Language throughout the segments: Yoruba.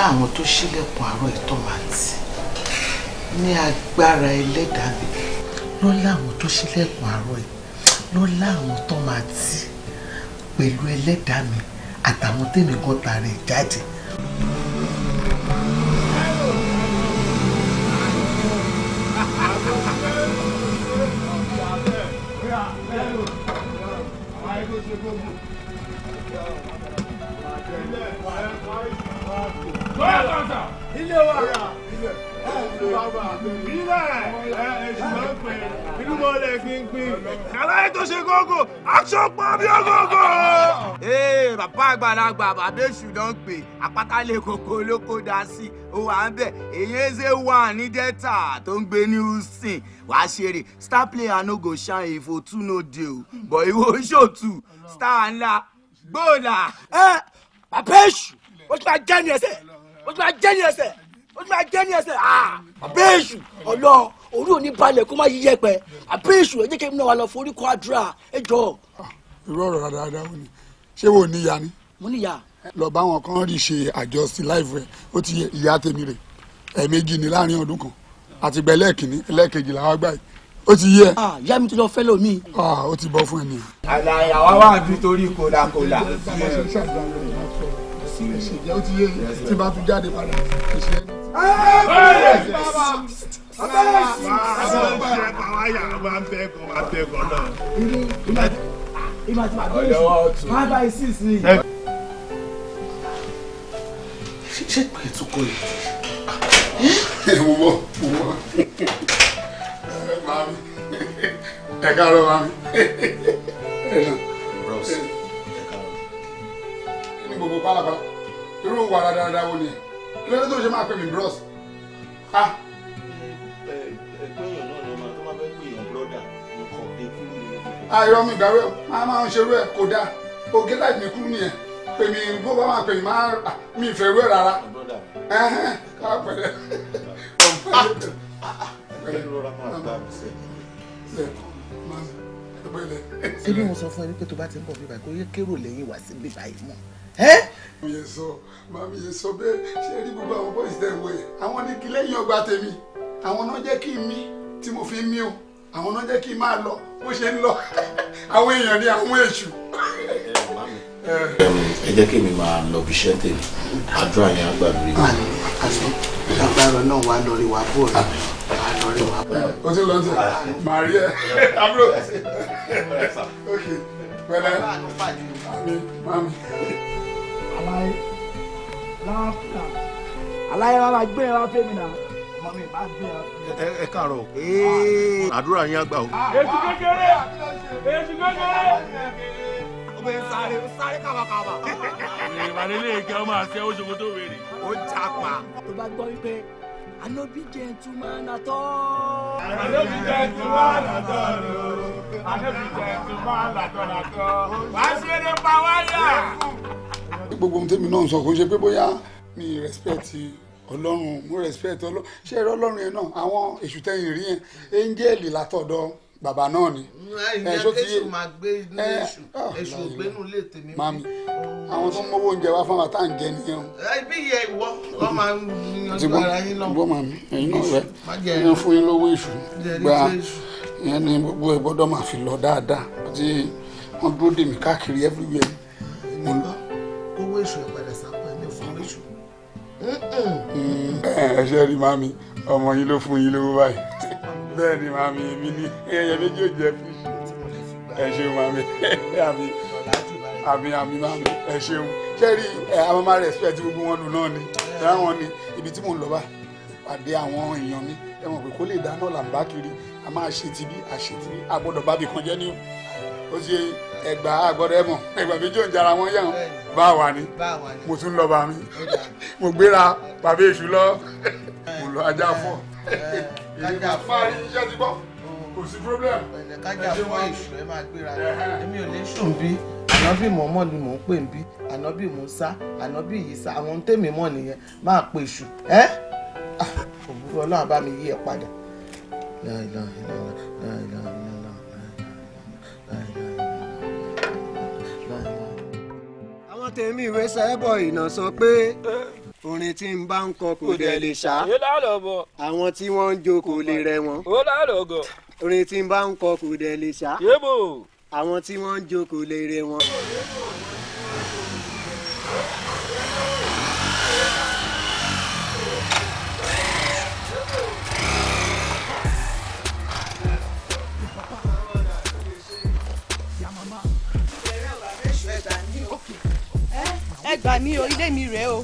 láwọn tó ṣílẹ̀kùn àárọ̀ ìtọ́ máa tì ní agbára ẹlẹ́dàá mi ló láwọn tó ṣílẹ̀kùn àárọ̀ yìí ló láwọn tó máa tì pẹ̀lú ẹlẹ́dàá mi àtàwọn tèmi kan tààrẹ̀ jáde. àgbàlagbà bàbéṣù ló ń pè àpáta lè kókó olóko dá sí ó wà ń bẹ̀ èyí ẹsẹ̀ wà ní delta tó ń gbé ní houston wàá ṣeré star player no go shine if otu no dey o but ìwọ ṣòtù star ńlá gbọ́ọ̀là. ẹ bàbéṣù ó ti máa jẹ́ ní ẹsẹ̀ ó ti máa jẹ́ ní ẹsẹ̀ ó ti máa jẹ́ ní ẹsẹ̀ bàbéṣù ọlọ́ọ̀ orí òní balẹ̀ kó má yíyẹ pẹ́ àbẹ́ẹ̀sù ẹ̀jẹ̀ kí n náà wà lọ forí kọ́ àdúrà ẹ̀jọ̀. irú ọ̀rọ̀ dáadáa ó ní ṣé wo ní ya ni mo níyà. lọ bá wọn kan rí ṣe àjọsí láìfẹ ó ti ìyá tèmi rè ẹ̀ẹ̀mejì ni láàrin ọdún kan àti gba ẹlẹ́ẹ̀kìnní ẹlẹ́ẹ̀kejì làwọn gbà yìí ó ti yẹ. ìyá mi ti lọ fẹ́ lómi. ó ti bọ́ fún ẹ nìyẹn. àlàyé wa wà nítorí kòlàkòlà. ó ti yẹ tí bá tún jáde padà ìṣe. Ìmọ̀ àti màdúrà ìṣòro, máa bá ẹ sí ìsinyìí ṣé pé ètò kọ yìí. mo mọ mo mọ màmí ẹ káàárọ̀ màmí ẹ nà. rose ẹ káàárọ̀. kí ni gbogbo pálapà irú wàrà dáadáa wo ni ẹ kí ló dé tó ṣe máa pè mí bros. ah àìrọ́mú ìgbàwé máa máa ń ṣerú ẹ̀ kódà ògé láì mí kúrú nìyẹn pèmí bó bá máa pèmí máa ah, mi ìfẹ́ wé rárá ká pẹ̀lẹ́ ah, ah, ebi mo sọ fún ẹ wípé tó bá ti ń bọ̀ bíbáyìí kò yẹ kérò lẹ́yìn wá sí bíbáyìí mọ́ mo yẹ sọ màmí yẹ sọ bẹ́ẹ̀ ṣe rí gbogbo àwọn bọ́ìsì tẹ̀ wọ̀ àwọn ní kí lẹ́yìn ọgbà tèmi àwọn náà jẹ́ kí n mí tí mo fi ń mí o àwọn náà jẹ́ kí n máa lọ bó ṣe ń lọ àwọn èèyàn ní àwọn èṣù ẹ jẹ́ kí mi máa lọ bí iṣẹ́ tèmi àdúrà yẹn àgbà lórí mi. agbára náà wà lórí wa bó rẹ wà lórí wa bó rẹ. o ti lọ sí màrí ẹ àbúrò ok pẹ̀lẹ́ mami mami. aláyé láwọn fúnra aláyé wa máa gbé ẹ wá fẹ́mi náà ẹ káàárọ̀ àdúrà yín àgbà o. èsì kékeré èsì kékeré pé sáré sáré kàwàkàwà. ìrìnàlẹ́ lè kẹ́ ọ máa ṣe oṣogbo tó wèrè. ó jà pa. tó bá gbọ́ wípé I no be gentleman at all. I no be gentleman at all. Oh. I no be gentleman at all at all. wá sí eré pa wáyà. gbogbo ohun tèmi náà ń sọ kò ń ṣe pé bóyá mi respect ọlọ́run mo respect ọlọ́run ṣé ẹ̀rọ ọlọ́run yẹn náà àwọn èṣù tẹ̀yìn rí yẹn angel látọ̀dọ̀ bàbá náà ni. ìyá késù máa gbé inú èṣù èṣù ògbénu lè tèmi. mami àwọn tó ń mówó oúnjẹ wá fún wa tá à ń jẹ nìyẹn. ibi yẹ ìwọ wọn máa ń yanjú ara yín lọ. ìbọn mami ẹyin náà rẹ ẹyin fún yín lówó èṣù gba ìyẹn ni gbogbo ẹ gbọ́dọ̀ máa fi lọ dáadáa tí wọn dúró dè mí káàkiri everywhere. mo lọ owó èṣù ẹ̀ padà sápò ẹ̀mí fún èṣù. ẹ ṣe rí mami ọmọ yín ló fún yín lówó báyìí bẹ́ẹ̀ ni màmí èmi ni ẹyẹ méjì ò jẹ́ fi ẹ ṣeun màmí àmì àmì àmì màmí ẹ ṣeun ṣẹ́rí ẹ àwọn máa respect gbogbo wọn lò náà ni ṣẹ́rí ni ibi tí mò ń lọ bá pàdé àwọn èèyàn mi ẹ mọ̀ pé kó lè dáná là ń bá kiri a máa ṣe ti bí a ti bí a gbọ́dọ̀ bá bí kan jẹ́ ní o ṣe ẹgbà àgbọ̀dọ̀ ẹ mọ̀ ẹgbà méjì ò ń jara wọn yàn bá wà ní mo tún lọ bá mi mo gbéra bàbá èṣù lọ mo lọ ajá fọ́ ìgbà máa rí iṣẹ́ ti gbọ́ mm. kò sí problem. ẹ̀jẹ̀ kájà fọ́ èṣù ẹ máa gbéra èmi ò lè ṣùn bí ànábì mọ̀ọ́mọ́ ni mò ń pè bí ànábì Musa ànábì Ìsá àwọn tèmi mọ̀ nìyẹn máa pè èṣù ẹ́ ah, òwúrọ̀ ọlọ́run bá mi yí ẹ padà. àwọn tèmi ìwé sẹ́bọ̀ ìnà sọ pé orin tí n bá ń kọ kò dẹ̀ lè ṣá àwọn tí wọ́n ń jó kò lè rẹ̀ wọ́n orin tí n bá ń kọ kò dẹ̀ lè ṣá àwọn tí wọ́n ń jó kò lè rẹ̀ wọ́n. ẹ gbà mí o ilé mi rèé o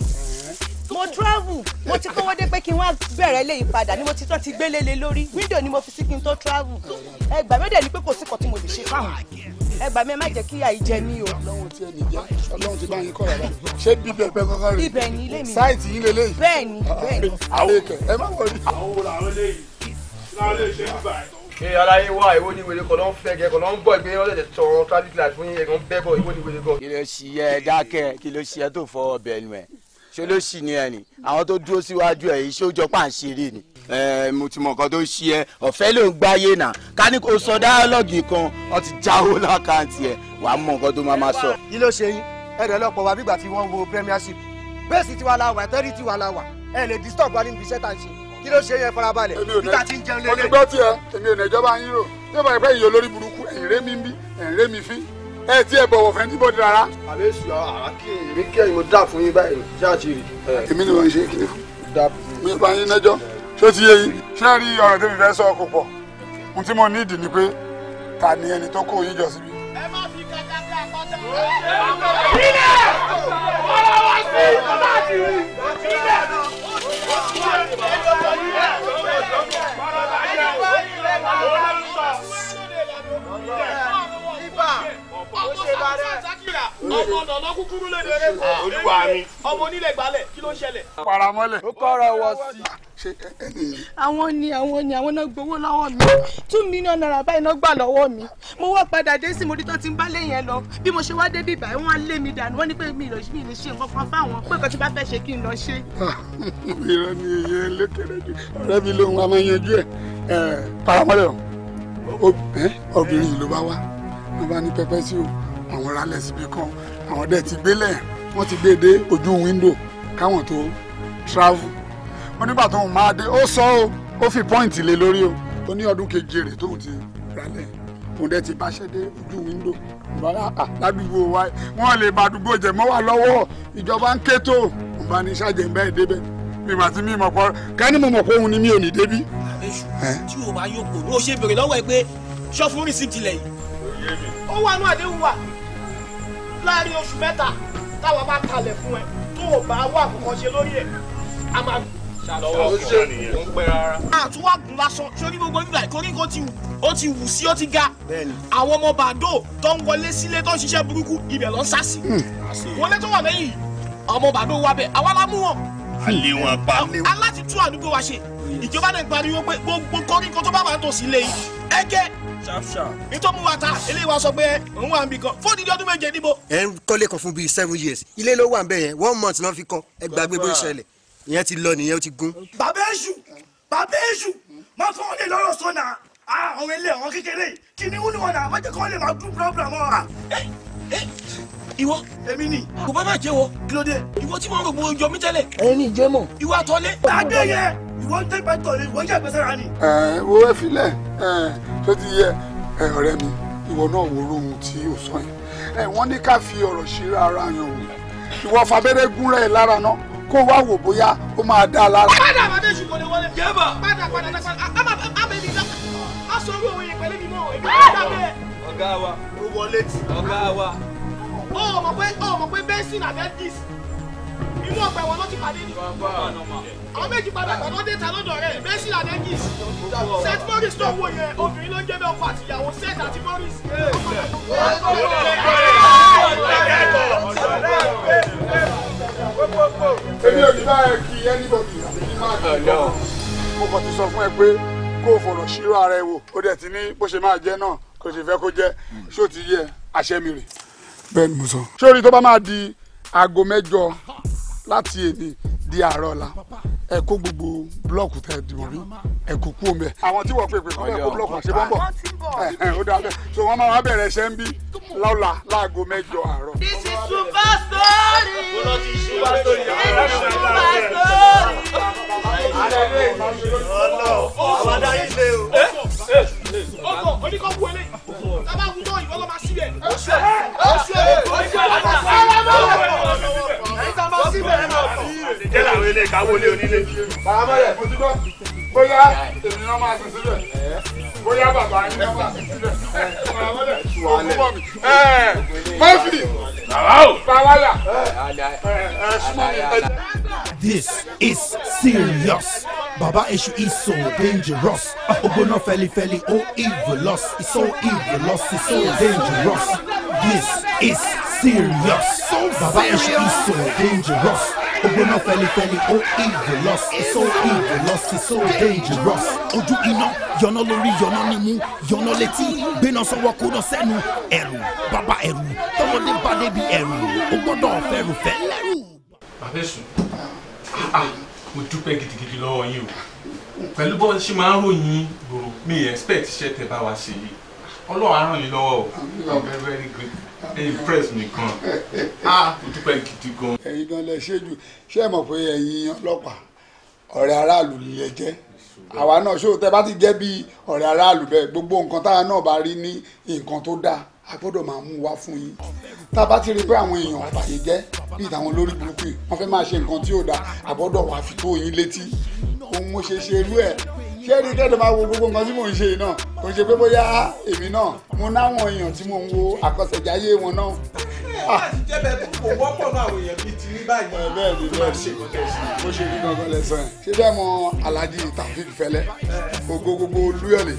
mo travel mo ti kówó dé pé kí n wá bẹ̀rẹ̀ léyìí padà ni mo ti tọ́ ti gbélé lé lórí window ni mo fi sí kí n tó travel ẹ gbà mí dẹ̀ ni pé kò sí kan tí mo lè ṣe fáwọn ẹ gbà mí ẹ má jẹ́ kí àyè jẹ mí o. ọlọ́run ti ẹni jẹ ọlọ́run ti bá yín kọ́ yàrá ṣé bíbẹ̀ pẹ́ kọ́kọ́ rè ibẹ̀ ni ilé mi sáìtì yín lélẹ̀ yìí. bẹ́ẹ̀ ni ah, bẹ́ẹ̀ ni. ẹ má wọlé. àwọn wo làwọn lè yìí làwọn lè ṣe wá ìwọ ni wèrè kan ló fẹ́ gẹ kan ló ṣé ló ṣì ní ẹ ni àwọn tó dúró síwájú ẹ yìí ṣójọ pàǹṣẹrẹ ni. ẹ mo ti mọ nǹkan tó ṣí ẹ ọ̀fẹ́ ló ń gbáyé nà ká ní kó sọ dáálọ́ọ̀gì kan ọ ti jáwó lákàntì ẹ wàá mọ nǹkan tó máa máa sọ. kí ló ṣe yín ẹ̀rọ ọlọ́pàá wa bígbà tí wọ́n wo premiership bẹ́ẹ̀ sì tiwa la wà tẹ́rì tiwa la wà ẹ lè disturb wa níbi iṣẹ́ tá à ń ṣe kí ló ṣe yẹ farabalẹ̀ níta tí ń jẹun lélẹ̀ ẹ tí ẹ bọ̀wọ̀ fẹ́ níbọ̀dì rárá. àbẹ́sù àràkè èmi kẹ́yìn mo dà fún yín báyìí ṣáàtì rẹ̀. èmi ni mo ṣe kiri mi bá yín lẹ́jọ́ ṣé ti yé yín. ṣé rí ọ̀rọ̀ tó fẹ́ sọ kò pọ̀ mo tí mo ní ìdí ni pé ta ni ẹni tó kó yín jọ síbi. ẹ má fi kàkà dé ọ̀rọ̀ wá sí ọ̀làjì ilé ibà ọmọ ọ̀nà kúkúrú lédè rẹ kọ olúwa mi ọmọ onílẹ̀ gbalẹ̀ kí ló ń ṣẹlẹ̀. paramọ́lẹ̀. ó kọ́ra wọ sí. àwọn ni àwọn ni àwọn náà gbowó lọ́wọ́ mi two million naira báyìí náà gbà lọ́wọ́ mi mo wá padà dé sí mo rí tó ti ń bá lẹ́yìn ẹ lọ bí mo ṣe wá dé bíbà ẹ wọ́n á lé mi dànù wọ́n ní pé mi ì lè ṣe nǹkan kan fáwọn pé nǹkan tí bá fẹ́ ṣe kí n lọ ṣe. ìran ni ìyẹn lékèrè jù ọ̀rẹ́ mi ló ń wá máa yanjú ẹ̀ paramọ́lẹ̀ obìnrin ló bá wá ló bá ní pẹpẹ sí o àwọn ralẹ̀ síbi kan àwọn dẹ̀ ti gbélẹ̀ wọ́n ti gbé dé ojú wíńdò káwọn tó travel wọ́n nígbà tó ń máa dé ó sọ ó ó fi pọ́ìntì lé lórí o ó ní ọdún keje rẹ̀ tóun ti ralẹ̀ òun dẹ̀ ti báṣẹ́ dé ojú wíńdò ah, ah, ládùúgbò wa wọ́n lè ba àdúgbò jẹ mọ́ wa lọ́wọ́ ìjọba ń ké tó òun bá ní ṣàjẹ́ ń bẹ́ẹ̀ débẹ̀ mi màá ti mí mo mọ̀ pé òun ni mi ò ní débí. tí o bá yókù ló ṣe béèrè lọ́wọ́ ẹ pé ṣọ́fún rìsíìtì lẹ̀ yìí ó wà ní àdéhùn wa láàrin oṣù mẹ́ta táwa bá kalẹ̀ fún ẹ tó o bá wà kọ̀ọ̀kan ṣe lórí ẹ̀ a máa gbé lọ́wọ́ ṣe ń pẹ́ rárá. àtúwàgùn lásán sórí gbogbo bíbá ìkóríkó ti wù ó ti wù sí ó ti ga. àwọn ọmọ bàdó tó ń wọlé sílé tó ń ṣiṣẹ́ burúkú ibẹ̀ ló ń sá sí. Hmm. wọlé tó wà lẹ́yìn ọmọ bàdó wa bẹ̀ àwa la mú wọn. alẹ́ wọn pa. aláti tún àdúgbò wa ṣe ìjọba náà pariwo pé gbogbo kóríkó tó bá máa tò sí ilé ẹgẹ́ nítorí mo wà ta eléyìí wa sọ pé òun wà níbi kan fóònù ìdí ọdún méje níbo. ẹ ń kọ́lé kan fún bíi seven years ilé ló wà ń bẹ̀ yẹn one month náà fi kọ́ ẹ gbàgbé bó ṣẹlẹ̀ ìyẹn ti lọ nìyẹn ó ti gún. bàbá èṣù bàbá èṣù máa fọwọ́n lè lọ́rọ̀ sọ́nà ah, àwọn ilé àwọn kékeré kí ni wúni wọn náà wọ́n jẹ́ kí wọ́n lè máa dún búrọ́búrọ́ mọ́ wa ìwọ èmi ni ah. kò bá bàjẹ́ wọ kí ló dé ìwọ tí wọn rò bó jọ mí tẹ́lẹ̀. ẹyin ni ìjọ mọ. ìwọ àtọlé. adé yẹ ìwọ ń tẹgbẹ tọlẹ ìwọ yẹ gbèsè rani. ẹ wo ẹ filẹ ẹ tó ti yẹ ẹ ọ̀rẹ́ mi ìwọ náà wo ohun tí o sọ yẹn ẹ wọn ní ká fi ọ̀rọ̀ ṣíra ara yan wò ìwọ fàbẹrẹ gúnrẹ lára náà kó wá wò bóyá ó máa dá a lára. padà padà ṣì kò lè wọlé. jẹ́bà padà padà padà àmì mi lọ. a sọ orí òun yẹn pẹ̀lú mi mọ́ ọ̀gá wa. ọ̀gá wa. ó wọlé tì. ọ̀gá wa. Oh Oh my boy! ó mọ̀ pé ó mọ̀ pé benson abẹ́ dis inú ọgbà ẹ̀wọ̀n ló ti pàdé ni. àwọn méjì padà gbàgbọ́ déta lọ́dọ̀ rẹ̀ I abẹ́ this. set morris tó wò yẹn obìnrin ló ń jẹ́ bí I will set àti morris. èmi ò ní bá ẹ kí anybody àti kí máa kí ọ mo kàn ti sọ fún ẹ pé kó o fọ̀rọ̀ ṣírò ara ẹ wò ó dẹ̀ ti ní bó ṣe máa jẹ́ náà kó o ṣe fẹ́ kó jẹ́ ṣó ti yẹ àṣẹ mi rè bẹ́ẹ̀ mo sọ. sórí tó bá máa di aago mẹ́jọ láti èdè di àárọ̀ ọ̀la ẹ kó gbogbo blọọkù tẹ dìbò rí ẹ kó kú omi ẹ. àwọn tí wọ́n pè pé kọ́ kó blọọkù ṣe bọ́ bọ̀ ó dáa bẹ́ẹ̀ so wọ́n máa bẹ̀rẹ̀ ṣẹ́ ń bí lọ́la láago mẹ́jọ àárọ̀. this is super story this is super story. ọlọ́ọ̀ ọ̀bàdàn ilé o. ọkọ̀ oníkọ̀ọ́kú ẹlẹ́ This is serious. Baba Eshu is so dangerous. feli feli, oh evilous. It's so evilous, it's so dangerous. This is serious. Baba Eshu is so dangerous. feli feli, oh evilous. It's so evilous, it's so dangerous. Oju iná, yọ̀nà lórí yọ̀nà nímú, yọ̀nà létí, gbéná sọ́wọ́ kóná eru. Baba eru. ẹ̀rù, tọmọdé bá eru. ẹ̀rù. O feli fẹ́rù Baba, lẹ́rù. Bàbá Eshu, ah mo dúpẹ́ gidigidi lọ́wọ́ yín o pẹ̀lú bó ṣe máa ń ròyìn gbòòrò mi expect iṣẹ́ tẹ bá wa ṣe yìí ọlọ́run á ràn yín lọ́wọ́ o i'm very very great impress mi gan ah mo dúpẹ́ gidi gan. ẹ̀yin náà lè ṣe jù ṣé ẹ mọ̀ pé ẹ̀yin ọlọ́pàá ọ̀rẹ́ aráàlú ni ẹ jẹ́ àwa náà ṣé o tẹ bá ti jẹ́ bí ọ̀rẹ́ aráàlú bẹ́ẹ̀ gbogbo nǹkan táwa náà bá rí ní nǹkan tó dáa a gbọ́dọ̀ máa mú wá fún yín tá a bá ti rí pé àwọn èèyàn àtàyè jẹ́ bíi tàwọn olórí burúkú yìí wọ́n fẹ́ máa ṣe nǹkan tí ò dáa a gbọ́dọ̀ wá fi tó yín létí òun mo ṣe ṣe irú ẹ̀ ṣé rí tẹ́tẹ̀ máa wo gbogbo nǹkan tí mò ń ṣe yìí náà kò ṣe pé bóyá èmi náà mo náwọn èèyàn tí mò ń wo àkọsẹ̀jáyé wọn náà. bẹ́ẹ̀ni ah! bẹ́ẹ̀ni mo ṣe ní gangan lẹsán ẹ ṣé bẹ́ẹ̀ mọ̀ Alhaji Taofeek Fẹlẹ ògo gbogbo olúyọlé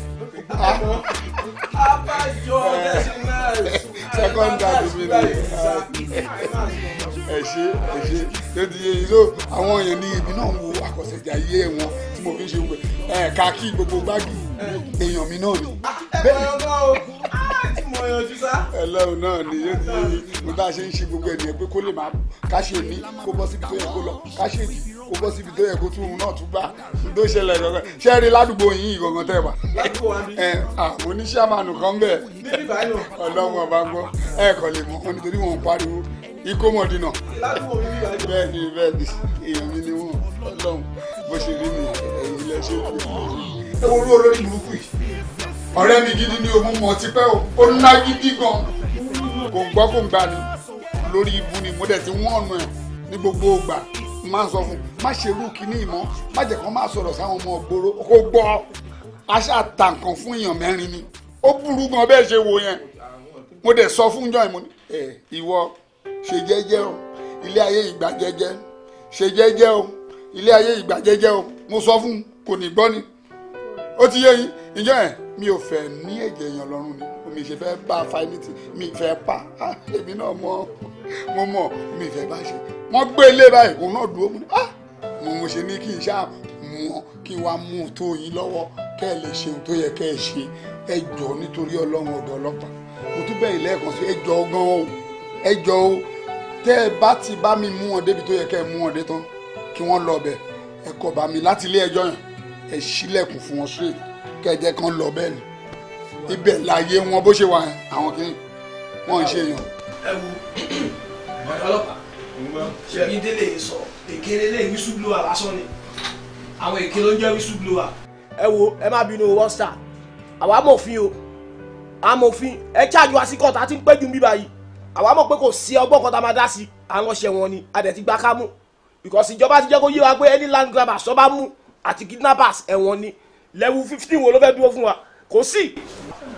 Abájọ, that's nice second dad mi ni ẹ ṣe ẹ ṣe lóde yìí ló àwọn èèyàn ní ibi náà ń wo àkọsẹ̀jáyé wọn tí mo fi ń ṣe wẹ̀ ẹ̀ kàkí gbogbo gbági èèyàn mi náà ni. bẹ́ẹ̀ ah, ẹlẹ́wọ̀n náà ni yóò di yéyí ní bá a ṣe ń ṣe gbogbo ènìyàn pé kó lè máa ká ṣe mí kó bọ́ síbi tó yẹ kó lọ ká ṣe jì kó bọ́ síbi tó yẹ kó tún un náà tún gbà tó ṣẹlẹ̀ gangan ṣé rí ládùúgbò yín ìgangan tẹ̀ wá. ẹ àwọn oníṣẹ́ àmàlù kan bẹ̀ ọlọ́run ọba ń gbọ́ ẹ kò lè mọ̀ wọn nítorí wọn pariwo ikó mọ̀dínà bẹ́ẹ̀ ni bẹ́ẹ̀ ni èèyàn mi ni wọn ọlọ́run bó ṣe rí ni ẹ̀yìn ilẹ̀ ṣe kú. ẹ wo orú olórí burúkú yìí ọ̀rẹ́ mi gidi ni òun mọ̀ ti pẹ́ o ó ná gidi gan kò ń gbọ́ kò ń gbà ní lórí ibu ni mo dẹ̀ ti wọ́n ọ̀nà ẹ̀ ní gbogbo ìgbà máa sọ fún má ṣe irú kíní ìmọ̀ má jẹ́ kó máa sọ̀rọ̀ sáwọn ọmọ ògbóró kó gbọ́ aṣáà ta nǹkan fún èèyàn mẹ́rin ni ó burú gan bẹ́ẹ̀ ṣe wo yẹn mo dẹ̀ sọ fún jọ́ìn mo ní ẹ ìwọ ṣe jẹ́jẹ́ o ilé ayé ìgbà jẹ́jẹ́ ṣe jẹ́jẹ́ o ilé ayé ìgbà jẹ́jẹ́ o mo sọ fún kò ní gbọ́ ni ó ti yé yín ìjọ yẹn mi ò fẹ́ ní ẹ̀jẹ̀ èèyàn lọ́rùn ni mi ṣe fẹ́ bá a fa ẹni tí mi fẹ́ pa èmi náà mọ mo mọ mi fẹ́ bá ṣe wọ́n gbé ilé báyìí òun náà dúró mu ni ah mo ṣe ní kí n ṣáà mú ọ kí n wá mú un tó yín lọ́wọ́ kẹ́ ẹ lè ṣe ohun tó yẹ kẹ́ ẹ ṣe ẹ jọ̀ọ́ nítorí ọlọ́run ọ̀dọ̀ ọlọ́pàá mo tún bẹ̀yìn lẹ́ẹ̀kan sí ẹjọ́ gan o ẹjọ́ o tẹ́ ẹ bá ti bá mi mú wọn débi tó yẹ kẹ́ ẹ mú wọn dé tán kí wọ́n lọ bẹ̀ ẹ kọ̀ bá mi láti ilé ẹjọ́ yẹn ẹ ṣílẹ̀kùn fún wọn ṣe kẹjẹ kan lọ bẹ́ẹ̀ ni ibẹ̀ láàyè wọn bó ṣe wà àwọn kìíní wọn ń ṣe èèyàn. ẹ wo ọlọ́pàá ṣẹ́bi délé sọ èké lélẹ́ whistleblower lásán ni àwọn èké ló ń jẹ́ whistleblower. ẹ wo ẹ má bínú wọ́n sà àwa mọ̀ fín o amòfin ẹ ṣáàjú wa sí kọ́ta tí ń pẹ́ ju bíbá yìí àwa mọ̀ pé kò sí ọgbọ́n kan tá a máa dá sí àwọn ọ̀ṣẹ̀ wọn ni a dẹ̀ ti gba ká mú because ìjọba ti jẹ́ kó yé wa pé any land grabber sọ́ba mú àti kidnappers ẹ̀wọ̀n ni level fifteen wo ló fẹ́ dúró fún wa kò sí.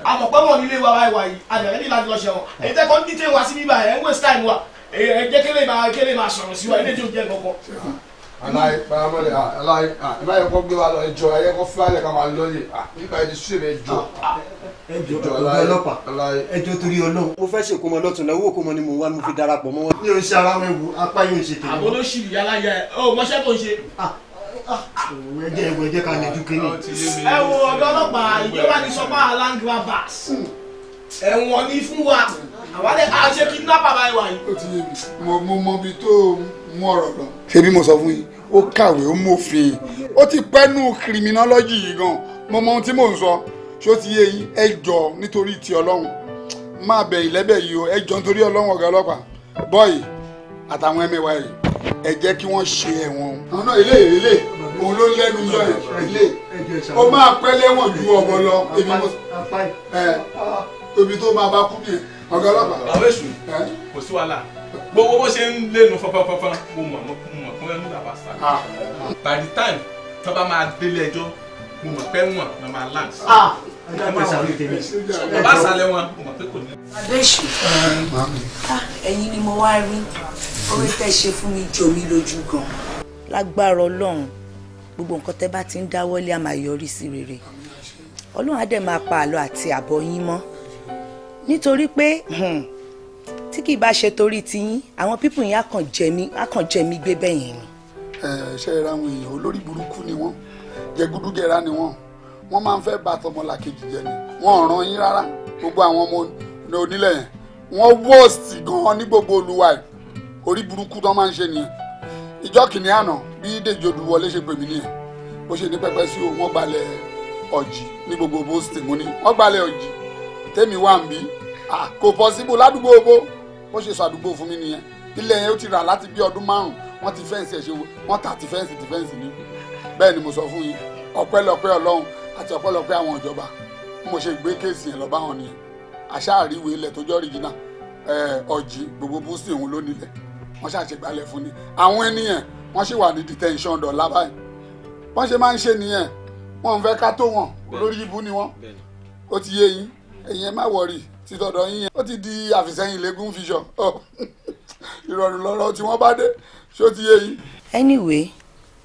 àmọ̀pẹ́mọ̀ nílé wa wáyé wáyé a dẹ̀ ní láti lọ ṣẹ̀wọ̀n èyí tẹ́ kọ́ ń dìtẹ̀ wá sí bíbá ẹ̀ ń waste time wa ẹ̀ jẹ́ kéré máa kéré máa sọ̀rọ̀ sí wa ilé tí jẹ́ gbọ̀ngàn alaye paramọlẹ alaye ẹ má yẹ kó gbé wa lọ ẹjọ ẹ yẹ kó fún alẹ ká máa lọ yìí nípa ẹni sùn èmi ẹjọ. ẹjọ ọlọ́pàá ẹjọ torí Ọlọ́run. mo fẹ́ ṣe kọmọ lọ́tún náà owó kọmọ ni mo wá mo fi darapọ̀ mọ́. mi ò ṣe ara wọn ewu apá yóò ṣe tèmi. àbọ̀dọ̀ sì yà láyà ẹ ọ mọṣẹ́ tó ń ṣe. Ah, ah, ah. ẹ jẹ́ ẹ jẹ́ ká lè dúkẹ́ ní. ẹ wo ọ̀dọ́ ọlọ́pàá ìjọba ti sọ fún alangra bass. Hmm ẹ̀wọ̀n ni fún wa àwa lè a ṣe kidnapper báyìí wà yìí. ó ti yé mi mo mo mọ ibi tó mú ọ̀rọ̀ lọ. ṣebí mo sọ fún yín ó kàwé ó mọ̀fin ó ti pẹ́nu kìrìmínọ́lọ́jì yìí gan mo mọ ohun tí mò ń sọ ṣé ó ti yé yín ẹ jọ nítorí ti ọlọ́run máa bẹ̀ ìlẹ́bẹ̀ yìí o ẹ jọ nítorí ọlọ́run ọ̀gá ọlọ́pàá bọ́ọ̀yì àtàwọn ẹmẹ̀wá yìí ẹ jẹ́ kí wọ́n ṣe ẹ̀wọ̀n. àwọn ilé ilé òun ló lẹ́nu yọ ilé ó máa pẹ́ lẹ́wọ̀n ju ọmọ lọ omi tó máa bá kú mi ọ̀gá ọlọ́pàá. àwọn èṣù kò sí wàhálà gbogbo bó ṣe ń lẹ́nu fọfọfọfọ mo mọ̀ mo mọ̀ pé ẹnu làbá sá. Ah. by the time tó bá máa délé ẹjọ́ mo mọ̀ pé wọ́n lọ máa land. Ah. bàbá àṣàlẹ̀ wọn mo mọ̀ pé kò ní. adéṣù ah, ẹ̀yin ni mo wá rí orí tẹ́ ṣe fún mi jò mí lójú gan. lágbára ọlọ́run gbogbo nǹkan tẹ́ bá ti ń dáwọ́lé a máa yọrí sí rere ọlọ́run á dẹ̀ máa pa àlọ́ àti àbọ̀ yín mọ́ nítorí pé hmm, tí kì í bá ṣe torí tiyín àwọn pípù yín á kàn jẹ mí á kàn jẹ mí gbé bẹ́ẹ̀ yẹn ni. ẹ ṣe ra àwọn èèyàn olórí burúkú ni wọn jẹgúdújẹra ni wọn wọn máa ń fẹ́ bá tọmọlàkejì jẹ ni wọn ò ràn yín rárá gbogbo àwọn ọmọ onílẹ̀ yẹn wọn wọ́ọ̀sì gan-an ní gbogbo olúwa ẹ̀ orí burúkú tó máa ń ṣe nìyẹn ìjọ kìnìún àná bí dèjì olúwọlé ṣe pè mí nìyẹn bó ṣe ní pẹpẹ sí o wọn gbalẹ̀ ọjì ní gbogbo bó ṣe mú ni wọn gbalẹ̀ ọjì tẹ́mi wà ń bí kò possible ládùúgbò owó bó ṣe sọ àdúgbò fún mi nìyẹn ilẹ̀ yẹn ó ti rà láti bí ọdún márùn wọ́n ti fẹ́ǹsì ẹ̀ ṣe wọ́n ta ti fẹ́ǹsì ti fẹ́ǹsì ni bẹ́ẹ̀ ni mo sọ fún yín ọpẹ́lọpẹ́ ọlọ́run àti ọpẹ́lọpẹ́ àwọn ìjọba mo ṣe gbé kéèsì yẹn lọ bá wọn nìyẹn àṣàríwé ilẹ̀ tó jọ́ rìjìnà ọ̀jì gbogbo búùsì òun ló nílẹ̀ wọ́n ṣàṣègbálẹ̀ fún ni àwọn ènìyàn wọ́n ṣì wà ní detention dọ̀la báyìí wọ́n ṣe máa ń ṣe nìyẹn wọ́n ń fẹ́ ká tó wọn olórí ibú ni wọ́n ó ti yé yín ẹ̀yin má wọ̀rì ti tọ̀dọ̀ yín yẹn ó ti di àfìsẹ́yìn lẹ́gùn fíṣọ̀ ìrọ̀rùn lọ́rọ̀ tí wọ́n bá dé ṣó ti yé yín. anyway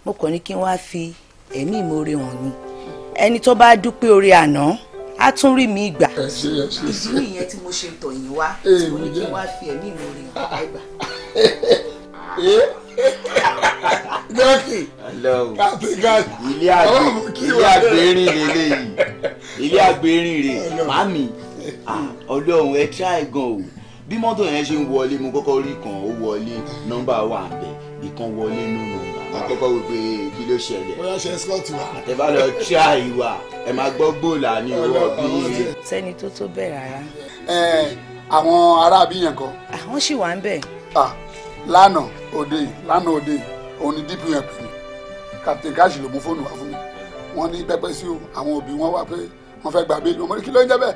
mo kàn ní kí n wá fi ẹ̀mí ìmoore hàn ni ẹni tó bá dúpẹ́ oore àná á tún rí mi gbà ìdí nìyẹn tí mo ṣe tọ̀ yín wá tí mo ní kí n wá fi ẹ̀mí ìmoore hàn láìgbà. dọ́kì kàtíkàtí ọlọ́mù kí wà lẹ́yìn. ilé àgbérin lélẹ́yìí ilé àgbérin rè màmí ọlọ́run ẹ tíráì gan o bí mọ́tò yẹn ṣe ń wọlé mo kọ́kọ́ rí kan ó wọlé nọ́mbà wà bẹ̀ ìkan wọlé nù nọ́mbà mo kọ́kọ́ wò pé kí ló ṣẹlẹ̀. bóyá ṣe skọ́ọ̀tù wa. àtẹ̀bá lọ tíráì wa ẹ máa gbọ́ gbòòlà ní ọwọ́ bí. sẹ́ni tó tó bẹ̀ rárá. ẹ eh, àwọn aráabí yẹn kọ. àwọn ah, sì wà ń bẹ̀. Ah, lánàá òde yìí òde òun ni dp yẹn pè captain cash ló mú fóònù wá fún mi wọ́n ní pẹ́pẹ́ sí o àwọn òbí wọn wá pé wọ́n fẹ́ gbà bẹ́ẹ̀lì ọmọdé kí ló ń jẹ́ bẹ́ẹ̀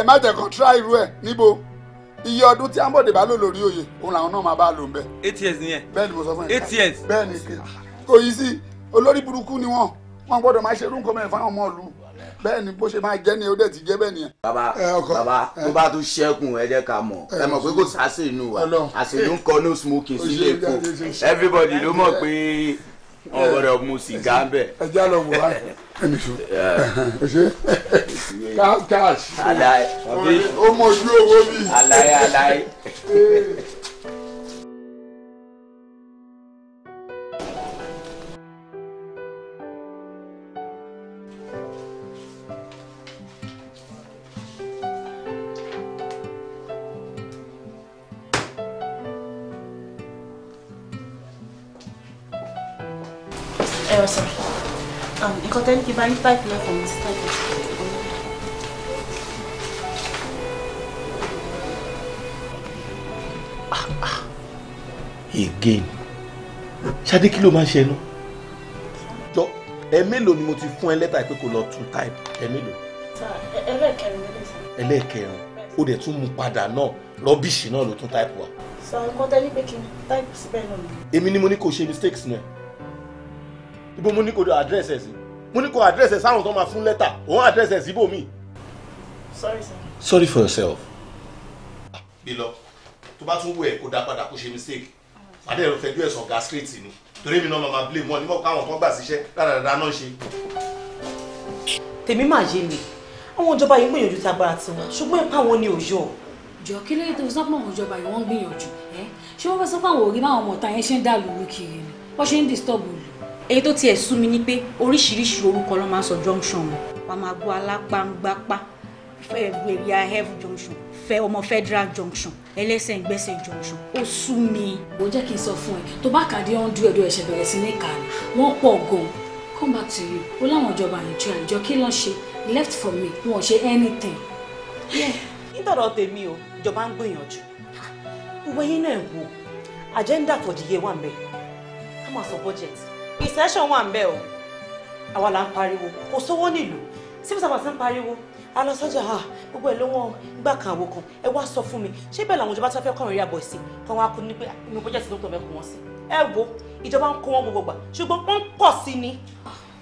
ẹ má jẹ́ kàn irú ẹ̀ níbo iye ọdún tí Ambode bá lò lórí oyè òun làwọn náà máa bá lò ń bẹ. eight years ni ẹ bẹ́ẹ̀ mo sọ fún ẹ eight years kò yí sí olórí burúkú ni wọ́n wọ́n gbọ́dọ̀ máa ṣerú nǹkan mẹ́rin fáwọn ọmọ ìlú bẹ́ẹ̀ ni bó ṣe máa jẹ́ ni ó dẹ̀ ti jẹ́ bẹ́ẹ̀ nìyẹn. bàbá bàbá tó bá tún ṣẹ́kùn ẹ jẹ́ ká mọ̀ ẹ mọ̀ pé kò sáṣe inú wa àṣìlú ń kọ no smoking sílé èkó everybody ló mọ̀ pé wọn gbọ́dọ̀ mu sìgá ń bẹ̀. ẹ já lọ wò wá ẹ ṣe cash. alaye ó mọ̀ ojú owó mi. alaye alaye. If I need type now for me, type Again. Ṣadé kí ló máa ń ṣe ẹnu? Jọ ẹ̀mélòó ni mo ti fún ẹ lẹ́tà pé kò lọ tún type ẹ̀mélòó? Ẹlẹ́ẹ̀kẹrin lẹ́tà. Ẹlẹ́ẹ̀kẹrin o dẹ̀ tún mú padà náà rọ́bìṣì náà ló tún type wa. Sọ nǹkan tẹ́lí pé kí n type síbẹ̀ náà. Èmi ni mo ní kò ṣe mistakes náà. Ibo mo ní kò do address ẹ̀ sí mo ní kó àdírẹ́sẹ̀ sáwọn tó máa fún lẹ́tà òun àdírẹ́sẹ̀ síbò mi. sorry sir. sorry for yourself. bílọ tó bá tún wù ẹ kó dá padà kó ṣe mistake pàdé ẹ̀rọ fẹjú ẹ̀sán gas crate ni torí mi náà máa blame wọn nímọ̀ káwọn kan gbà síṣẹ́ dáadáa náà ṣe. tèmi máa yé mi àwọn ìjọba yìí ń gbìyànjú ti agbára tiwọn ṣùgbọ́n ipá wọn ni òòyọ̀ jọ kí ló dé tó sọ pé àwọn ìjọba yìí wọ́n ń gbìyànjú ṣé wọ́n fẹ́ sọ pé àwọn òrí báwọn ọmọ ọ̀tá yẹn ṣe ń dàlú kiri ni wọ́n ṣe ń disturb òòlù èyí tó tiẹ̀ sú mi ni pé oríṣiríṣi orúkọ ló máa ń sọ junction wọn wàá máa gbọ́ alápáńgbápá ẹ̀yà heavy junction fẹ́ ọmọ federal junction ẹlẹ́sẹ̀ ìgbẹ́sẹ̀ junction ó sú mi. mo jẹ́ kí n sọ fún ẹ tó bá kàdé ọ̀hún dúró ẹ̀dọ̀ ẹ̀ṣẹ̀ bẹ̀rẹ̀ sí ní kà wọ́n pọ̀ gan-an come back to you ó láwọn ìjọba àjọ àjọ kí ló ń ṣe left for me wọn ò ṣe anything. nítọ̀rọ̀ tèmi o ìjọba ń gbìyànjú gbogbo ẹyin náà wò agenda for the year wà ń bẹ ká máa budget recession wà ń bẹ̀ o àwa là ń pariwo kò sówó nílùú síbùsà bàtà ń pariwo a lọ sọ́jà ha gbogbo ẹ̀ ló wọ́n gbà kan àwo kan ẹ wá sọ fún mi ṣé bẹ́ẹ̀ làwọn ìjọba tí wọ́n fẹ́ kọ́ ìrìn àbọ̀ sí kan wá kú ní pé inú bọ́jẹ̀tì tó tọ̀ fẹ́ kó wọn sí ẹ wo ìjọba ń kó wọn gbogbo gbà ṣùgbọ́n wọ́n ń pọ̀ sí ni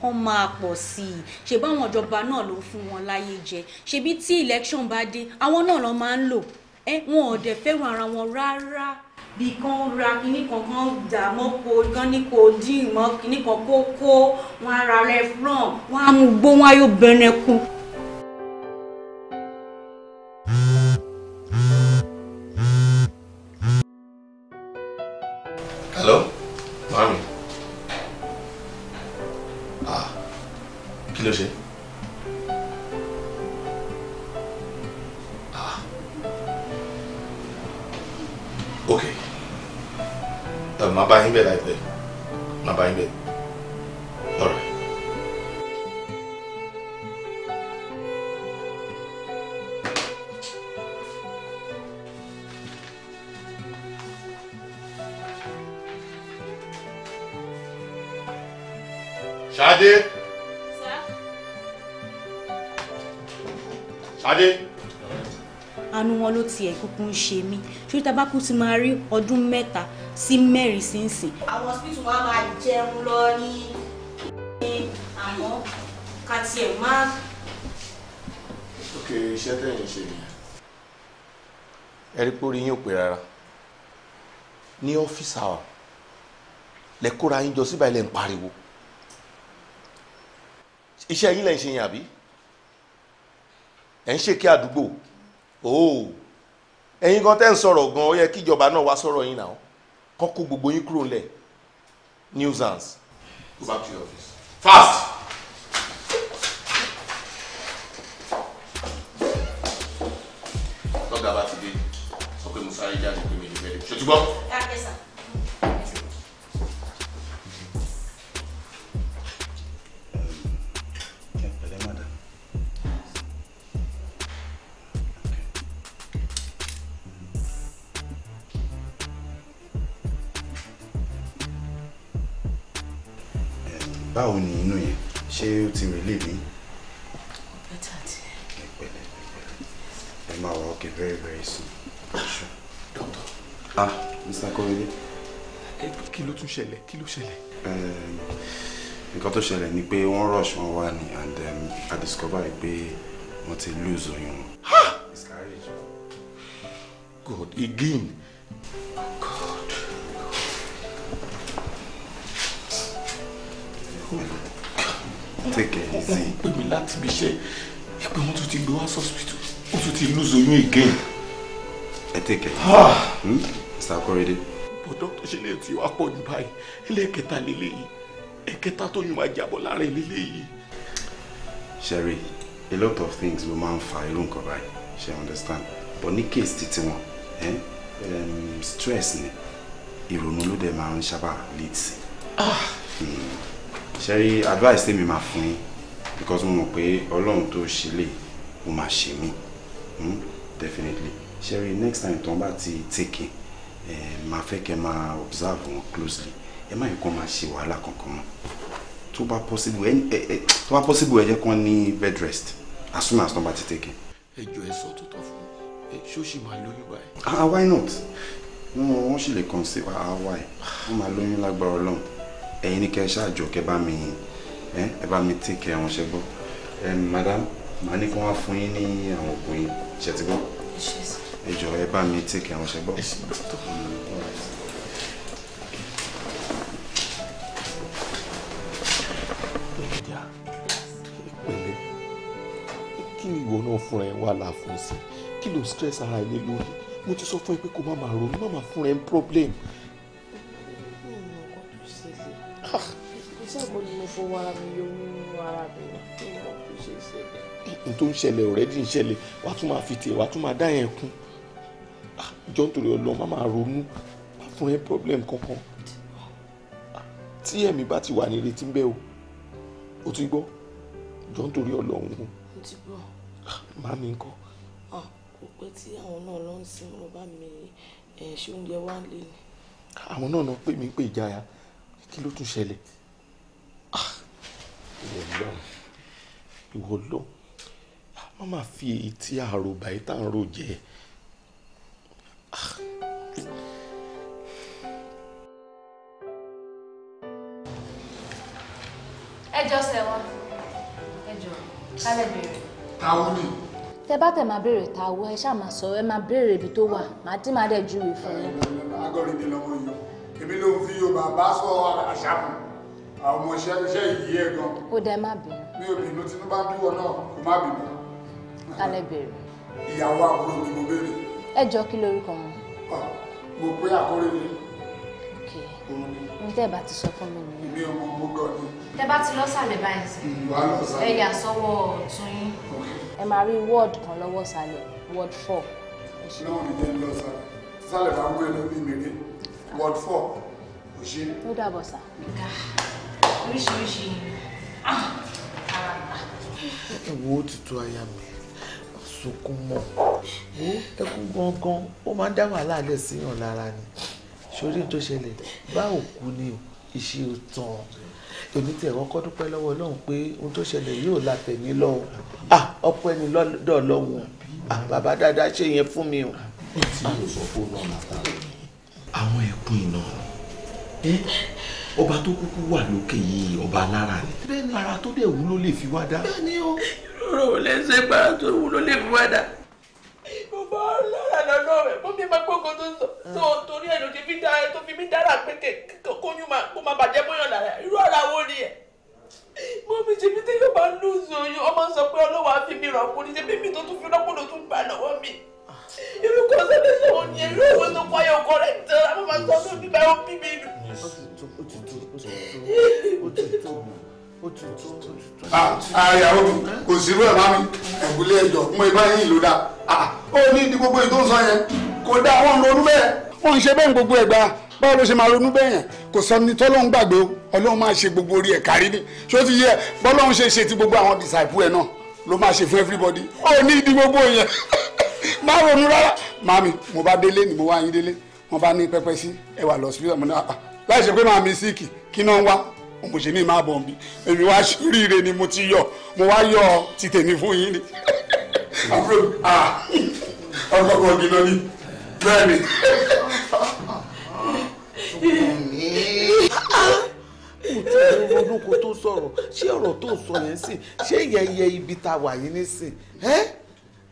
wọ́n máa pọ̀ sí i ṣe báwọn ìjọba náà ló fún wọn láyé jẹ ṣebí tí election bá dé àwọn náà lọ máa ń lò ẹ wọn ò dẹ̀ fẹ́ràn ara wọn rárá bí kan ra kíní kankan dà mọ́ ko kan ní ko dín mọ́ kíní kan kó kó wọn ara rẹ̀ fúnra wọn á mú gbó wọn á yóò bẹ̀rẹ̀ kú. tiẹ̀ kúkú ń ṣe mí ṣùgbọ́n tá ti máa rí ọdún mẹ́ta sí mẹ́rin sínsìn. àwọn hospital wa máa jẹun lọ ní àmọ́ ká tiẹ̀ máa. ok iṣẹ́ tẹ̀yìn ṣe nìyẹn. ẹ rí i pé orí yín ò pé rárá ní ọ́fíìsì àwọn lẹ́kọ́ra yín jọ síbà ilẹ̀ ń pariwo iṣẹ́ yín lẹ́ ń ṣe yín àbí ẹ̀ ń ṣèké àdúgbò Oh ẹ̀yin gan tẹ́ ń sọ̀rọ̀ gan ó yẹ kí ìjọba náà wá sọ̀rọ̀ yín náà kọ́ kó gbogbo yín kúrò lẹ̀ nuisance. go back to your office fast. lọ́gàá bá ti dé sọ pé mo sáré jáde pé mi ò lè bẹ̀rẹ̀ ṣètùbọ́. báwo ni inú yẹn ṣé ó ti relieve mi. bẹ́tà tí. pẹ̀lẹ́ pẹ̀lẹ́ ẹ máa wà okay very very soon. dọ́tọ̀. ah mr korede. kí ló tún ṣẹlẹ̀ kí ló ṣẹlẹ̀. nǹkan tó ṣẹlẹ̀ ni pé wọ́n rush wọn wá ni and um, i discover pé wọ́n ti lose oyún wọn. ha God again. take it easy. ó pè mí láti ibi iṣẹ́ ìpè wọn tún ti gbé wá hospital ó tún ti lose oyún again. I take it. Hmm? Mr. Akorede. bó dókítà ṣe lè ti wá pọ̀ jù báyìí ilé kẹta lélẹ́yìí ẹ̀kẹta tó yún máa jábọ̀ lára lélẹ́yìí. Sherry, a lot of things we máa ń fa irú nǹkan báyìí she understand but ní case títí wọn eh? um, stress ni ìrònú ló dẹ̀ máa ń sábà lead sí. Ah! Hmm ṣe advice tèmi máa fún yín because mo mọ̀ pé ọlọ́run tó ṣe lè ó máa ṣe mí hmm? definitely ṣe next time tó ń bá ti take ẹ máa fẹ́ kẹ́ máa observe wọn closely ẹ má yẹ kó máa ṣe wàhálà kankan mọ́ tó bá possible ẹ ẹ tó bá possible ẹ jẹ́ kán ní bed rest as soon as tó ń bá ti take. ẹ jọ ẹ sọ tó fún mi ṣó ṣì máa lóyún báyìí. ah why not wọn ṣì lè kàn sí àwa ẹ wọn máa lóyún lágbára ọlọ́run ẹ̀yin ní kẹ́ ṣáàjọ kẹ́ bá mi ẹ bá mi tí kẹ́ wọn ṣe gbọ́ madam màá ní kí wọ́n fún yín ní àwọn oògùn yìí ṣe ti gbọ́ ẹ jọ ẹ bá mi tí kẹ́ wọn ṣe gbọ́. ìwọ náà fúnra ẹ wà láàfin sí kí ló stress ara ẹ lé lórí mo ti sọ fún ẹ pé kó má máa ronú má máa fúnra ẹ problem ìṣàkóso ni mo fowó ara mi yọ nínú ara mi ní mo fi ṣe ìṣẹ̀lẹ̀. n tó ń ṣẹlẹ̀ ọ̀rẹ́dì ń ṣẹlẹ̀ wàá tún máa fi tiẹ̀ wàá tún máa dá yẹn kún ah, jọ nítorí ọlọ́run má máa ronú má fún ẹ problem kankan ah, tí ẹ̀mí bá ti wà ní retí ń bẹ́ o o ti gbọ́ jọ nítorí ọlọ́run o ah, má mi kọ́. kò pẹ́ tí àwọn náà lọ ń sin bá mi ṣe oúnjẹ wá lé ni. àwọn náà náà pè mí pé ìjayà kí ló tún ṣẹlẹ̀ ah, ìwọ lọ́n ìwọ lọ́n má má fi èyí tí àrò báyìí tá à ń rò jẹ. Ah. ẹ jọ sẹ́wọ̀n ẹ jọ táwọn ni tẹ bá tẹ máa béèrè ta owó ẹ ṣáà máa sọ ẹ máa béèrè ibi tó wà màá dín máa dẹ júwe fún yín. agọ́rin ni lọ́wọ́ yọ èmi ló fi yorùbá bá sọ àṣàkù àwọn ọmọ iṣẹ́ iṣẹ́ yìí ẹ̀ gan. ó dẹ má bínú. mi ò bínú tinubu bíwọ náà kò má bínú. kálẹ̀ bèrè. ìyàwó àbúrò ni mo béèrè. ẹ jọ kí lórúkọ wọn. mo pé àkórè mi. òun ni. ní tẹ́ ẹ bá ti sọ fún mi nìyẹn. mi ò mọ mo gọ ni. tẹ́ bá ti lọ sàlẹ̀ báyìí sí. ìwà lọ sàlẹ̀. ẹ yà sọ́wọ́ ọ̀tún yín. ẹ máa rí wọ́ọ̀dù kan lọ́wọ́ sàlẹ̀ wọ́ọ̀dù four. náà mi jẹ́ ń lọ sàlẹ̀ sàlẹ̀ bá mú ẹ lórí mi ward four kò ṣe. ó dàbọ̀ sá. oríṣiríṣi ah! ẹ wo òtútù aya mi sunkún mọ wo ẹkún gangan ó máa ń dá wàhálà lẹ síyàn lára ni sórí tó ṣẹlẹ̀ bá òkú ni ìṣe tán èmi tí ẹ̀rọ kọ́ dúpẹ́ lọ́wọ́ ọlọ́run pé ohun tó ṣẹlẹ̀ yóò la tẹ̀mí lọ́wọ́ ah ẹni lọ́dọ̀ ọlọ́run ah bàbá dáadáa ṣe yẹn fún mi o. ó ti yóò sọ fóònù ọ̀nà àtàwọn àwọn ẹkùn iná ni ọba tó kúkú wà lókè yìí ọba alára ni. bẹ́ẹ̀ni ara tó dẹ̀ wú ló lè fi wá dá. bẹ́ẹ̀ni o ìrora ò lẹ́sẹ̀ pé ara tó wú ló lè fi wá dá. bàbá alára lọ́nà rẹ̀ fún mi máa gbọ́kàn tó sọ tó ah. torí ẹ̀ ló ti fi dá ẹ tó fi mí dára pé kóyún máa kó máa bàjẹ́ bóyán lára irú ara wo ni ẹ̀ mo fi ṣe bí téèyàn bá lóṣù ọmọ sọ pé ọlọ́wà á fi mi rọ̀ kó ní ṣe bí mi tó tún fi rọ́pò ló tún gbà lọ́wọ́ mi irú kan sẹ́dẹ̀ sọ̀rọ̀ ni irú òwe tó kọ́ yẹ ọkọ rẹ̀ jẹ́ ọ̀la máa sọ fún bíbá ó bí mi nù. ó ah, ti ah, tó ó ti tó ó ti tó ó ti tó ó ti tó. àyàwó mi kò sí irú ẹ̀ má mi ẹ̀gúlé ẹ̀jọ̀ mo ibà yín ìlú dá ah, ó ní ìdí gbogbo ìtò sọ yẹn kò dá wọn ronú bẹ́ẹ̀. wọ́n ń ṣe bẹ́ẹ̀ gbogbo ẹ̀gbá báwo ló ṣe máa ronú bẹ́ẹ̀ yẹn kò sọ ní tọ́lọ́hún gbàgbé o ọlọ́run máa ṣe gbogbo orí ẹ̀ kárí ni ṣé ti yẹ bọ́lọ́run ṣe ṣe ti gbogbo àwọn disciple ẹ̀ náà ló máa ṣe fún everybody ó ní ìdí gbogbo yẹn. má ronú rárá màmí mo bá délé ni mo wá yín délé wọn bá ní pẹpẹ sí ẹ wà lọ sí ọmọ náà ah, ah. láì ṣe pé màmí síìkì kí náà wá mo ṣe ní máa bọ̀ èmi wá ṣoríire ni mo ti yọ mo wá yọ ti tèmi fún yín ni àbúrò ọlọ́gbọ̀n gíná ni bẹ́ẹ̀ ni. òtún olóko tó sọ̀rọ̀ ṣé ọ̀rọ̀ tó sọ yẹn sì ṣé yẹyẹ ibi tá wà yín nísìn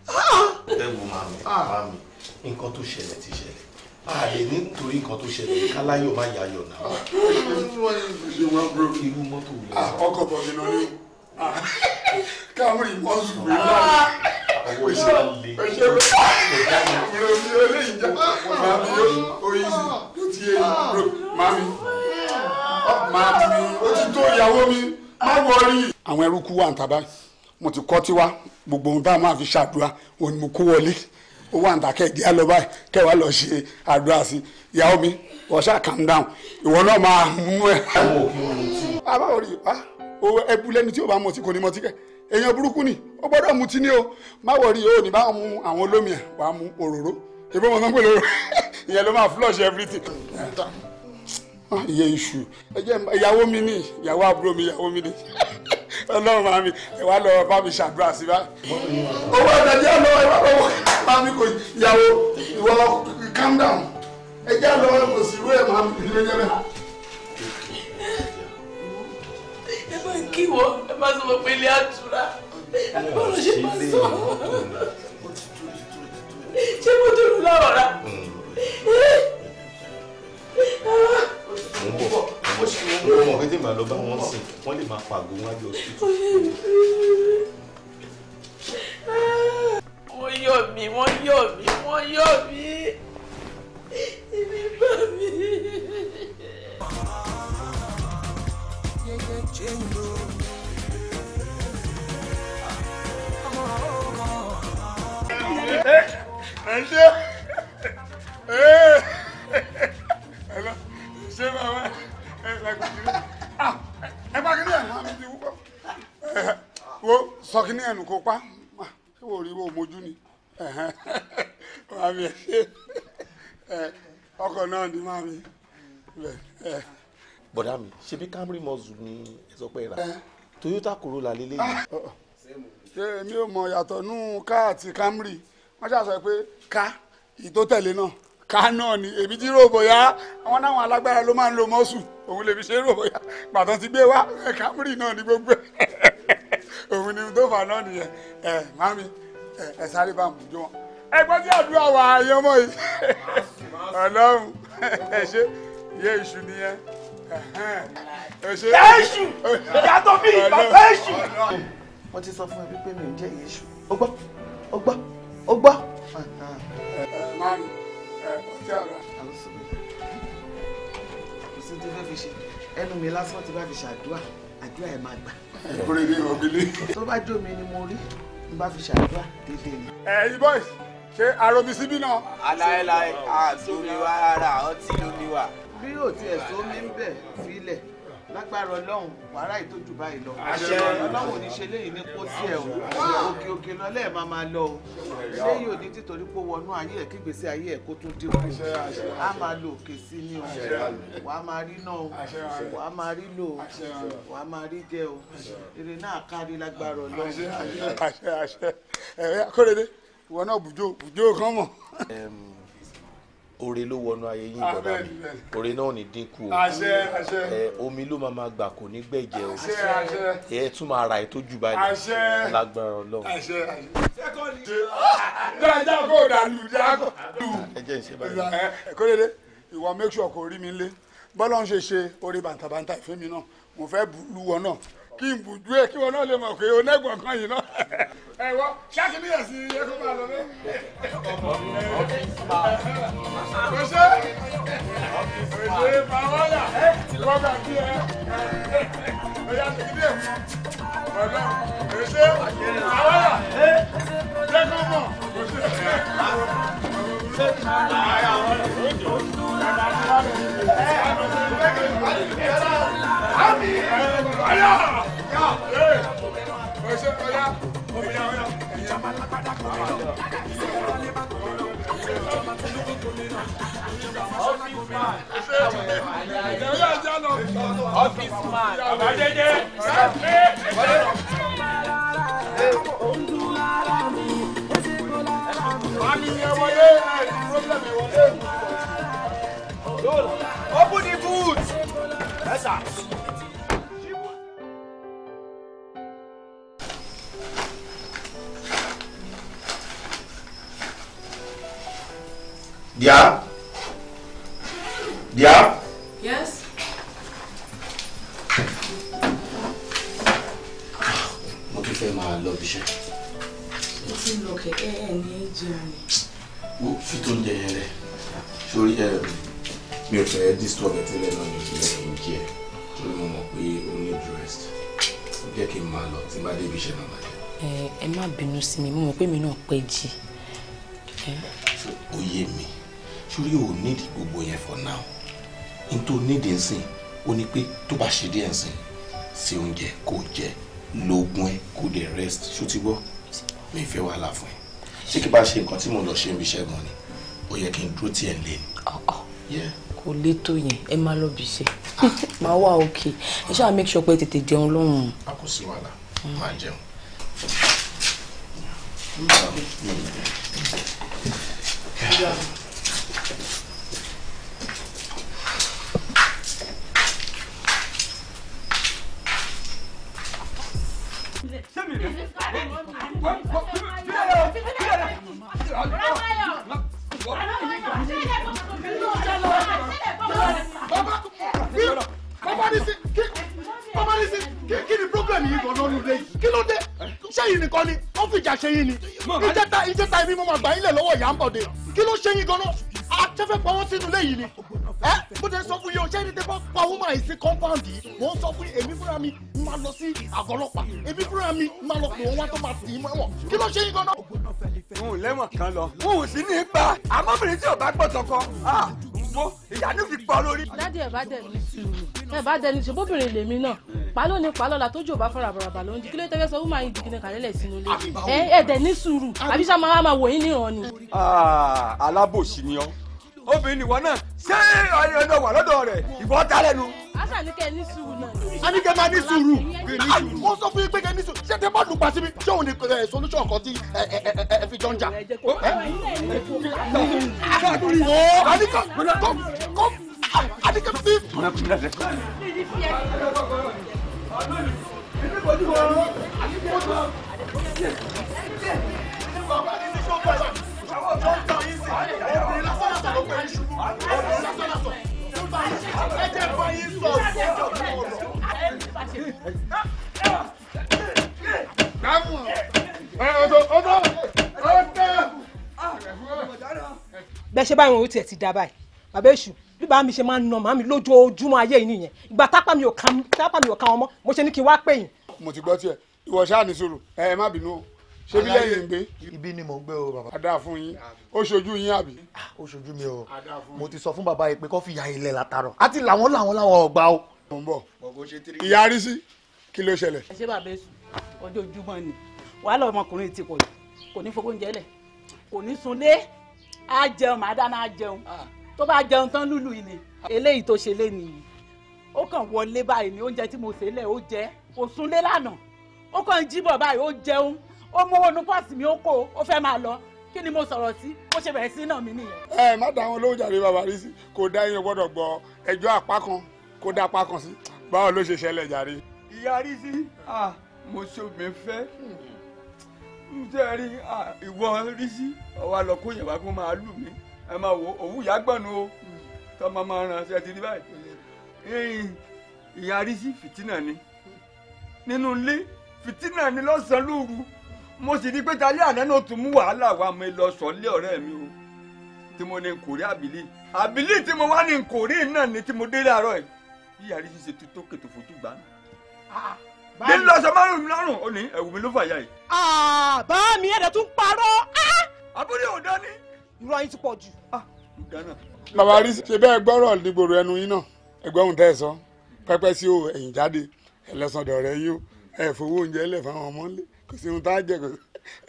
ẹ wo màmí màmí nǹkan tó ṣẹlẹ̀ ti ṣẹlẹ̀ ààyè nítorí nǹkan tó ṣẹlẹ̀ káláyọ̀ má yayọ̀ náà. Ah. irú mọ́tò wo lọ. Ah, ọkọ̀ bọ̀ nínú ní ah. káwọn ìmọ̀ sùn mí láàyè. ọwọ́ ìṣẹ́ le. ẹ̀ṣẹ̀ mi ò ní eléyìí jẹ́ màmí oyin tó ti yé mi màmí màmí ó ti tó ìyàwó mi má wọrí. àwọn ẹrú kú wà ń tàbá mo ti kọ́ tiwa gbogbo ohun tá a máa fi ṣàdúrà òun ni mo kó wọlé ó wà níta kẹ̀dí á lọ báyìí kẹwàá lọ ṣe àdúrà sí ìyàwó mi ọ̀ṣà calm down ìwọ náà máa mú ẹ. àbá orí ìpá ẹbú lẹ́ni tí ó bá mọ̀ tí kò ní mọ̀ tí kẹ̀ èèyàn burúkú ni ó gbọ́dọ̀ mu tí ní o má wọrí o ní bá mu àwọn olómi ẹ̀ wàá mu òróró ìbọn mọ̀ sọ́npẹ̀lẹ̀ òróró ìyẹn ló máa flush everything ah, iye iṣu ìyàwó mi ni ìyàwó àbúrò mi ìyàwó mi ni ọlọ́run máa mi ẹ wá lọ bá mi ṣàdúrà sí bá. owó ìdájẹ́ lọ ẹ wá lọ́wọ́ máa mi kò ìyàwó ìwọ calm down ẹ jẹ́ lọ ẹ kò sí ìwé ẹ̀ máa mi kì í lóye ẹ bá ń kí wọ ẹ bá sọ pé ilé àtúrà ẹ ṣe máa sọ ṣé mo dúró lọ́rọ̀ rà mo ń bọ̀ mo mọ̀ pé tí màá lọ bá wọn sìn wọ́n lè máa pàgọ́ wájú hospital. wọ́n yọ̀ mí wọ́n yọ̀ mí wọ́n yọ̀ mí ibi bá mi. yẹ́yẹ́ jẹ́ńdó ṣé bàbá ẹ làgbàdìrẹ ah, ẹ bá kíní ẹnu àmì ti wúkọ wo sọ kíní ẹnu kó pa ah, ṣé wò rí wo mojú ni màmí ẹ ọkọ náà ni màmí bọ̀dá mi ṣebí Camry mọ́ọ̀sù ni ẹ sọ pé ra Toyota Corolla lélẹ́yìn. Ah, oh, oh. ṣé èmi ò mọ̀ yàtọ̀ nù káàtì Camry wọ́n ṣàṣọ pé ká ìtó tẹ̀lé náà kánà ni èmi ti rò bóyá àwọn náwọn alágbára ló máa ń lo mọ́sù òun lèmi ṣe rò bóyá pàtó ti gbé wá kámúrì náà ní gbogbo ẹ òun ni tó fà náà nìyẹn ẹ mami ẹ sáré bá mú jó wọn. ẹ gbọ́ sí àdúrà wà ayé ọmọ yìí ọlọ́run ẹ ṣe yé iṣu nìyẹn. Jésù ìyàtọ̀ bí ìgbà Jésù. wọ́n ti sọ fún ẹbí pé mi ò jẹ́ Jésù. ó gbọ́ ó gbọ́ ó gbọ́. mami dára. kò sí tó fẹ́ fi ṣe ẹnu mi lásán ti bá fi ṣàdúrà àdúrà ẹ̀ máa gbà. ìkórè ní ìrọ̀bílẹ̀. tó bá jó mi ni mo rí n bá fi ṣàdúrà dédé ni. ẹ̀yin boys ṣé aromi síbí náà. aláìláì àtúnmí rárá ọtí lómi wa. bí yóò tiẹ̀ sómi ń bẹ̀ sílẹ̀ lágbára ọlọ́run wàhálà ìtọ́jú báyìí lọ ọlọ́run ò ní ṣe léyìí ní kó sí o òkè òkè lọ lẹ́ẹ̀ máa máa lọ o léyìí ò títorí pé wọnú ayé ẹ kí gbèsè ayé ẹ kó tún dín kù á máa lo òkè sí ni o wà á máa rí náà o wà á máa rí lò o wà á máa rí jẹ o èrè náà kárí lágbára ọlọ́run. akóredé ìwọ náà bùjó bùjó kan mọ oore ló wọnú ayé yín bọ̀dá mi oore náà ní dínkù o ẹ omi ló máa máa gbà kò ní gbẹ̀jẹ̀ o ẹ tún máa ra ètò jù báyìí lágbára ọlọ́run. dáadáa kò dàlù dáadáa ẹ jẹ́ ìṣe báyìí. kó lè dé ìwọ make sure kò rí mi lé bọ́lá ń ṣe ṣe orí bàǹtàbàǹtà ìfẹ́ mi náà mo fẹ́ lu wọn náà kí n bùdú ẹ kí wọn náà lè mọ̀ pé onẹ́gbọ̀n kan yìí náà. ẹ wọ ṣáàkì níyàsí ẹ kó máa lọ lẹ́yìn. bá jí ẹ ẹ ọ̀yà ilé ẹ̀fọ́ ọ̀dọ́ èso àwọn ẹ̀ lẹ́kọ̀ọ́ mọ̀ kò sí ẹ̀ ọ̀yà ọ̀yà ọ̀yà ẹ̀yà. Office man. Ọ̀bàdédé. Mami yẹn wọlé ẹ̀ problem yẹn wọlé. Open the boot. Yes, sir. Dia? Dia? Yes? Mo tún fẹ́ máa lọ bíṣẹ́. Mo ti lọ kẹ̀kẹ́ ẹ̀ ní jẹun. Mo fi tó ń jẹ yẹn rẹ̀. Sori ẹ eh, mi ò fẹ́ disturb ẹ tẹ́lẹ̀ náà ní ìjìnlẹ̀ kì í kí ẹ. Torí mo mọ̀ pé o need rest. Ó jẹ́ kí n máa lọ tí n bá débi iṣẹ́ náà bàjẹ́. Eh, ẹ má bínú sí mi, mo mọ̀ pé mi náà pẹ́ jì sórí ò nídi gbogbo yẹn for now n tó nídi ń sìn ó ní pé tó bá ṣe díẹ̀ ń sìn sí oúnjẹ kò jẹ lóògùn ẹ kò dé rest ṣó ti gbọ́ mi fẹ́ wàhálà fún ẹ ṣé kí bá ṣe nǹkan tí mo lọ ṣe ń bíṣẹ́ gan ni ó yẹ kí n dúró tiẹ̀ ń lé ni. Ah, ah. kò lè tó yẹn ẹ má lọ bí iṣẹ́ máa wà òkè ẹ ṣáà make sure pé tètè jẹun lọ́hùn. a kò sí wàhálà mm. máa jẹun. Yeah. Mm. Mm. kí ni problem yìí gan lọ́nu lé yìí kí ló dé ṣé yìí nìkan ni wọ́n fìjà ṣe yín ni ìjẹta ìjẹta ibi mo máa gbà yín lẹ̀ lọ́wọ́ ìyá ń bọ̀ de kí ló ṣe yín gan náà àtẹ́fẹ́ pọ́wọ́ sínú lé yìí ni ẹ bó ṣe sọ fún yìí o ṣé ní tẹ́fọ́ pa woman yìí sí compound yìí mò ń sọ fún èmi fúnra mi máa lọ sí àgọ́ ọlọ́pàá èmi fúnra mi máa lọ pè wọ́n wá tó máa tì í mọ́ kí ló ṣe yín gan-an. òun lẹ́wọ̀n kan lọ òun sì ní í pa àmọ́bìnrin tí ò bá gbọ́ tọkọ wo ìyá ní fi pọ̀ lórí. dádì ẹ̀ bá dẹ̀ ní sùúrù bá dẹ̀ ní bóbìnrin lèmi náà palo ni palo la tójú ò bá fara baraba ló ń di kí ló tẹ́fẹ́ sọ wúmọ̀ ayé jìgínlẹ̀ kàlẹ́lẹ̀ sínú ilé ẹ̀ ẹ̀ dẹ̀ ní sùúrù àbíṣà máa wà máa wò yín níran ni. alábòsí ni ọ́ obìnrin ìwọ náà ṣé ọyọ náà wà lọ́dọ̀ rẹ̀ ìwọ ta lẹ́nu. asa ni kẹ ní sùúrù náà. a ní kẹ máa ní sùúrù. ó sọ fún yín pé kẹ ní sùúrù ṣé tẹ bá lùpà síbi ṣé òun ni solution kan tí ẹ fi jọ ń jà. àdìkà kọ kọ àdìkà fi. Yes sí obìnrin lásán lásán ló pẹ̀lú ṣubú obìnrin lásán lásán tó bá yín ẹ jẹ́ bá yín sọ gbàmù ọ̀dọ̀ ọ̀dọ̀ ọ̀dọ̀. bẹ́ẹ̀ ṣe báyìí wọn ò tiẹ̀ ti dá báyìí bàbá èṣù bí bàá mi ṣe máa ń nà màmí lójoojúmọ́ ayé yìí nìyẹn ìgbà tápà mi ò kàn ọmọ mo ṣe ní kí n wá pè yín. mo ti gbọ́ tiẹ̀ ìwọ ṣáà ní sùúrù ẹ má bínú o ṣé bí lẹ́yìn ń gbé. ibi ni mò ń gbé o bàbá. a dáa fún yín ó ṣojú yín àbí. Ah, ó ṣojú mi o mo ti sọ fún bàbá yìí pé kó fi ya ilẹ̀ látàrọ̀ àti làwọn làwọn làwọn ọgbà o. mo ń bọ̀ ìyá arísí kí ló ṣẹlẹ̀. ẹ ṣe bàbá èṣù ọjọ́ ojúmọ́ ni wàhálà ọmọkùnrin ti pọ̀ jù kò ní fowó oúnjẹ lẹ̀ kò ní sunlé á jẹun màá dáná á jẹun ah. tó bá jẹun tán lùlù yìí ni eléyìí tó ṣe lé nìyí ó kàn wọlé báyìí ní oúnjẹ tí mo ṣe lẹ̀ ó jẹ kò sunlé lánàá ó kàn jíbọ̀ báyìí ó jẹun ó mówó nu pọ́ọ̀sì mi ó kó o fẹ́ máa lọ kí ni mo sọ̀rọ̀ sí mo ṣe bẹ̀rẹ̀ sí náà mi nìyẹn. ẹ má dá wọn lóhùn jàre bàbá rí sí kò dá iyan gbọ́dọ̀ gbọ́ ẹjọ́ apá kan kó dá apá kan sí báwo ló ṣe ṣẹlẹ̀ jàre. ìyá rí sí mo ṣògbìn fẹ́ n tẹ́ rí ìwọ rí sí ọwọ́ àlọ́ yẹn wá kó máa lù mí ẹ máa wo òwú ìyá gbọ̀nù o tọ́ ma máa ràn ṣe ti rí báyìí ìyá rí sí fìtínà ni nínú ilé fìtínà ni lọ́sàn-án lóru mo sì rí i pé talẹ́ àná náà tún mú wàhálà wa mi lọ sọ́lé ọ̀rẹ́ mi o tí mo ní nkòrí àbílí àbílí tí mo wá ní nkòrí náà ni tí mo dé láàárọ̀ yìí bí yàrá ṣíṣe ti tó kètò fojú gbà mí. Ah, bí n lọ sọ márùn mi lọ́rùn ó ní ẹ̀wù mi ló fàyà yìí. Ah, bá mi ẹ̀rẹ̀ tún parọ́. àbúrò ah! ò dání. irú ayé ti pọ̀ jù. bàbá rí ṣe bẹ́ẹ̀ gbọ́rọ̀ nígboro ẹnu yín náà ẹgbẹ́ òun tẹ́ ẹ sọ pẹ́pẹ́ o ẹ̀yìn jáde ẹlẹ́sàn dọ̀rẹ́ yín o ẹ̀ fowó oúnjẹ lẹ̀ fáwọn ọmọ ńlẹ̀ kò sí jẹ kò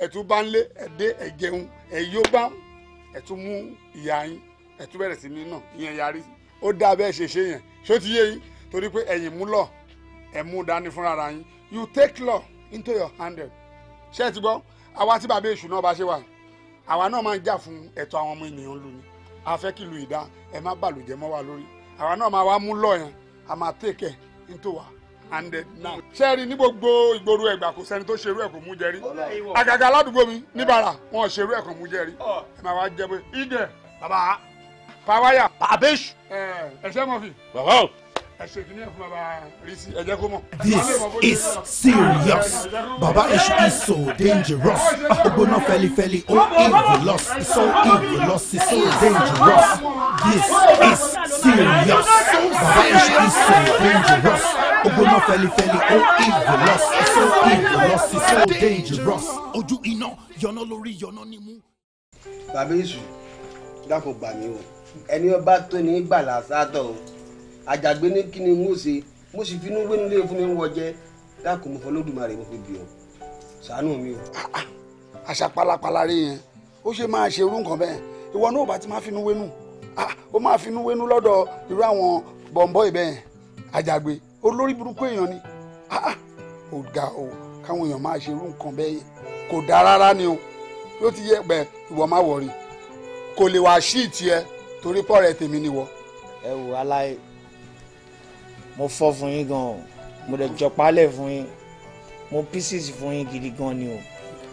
ẹtú bá ń lé ẹdé ẹjẹun ẹyó bá ẹtú mú ìyá yín ẹtú bẹ̀rẹ̀ sí ní náà ìyẹn yarí ó dáa bẹ́ẹ̀ ṣe ṣe yẹn ṣó ti yé yín torí pé ẹ̀yin mú lọ dání fúnra yín you take law into your hand ṣé ẹ ti gbọ́ àwa tí bàbá èṣù náà bá ṣe wà àwa náà máa ń jà fún ẹ̀tọ́ àwọn ọmọ ènìyàn lù ní afẹ́ kìlù ìdá ẹ má bàlùjẹ́ mọ́ wa lórí àwa náà máa wá mú lọ yẹn a máa take ẹ̀ into wa and uh, now. ṣé rí ní gbogbo ìgboro ẹ̀gbà kò sẹ́ni tó ṣerú ẹ̀ kò mú jẹ rí àgàgà aládùúgbò mi níbàrà wọn ṣerú ẹ̀ kò mú jẹ rí ẹ máa wá jẹ pé ìdẹ bàbá pàwáyà. pàbẹ́sù. ẹ ẹ ṣẹ́ mọ̀ fi. bàbá o. This is serious. Baba Isu is so dangerous. Ogbona felifeli, oh evilous, it's so evilous, it's so dangerous. This is serious. Baba Isu is so dangerous. Ogbona felifeli, oh evilous, it's so evilous, it's so dangerous. Ojú iná, yọ̀nà lórí yọ̀nà nímú. Baba Isu, dákun gbà mí o, ẹni ọba tó ní gbàlá sádọ̀ o àjàgbé ní kí ni mo ṣe mo sì finú gbénu lé fún ní wọ jẹ dákun mo fọ lódùmarè mo fi bì ọ ṣàánú mi o. Ah, ah, àṣà pálapàla rí yẹn ó ṣe máa ṣe irú nǹkan bẹ́ẹ̀ ìwọ náà bá ti máa finú wénú ah, ó máa finú wénú lọ́dọ̀ irú àwọn bọ̀m̀bọ̀ ìbẹ́yẹn àjàgbé olórí burúkú èèyàn ni ó ga o káwọn èèyàn máa ṣe irú nǹkan bẹ́ẹ̀ yẹn kò dáa rárá ni o ló ti yẹ pé ìwọ má wọrí kò lè wá sí ìtì ẹ torí pọ̀ rẹ tèmi ni wọ. ẹ wò aláì mo fọ́ fún yín gan o mo lè jọpálẹ̀ fún yín mo pieces fún yín gidi gan ni o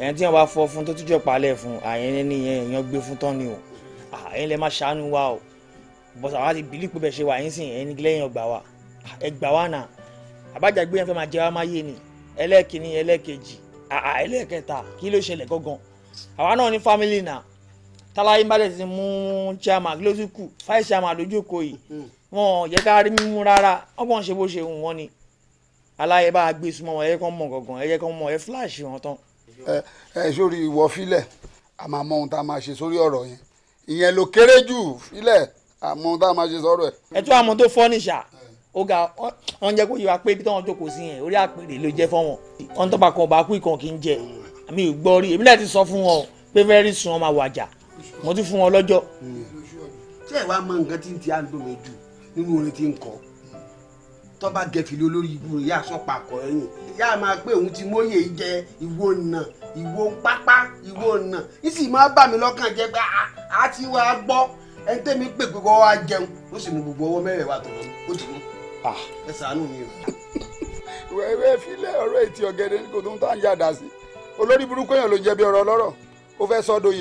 ẹ̀yìn tí wọ́n bá fọ́ fún tó tún jọpálẹ̀ fún àyẹn ní èèyàn gbé fún tán ni o àyẹn lè má ṣàánú wa o bọ́s àwọn àti bìlí pé bẹ̀ ṣe wà yín sìn ẹni lẹ́yìn ọgbà wa ẹ gbà wá nà àbájágbé yẹn fẹ́ máa jẹ wá má yé ni ẹlẹ́ẹ̀kìnní ẹlẹ́ẹ̀kejì ẹlẹ́ẹ̀kẹta kí ló ṣẹlẹ̀ gangan àwa náà ní family náà táláyé bá dẹ̀ ti mú chairman lóṣù kù fáì chairman lójú kò yìí mm-hmm wọn ò yẹ ká rí mímú rárá ọgbọ́n ṣe bó ṣe hùn wọ́n ni aláyẹ bá gbé súnmọ́ wọn ẹ̀yẹ kan mọ̀ gọ̀gàn ẹ̀yẹ kan mọ̀ ẹ̀ fúláṣì wọn tán. ẹ ẹ sórí ìwọ filẹ àmọ́ àmọ́ ohun tá a máa ṣe sórí ọ̀rọ̀ yẹn ìyẹn ló kéré jù filẹ àmọ́ ohun tá a máa ṣe sọ̀rọ̀ ẹ. ẹ tún àmọ́ tó fọ́ níṣà ó ga wọn jẹ kó yẹ wá pé ibi tí wọn jókòó sí yẹn orí àpèrè ló jẹ fún wọn wọn tó kan ọba kú ìkan kì í jẹ àmì ìgbọ́ rí èmi náà ti sọ fún wọn pé fẹ́ẹ́ rí sun ọmọ àwàjà mo ti fún wọn lọ́jọ́. ṣé ìwà mọ nǹkan tí ń ti àdó mi jù nínú orin tí ń kọ tó bá gẹ̀fìlì olórí ibu rẹ̀ yá sọ́pà kọ́ ẹ̀yìn yá máa pé òun ti mọ́yè jẹ ìwo nà ìwo pápá ìwo nà ń sì máa bà mí lọ́kàn jẹ́ pé ah, a ti wá gbọ́ ẹni tẹ́mi pè pé wọ́n jẹun ó sì mú gbogbo ọwọ́ mẹ́rẹ̀ẹ̀wá tó lọ́nu ó ti mú ah. ẹ ṣàánú mi o. wẹ́wẹ́ filẹ̀ ọ̀rọ̀ ètí ọ̀gẹ̀dẹ̀ kò tó ń tà ń yàdá sí olórí burúkú èèyàn ló ń jẹ́ bí ọ̀rọ̀ ọlọ́rọ̀ ó fẹ́ sọ́dọ̀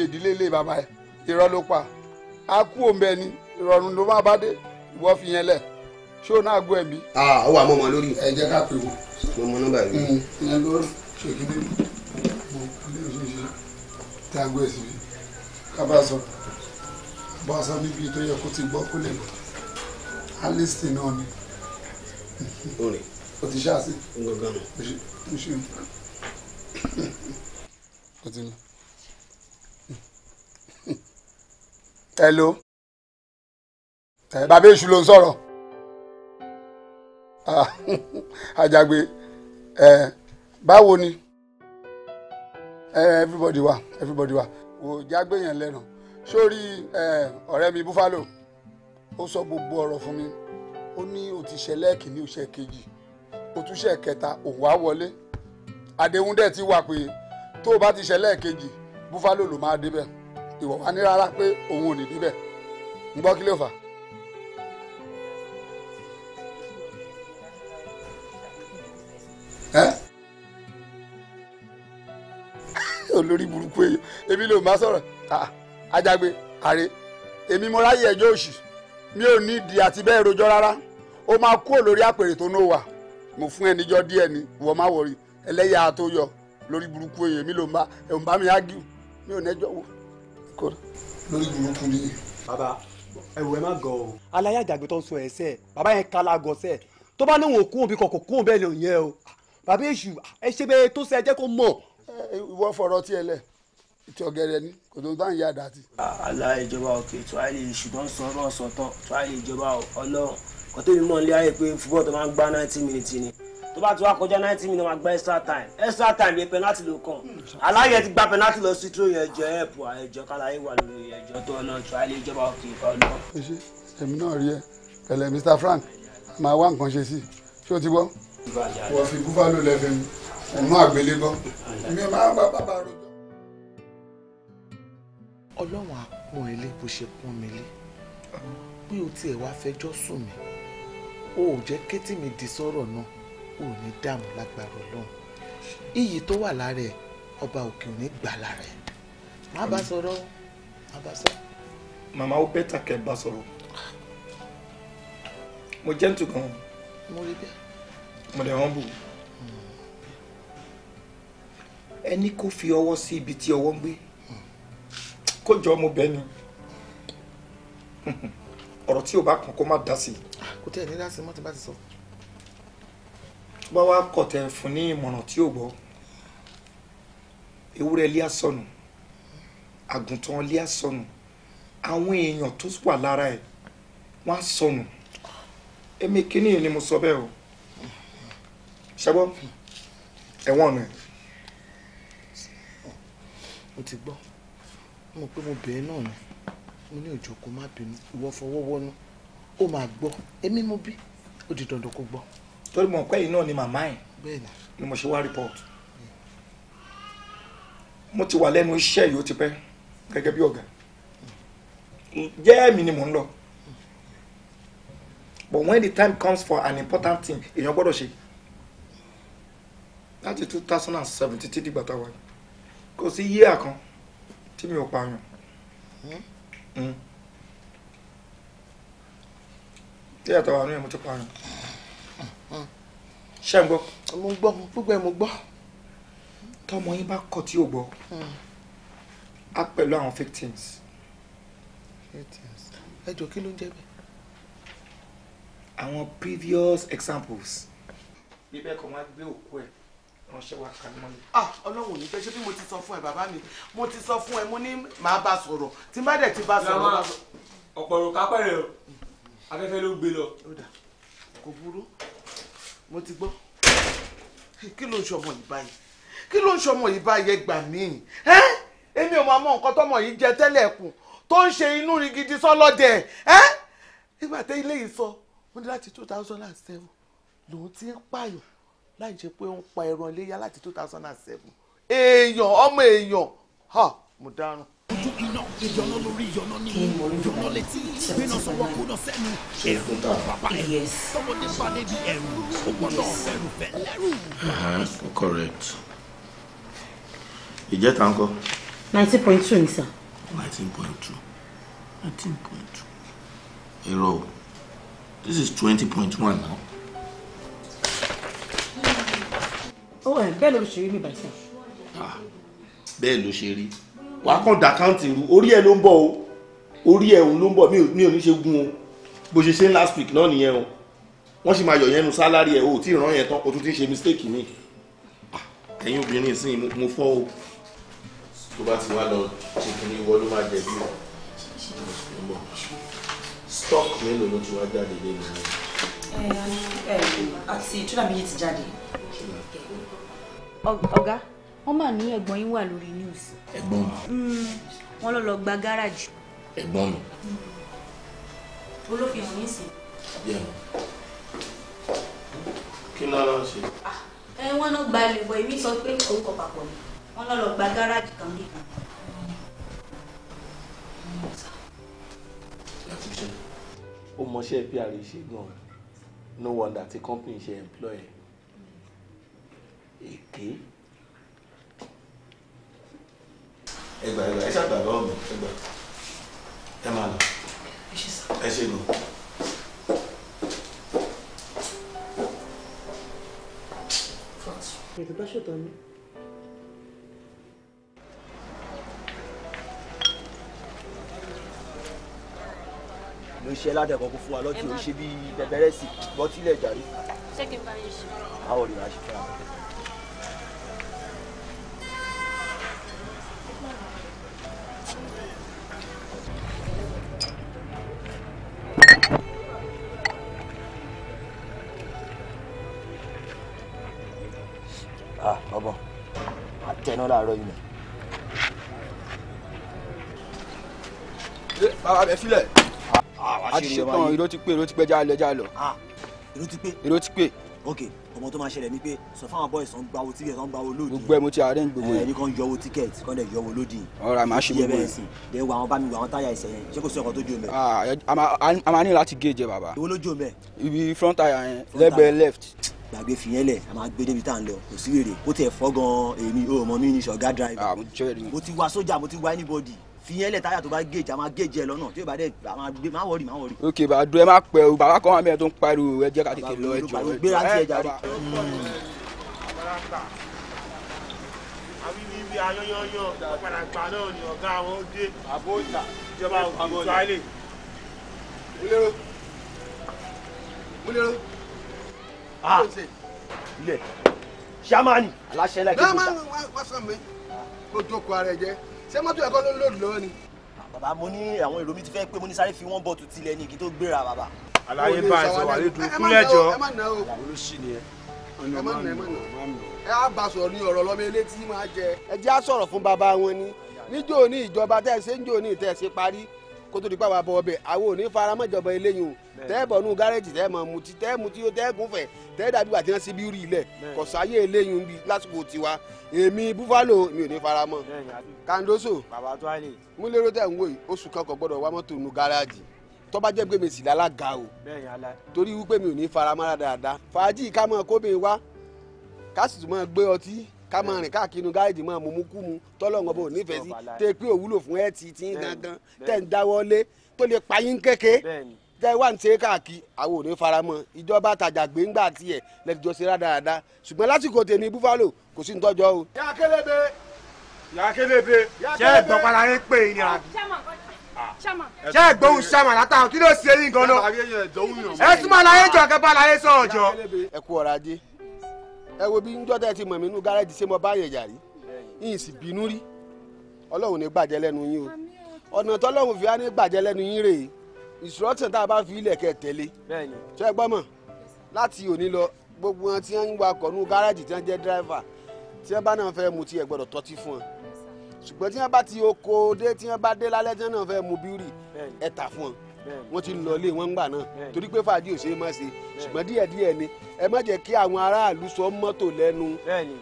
oyè ìwọ fi yẹn lẹ̀ ṣé o náà gbọ́ ẹ̀mí. ó wà mọ́mọ́ lórí. ẹ jẹ́ ká pè wọ́n. mọ́mọ́ nọ́mbà yìí. Hmm, ìyẹn ló ṣe kíní mo lè ṣe ṣe tí a gbé e sí i ká bá sọ bá sọ níbi tó yẹ kó ti gbọ́ kó lè lọ alice náà ni. o ti ṣáà sí. o ṣe o ti hello bàbá èṣù ló ń sọ̀rọ̀ ah, àjàgbé báwo ni everybody wa everybody wa wò jágbé yẹn lẹ́nu sórí ọ̀rẹ́ mi búfalo ó sọ gbogbo ọ̀rọ̀ fún mi ó ní o ti ṣẹlẹ̀ kìíní o ṣe kejì o tún ṣe kẹta òun á wọlé àdéhùn dẹ̀ ti wà pé tó o bá ti ṣẹlẹ̀ kejì búfalo ló máa débẹ̀ ìwọ wá ní rárá pé òun ò ní débẹ̀ ń gbọ́ kí ló fà á. olórí burúkú èèyàn èmi ló máa sọ̀rọ̀ ajagbe àrè èmi mo ráyè ẹjọ́ òṣì mi ò ní ìdí àti bẹ́ẹ̀ rojọ́ rárá ó máa kúrò lórí àpèrè tó ní wà mo fún ẹnìjọ díẹ̀ ni ìwọ má wọrí ẹlẹ́yà tó yọ lórí burúkú èèyàn èmi ló ń bá ẹ̀ ń bá mi ágìw mi ò nẹ́jọ́ wò lórí burúkú ni. bàbá ẹwù má gọ o. aláyà àjàgbé tó ń sọ ẹsẹ bàbá yẹn kala gọsẹ tó bá níwọn òkú òbí kọkọ kún bẹ́ẹ̀ lè yẹ o bàbá èṣù ẹ ṣe bẹ tó ṣe ẹ jẹ kó mọ ìwọ fọ̀rọ̀ tiẹ̀ lẹ̀ ìtì ọ̀gẹ̀rẹ̀ ni kò tó bá ń yá àdá ti. àlá ìjọba òkè tíwáìlì ṣùgbọ́n sọ̀rọ̀ sọ̀tọ̀ tíwáìlì ìjọba ọlọ́run kò tóbi mọ̀ nílé ayé pé fúbọ̀ tó máa ń gbá ninety minutes ni tó bá ti wá kọjá ninety minutes máa gba extra time extra time yẹn penalty ló kàn aláyẹ ti gba penalty lọ sí tó yẹn jọ ẹ̀pù àìjọ káláyé wà lórí ẹjọ́ tó ọ̀nà tíwáìlì ìjọba òkè ọlọ́run. ẹ Mr. Frank máa wá nǹkan ṣe sí i ṣé o ti gbọ́. wọ́n ọmọ àgbélébọ́ mi máa bá bàbá rojọ́. ọlọ́run á pọ́n ilé bó ṣe pọ́n mi lé bí o tiẹ̀ wá fẹjọ́ sùn mí o ò jẹ́ kétí mi di sọ́rọ̀ náà o ò ní dààmú lágbára ọlọ́run iyì tó wà lára ẹ̀ ọba òkè ò ní gbà lára ẹ̀ má bá sọ̀rọ̀ má bá sọ. màmá ó bẹ́tà kẹ́ bá sọ̀rọ̀ mo jẹ́ ń mo rí bẹ́ẹ̀ mo lè rán bù ẹni kò fi ọwọ́ sí ibi tí ọwọ́ ń gbé kó jọ ọmọ bẹ́ẹ̀ ni ọ̀rọ̀ tí o bá kàn kó má dá sí i. kò tẹ́ ẹ̀ ní láti mọ́ tí bá ti sọ. bá wá kọ̀ tẹ́ fún ní ìmọ̀ràn tí ò gbọ́ ewúrẹ́ ilé àsọnù àgùntàn ilé àsọnù àwọn èèyàn tó wà lára ẹ̀ wọ́n á sọnù èmi kínní ni mo sọ bẹ́ẹ̀ o ṣẹ́gbọ́n ẹ̀wọ̀n nù ẹ̀ mo ti gbọ́ mo pé mo bẹ̀ẹ́ náà ni mo ní òjò má bínú ìwọ fọwọ́ wọnú ó máa gbọ́ èmi mo bí ó di dandan kó gbọ́. torí mo pẹ́ yìí náà ni màmá ẹ̀ ni mo ṣe wá report mo ti wà lẹ́nu iṣẹ́ yìí ó ti pẹ́ gẹ́gẹ́ bí ọ̀gá jẹ́ ni mò ń lọ but when the time comes for an important thing èèyàn gbọ́dọ̀ ṣe láti two thousand and seventy títí dìgbà táwa yìí kò sí yíyà kan tí mi ò pààyàn. Hmm? Hmm. tí àtàwọn àánú yẹn mo ti pààyàn. Hmm. ṣé ń gbọ́. mo gbọ́ gbogbo ẹ̀ mo gbọ́. tọmọ yín bá kọ̀ tí ò gbọ́ á pẹ̀lú àwọn victims. ẹ jọ kí ló ń jẹ bẹ́ẹ̀. àwọn previous examples. bíbẹ́ kan wá gbé òkú ẹ̀ ránṣẹ́ wá kan mọ́lẹ̀. ah ọlọ́run ò ní fẹ́ ṣé bí mo ti sọ fún ẹ bàbá mi mo ti sọ fún ẹ mo ní màá bá sọ̀rọ̀ tí má dẹ̀ ti bá sọ̀rọ̀. ọ̀pọ̀ òrùka pẹ̀rẹ̀ o afẹ́fẹ́ ló gbé lọ. kò burú mo ti gbọ́ kí ló ń ṣọmọ yìí báyìí kí ló ń ṣọmọ yìí báyìí ẹ gbà mí ẹ èmi ò máa mọ nǹkan tọmọ yìí jẹ tẹ́lẹ̀ ẹ̀kùn tó ń ṣe inú rin gidi sọ́lọ́dẹ̀ ẹ nígbà tẹ́ ilé yìí sọ ó ní láti two thousand and seven lòun ti ń pààyàn láì jẹ́ pé ó ń pa ẹran iléyà láti two thousand and seven èèyàn ọmọ èèyàn ha mo dáràn ojú iná ìyọ̀nà lórí ìyọ̀nà ní ìyọ̀nà létí gbéná sọ̀wọ́ kóná sẹ́nu ẹ̀rù bàbá ẹ̀rù tọmọdé bá débi ẹ̀rù ó gbọ́dọ̀ ẹ̀rù fẹ́ lẹ́rù. Uh-huh, correct ìjẹta ń kọ. nineteen point two ni sir. nineteen point two nineteen point two èrò this is twenty point one now. bẹ́ẹ̀ ló ṣe rí mi bàjẹ́. Ah, bẹ́ẹ̀ ló ṣe rí wàá kàn dà káǹtì ru orí ẹ ló ń bọ̀ o orí ẹ òun ló ń bọ̀ mi ò ní ṣe gun o bó ṣe ṣe last week náà nìyẹn o wọ́n sì máa yọ̀ yẹn nu sálárì ẹ̀ o tí ì ràn yẹn tán o tún ti ṣe mistake mi ah, ẹ̀yin obìnrin ìsìn mo fọ́ o tó bá ti wá lọ ṣe kìíní ìwọ ló máa jẹ̀bi o stock mélòó ló ti wá jáde lé ẹ ẹ àti túnàmì yìí ti jáde ọ̀gá wọ́n mà ní ẹ̀gbọ́n yín wà lórí news. ẹ̀gbọ́n mi. Hmm, wọ́n lọ lọ gba gáràjì. ẹ̀gbọ́n mi. olófin ọ̀hún yìí sí. kí ló ń ṣe. Ah, ẹ wọ́n lọ gba ilé ìwọ èmi sọ pé orúkọ papọ̀ ni wọ́n lọ lọ gba gáràjì kan níkan. ó mọṣẹ́ pr e ṣe gan-an no wonder tí company ṣe employ èké. ẹ gbà ẹ gbà ẹ ṣàgbà lọ́wọ́ mi ẹ gbà ẹ máa lọ ẹ ṣe nù. ètò bá ṣètọ́ ni. ló ṣe ládàkọ kó fún wa lọ́tí ò ṣe bí bẹ̀bẹ̀rẹ̀ sí bọ́tílẹ̀ jàre. ṣé kí n bá yín ṣe. báwo ni wàá ṣe fún wa. jẹ náà láàárọ̀ yìí nà. bàbá mi filẹ̀. a ti ṣetán irọ́ ti pé irọ́ ti pé já lọ já lọ. irọ́ ah, ti pé. irọ́ ti pé ok ọmọ tó máa ṣẹlẹ̀ ni pé sọ fáwọn boys ọ̀n gbawo ticket ọ̀n gbawo lódì gbogbo ẹ mo ti arrange gbogbo ẹ ẹni kan yọwọ ticket kan dẹ̀ yọwọ lódì ọ̀rọ̀ àmà ṣe gbogbo ẹ dẹ̀ wọ àwọn bá mi wọ àwọn táyà ìṣẹ̀yẹn ṣé kò sí ọkọ̀ tó jó mẹ́. Ah, a máa ní láti gé jẹ bàbá. ìwọ ló jó mẹ́. ibi front tire yẹn lẹ́gbẹ̀ẹ́ left. gbàgbé fìyẹn lẹ̀ a máa gbé débi tá à ń lọ kò sí wèrè ó tẹ̀ fọ́ gan-an èmi ò mọ mi ní ṣọ̀gá driver ah, mo ti wá sójà mo anybody fìyẹn lẹ táyà tó bá géèjì a máa géèjì ẹ lọ́nà tí o bá dẹ a máa gbé má wọrí má wọrí. ok bàdó ẹ má pẹ o bàbá kan wà mẹ́rin tó ń pariwo ẹ jẹ́ ká tètè lọ ẹ jọ ẹ jọ ẹ jọ àwíwíwí ayọ́yọ́yọ́ ọ̀pàdàgbà náà ni ọ̀gá àwọn dé àbójà ìjọba ah ilẹ̀ sàmánì aláṣẹ jókòó ara ẹ jẹ́ ṣé mọ́tò ẹ̀kọ́ ló ń lòdì lọ́wọ́ ni. bàbá mo ní àwọn èrò mi ti fẹ́ pé mo ní sáré fi wọ́n bọ̀ tó tilẹ̀ ní kí tó gbéra bàbá. àlàyé bá ẹ wà lẹ́dùn kúlẹ̀jọ olùsí ni ẹ. ẹ má ẹ ẹ á bá sọ̀rọ̀ ní ọ̀rọ̀ lọ́mọ ilé máa jẹ. ẹ jẹ́ á sọ̀rọ̀ fún bàbá wọn ni níjó ní ìjọba tẹ́ ẹ ní ìtẹ́ parí kó tó di pàwọ́ àbọ̀ ọbẹ̀ àwọn ò ní faramọ́ ìjọba eléyìí o tẹ́ bọ̀ nù gárẹ́jì tẹ́ mọ̀ mutí tẹ́ mutí yóò tẹ́ gúnfẹ̀ tẹ́ dàbí wà tí wọ́n síbi rí ilẹ̀ kọ̀sáyé eléyìí bí lásìkò tiwa èmi búfalo mi ò ní fara mọ́ kandoso mú lérò tẹ̀ ń wò yìí oṣù kan kò gbọ́dọ̀ wá mọ́tò nù gárẹ́jì tó bá jẹ́ pé mi sì lálága o torí wípé mi ò ní fara mọ́ dáadáa fàájì ká mọ̀ kóbìnrin wá ká sì tún mọ̀ gbé ọtí ká máa rìn káàkiri inú gáàjì máa mú mú kú mu tọ́lọ́ngàn bò nífẹ̀ẹ́ sí tẹ́ pé òwúlò fún ẹ̀ tí tí gangan tẹ̀ ń dáwọ́lé tó lè pa kéke tẹ́ wà ní sèéká kí àwọn ò ní fara mọ́ ìjọba àtàjà gbẹ̀ngbà tiẹ̀ lẹ́tìjọ́ ṣe rádaràda ṣùgbọ́n lásìkò tèmi búfalo kò sí nítọ́jọ́ o. yà á kélébé yà á kélébé ṣé ẹ̀gbọ́n padà yẹn pè é ní àbí ah. ṣé ẹ̀gbọ́n ṣàmà látàwọn kí ló ṣe yín gan-an ẹ túmọ̀ láyé jọ kẹ́ láyé sọ̀rọ̀ jọ. ẹ kú ọ̀rọ̀ ajé ẹ wo bí ti mọ̀ mí nú gárẹ́jì ṣé mo bá yẹ̀ sì bínú rí ọlọ́run ní gbàjẹ́ lẹ́nu yín o ọ̀nà tọ́lọ́run fi á ní gbàjẹ́ lẹ́nu yín rèé instruction tá a bá fi ilẹ̀ kẹ tẹ̀lé ṣe gbọ́ mọ̀ láti òní lọ gbogbo wọn tí wọ́n ń wakọ̀ ní gáràjì tí wọ́n jẹ́ dírẹ́fà tí wọ́n bá náà fẹ́ mu tí ẹ gbọ́dọ̀ tọ́tí fún wọn ṣùgbọ́n tí wọ́n bá ti oko dé tí wọ́n bá dé lálẹ́ tí wọ́n náà fẹ́ mu bírì ẹ tà fún wọn wọ́n ti lọ ilé wọn gbà náà torí pé fàájì ò ṣe é má ṣe ṣùgbọ́n díẹ̀ díẹ̀ ni ẹ má jẹ́ kí àwọn aráàlú sọ mọ́tò lẹ́nu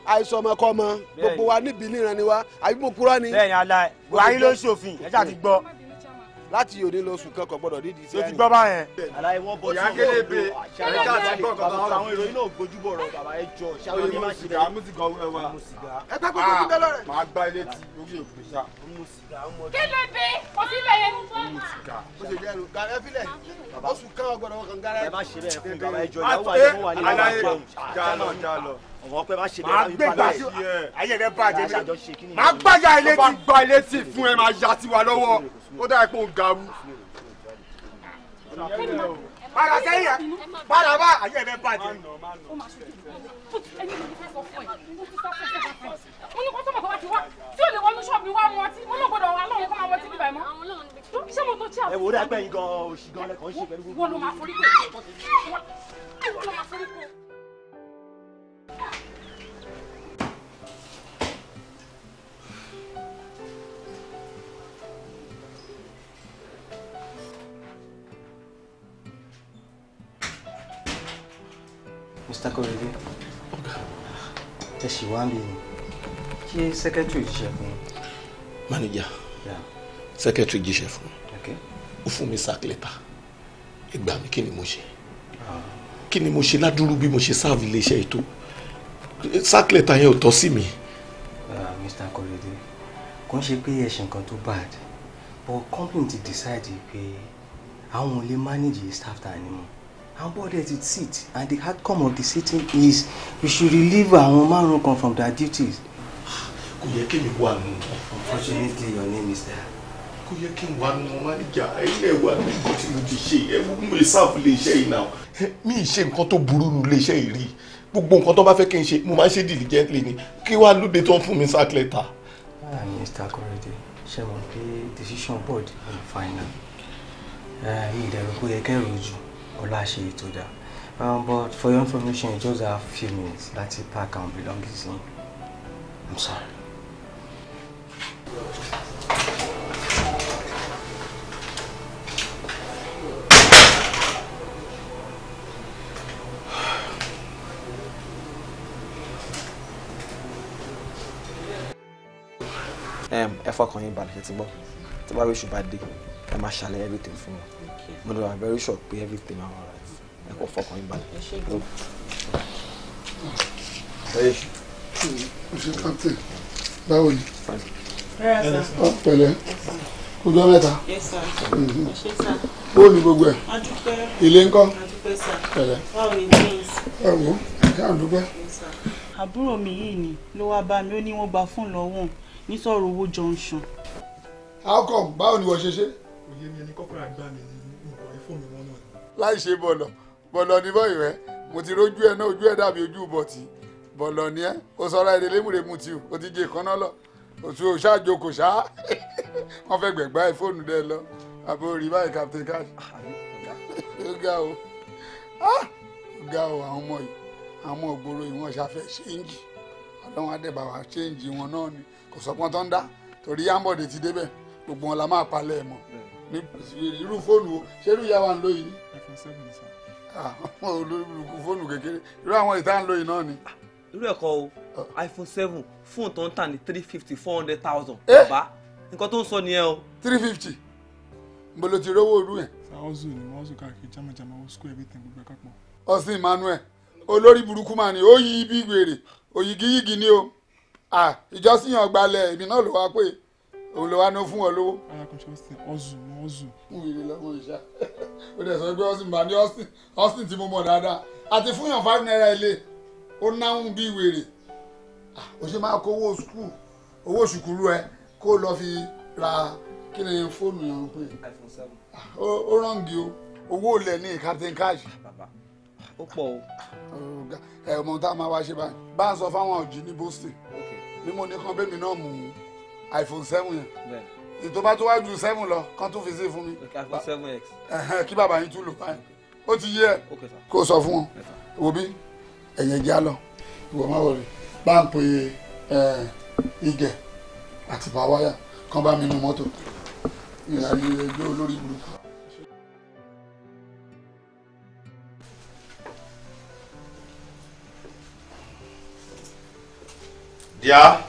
àìsàn ọmọkọ́mọ gbogbo wa níbi níran àbí mo ni. bẹ́ẹ̀ni ala buhari ló ń ṣòfin ẹ ṣáà ti gbọ́ láti òde lọ sùn kankan gbọ́dọ̀ nídìí sí ẹni. o ti gbọ́ báyẹn. àlàyé wọn bọ sí ìwé òdo àṣàlẹ̀ ká ti gbọ́ kankan sọ. àwọn ìròyìn náà gbojúbọ rọ bàbá ẹ jọ ṣáwé ní máa ṣe bẹ́ẹ̀. mú sìgá ọwọ́ ẹ wá. mú sìgá. ẹ pẹ́ kókó kí ah, bẹ́lẹ̀ rẹ̀. màá gbá ilé tí orí èkó sá. mú sìgá ọmọ. kí ló dé òbí bẹ̀rẹ̀. mú sìgá. ó ṣe jẹ́rù gàrẹ́ filẹ̀ oṣù kan ọgbọ̀dọ̀ wọn kan gàrẹ́. ẹ má ṣe bẹ́ẹ̀ fún bàbá ẹ jọ ìyàwó àyẹ̀wò wà mi máa gbájà ilé tí gbá ilé tí fún ẹ máa ya tiwa lọ́wọ́ ó dáa pé ó ga wú. padà sẹ́yìn ẹ̀ padà bá ayé ẹ̀ bẹ́ẹ̀ bàjẹ́. mo ní kó tó mọ̀ kó bá ti wá tí ò lè wọnú ṣọ́ọ̀bù wá mu ọtí mo náà gbọ́dọ̀ wà lọ́wọ́ kó máa wọtí bíbá ẹ̀ mọ́. ṣé mo tó tí a. ẹ wò ó dàgbẹ́ yín gan òṣì gan lẹ́kọ̀ọ́ ṣe pẹ̀lú gbogbo. wọ́n ló máa forí kò. wọ́n ló máa forí kò. Mr. Korede ẹ ṣì wá mi ni kí secretary jíṣẹ́ fún mi. Yeah. secretary jíṣẹ́ fún Okay. ó fún mi sack letter ẹ gbà mí kí ni mo ṣe ah. kí ni mo ṣe ládùúrú bí mo ṣe serve iléeṣẹ́ ètò sack letter yẹn ò tọ́ sí mi. Ah, Mr. Korede kò ń ṣe pé ẹ ṣe nǹkan bad but company ti decide pé àwọn ò lè manage staff ta anymore. Our board is It sit, and the outcome of the sitting is we should relieve àwọn márùn kan from their duties. Kò yẹ kí mi wà Unfortunately, your name is there. Kò yẹ kí n wà nù manager. Ilé wa ní nǹkan tí mo ti ṣe. Ẹ fún mi sáàfù lè ṣe yìí náà. Mi ì ṣe nǹkan tó burú nù lè ṣe yìí rí. Gbogbo nǹkan tó bá fẹ́ kí n ṣe, mo máa ń ṣe diligently ni. Kí wàá lóde tó ń fún mi sack letter. Ah, Mr. Korede, ṣe mọ̀ pé decision board ń final. Eh, mi ìdẹ̀rù kò yẹ kẹ́rù jù. Olashi Itoja. Um, but for your information, you just have a few minutes. That's it, pack and belong to see. I'm sorry. Um, ẹ fọkàn yín balẹ̀ ṣe ti gbọ́ tí bá wíṣù bá dé ẹ máa ṣàlàyé everything fún wọn but i'm very sure pé everything na alright ẹ kò fọkàn yín balẹ̀. ṣe captain báwo ni pẹ̀lẹ́ ọjọ́ mẹ́ta mhm. bó ni gbogbo ẹ̀ ilé ńkọ́ pẹ̀lẹ́ ẹ̀wọ̀ ẹ̀ka àdúgbẹ́. àbúrò mi yìí ni ló wá bá mi ó ní wọ́n gba fún lọ́wọ́ ní sọ̀rọ̀ owó junction. how come báwo ni wọ́n ṣe ṣe. òye mi ẹni kọ́kọ́rọ́ àgbà mi ni láì ṣe bọ̀lọ̀ bọ̀lọ̀ ní bọ́yìí rẹ mo ti rójú ẹ náà ojú ẹ dàbí ojú bọ̀tì bọ̀lọ̀ ni ẹ o sọ ara ẹ lémùrèmù tí o o ti jẹ ìkànnà lọ òtún o ṣáàjò kò ṣá wọn fẹ́ gbẹ̀gbá ẹ fóònù dẹ lọ àbò rí báyìí captain cash ó ga o ah! ó ga o àwọn ọmọ yìí àwọn ọmọ ògbóró yìí wọn ṣàfẹ́ ṣéǹjì ọlọ́run adébàwà ṣéǹjì wọn náà ni kò sọ tó ń dá torí yámbọ̀dé ti débẹ̀ gbogbo wọn la máa palẹ̀ ẹ̀ mọ́ ní irú fóònù o ṣé ìyá wa ń lò yìí. iPhone seven sir. Ah, àwọn olùkú fóònù kékeré irú àwọn ìta ń lò yìí náà ni. irú ẹ̀kọ́ o oh. iPhone seven fóònù tó ń tà ní three fifty four hundred thousand. Eh? bàbá nǹkan tó ń sọ nìyẹn o. three fifty mo lo ti rówó olú yẹn. sàwọ́sù ni wọ́n sùn káàkiri jamajama wọ́n sùkú everything gbogbo ẹ̀ka pọ̀. ọ̀sìn Emmanuel olórí burúkú mà ní ó yí ibi gbèrè òyìgíyìgì ni o ah, ìjọsìn ọgbàlẹ̀ èmi náà ló wá pé òun lọ wá ná fún ọ lówó. alákòóso ọsìn ọzù mọ ọzù. wíìlì lọ́wọ́ ìṣá ó dẹ̀ sọ pé ọsìn máa ní ọsìn ọsìn tí mo mọ̀ dáadáa àti fún yàn five naira ilé ó náhùn bí wèrè ó ṣe máa kó owó sùkúù owó sùkúrú ẹ kó lọ fi ra kí ni fóònù yẹn pé ó rọǹgì o owó olè ní captain cash. ó pọ̀ o. ẹ̀ ọmọ tá a máa wá ṣe báyìí bá a sọ fáwọn òjì ní Boston ni mo ní kan bẹ́ẹ̀ mi náà mú un iphone seven yẹn ètò bá tó wá ju seven lọ kán tó fi sí fún mi kí bàbá yín tún lò báyìí ó ti yé ẹ kó sọ fún wọn wo bí ẹ̀yẹ̀ já lọ ìwọ má wọlé bá ń pe igẹ̀ àti pàwáyà kán bá mi nu mọ́tò ìrìnàjò ẹgbẹ́ olórí burúkú. Yeah.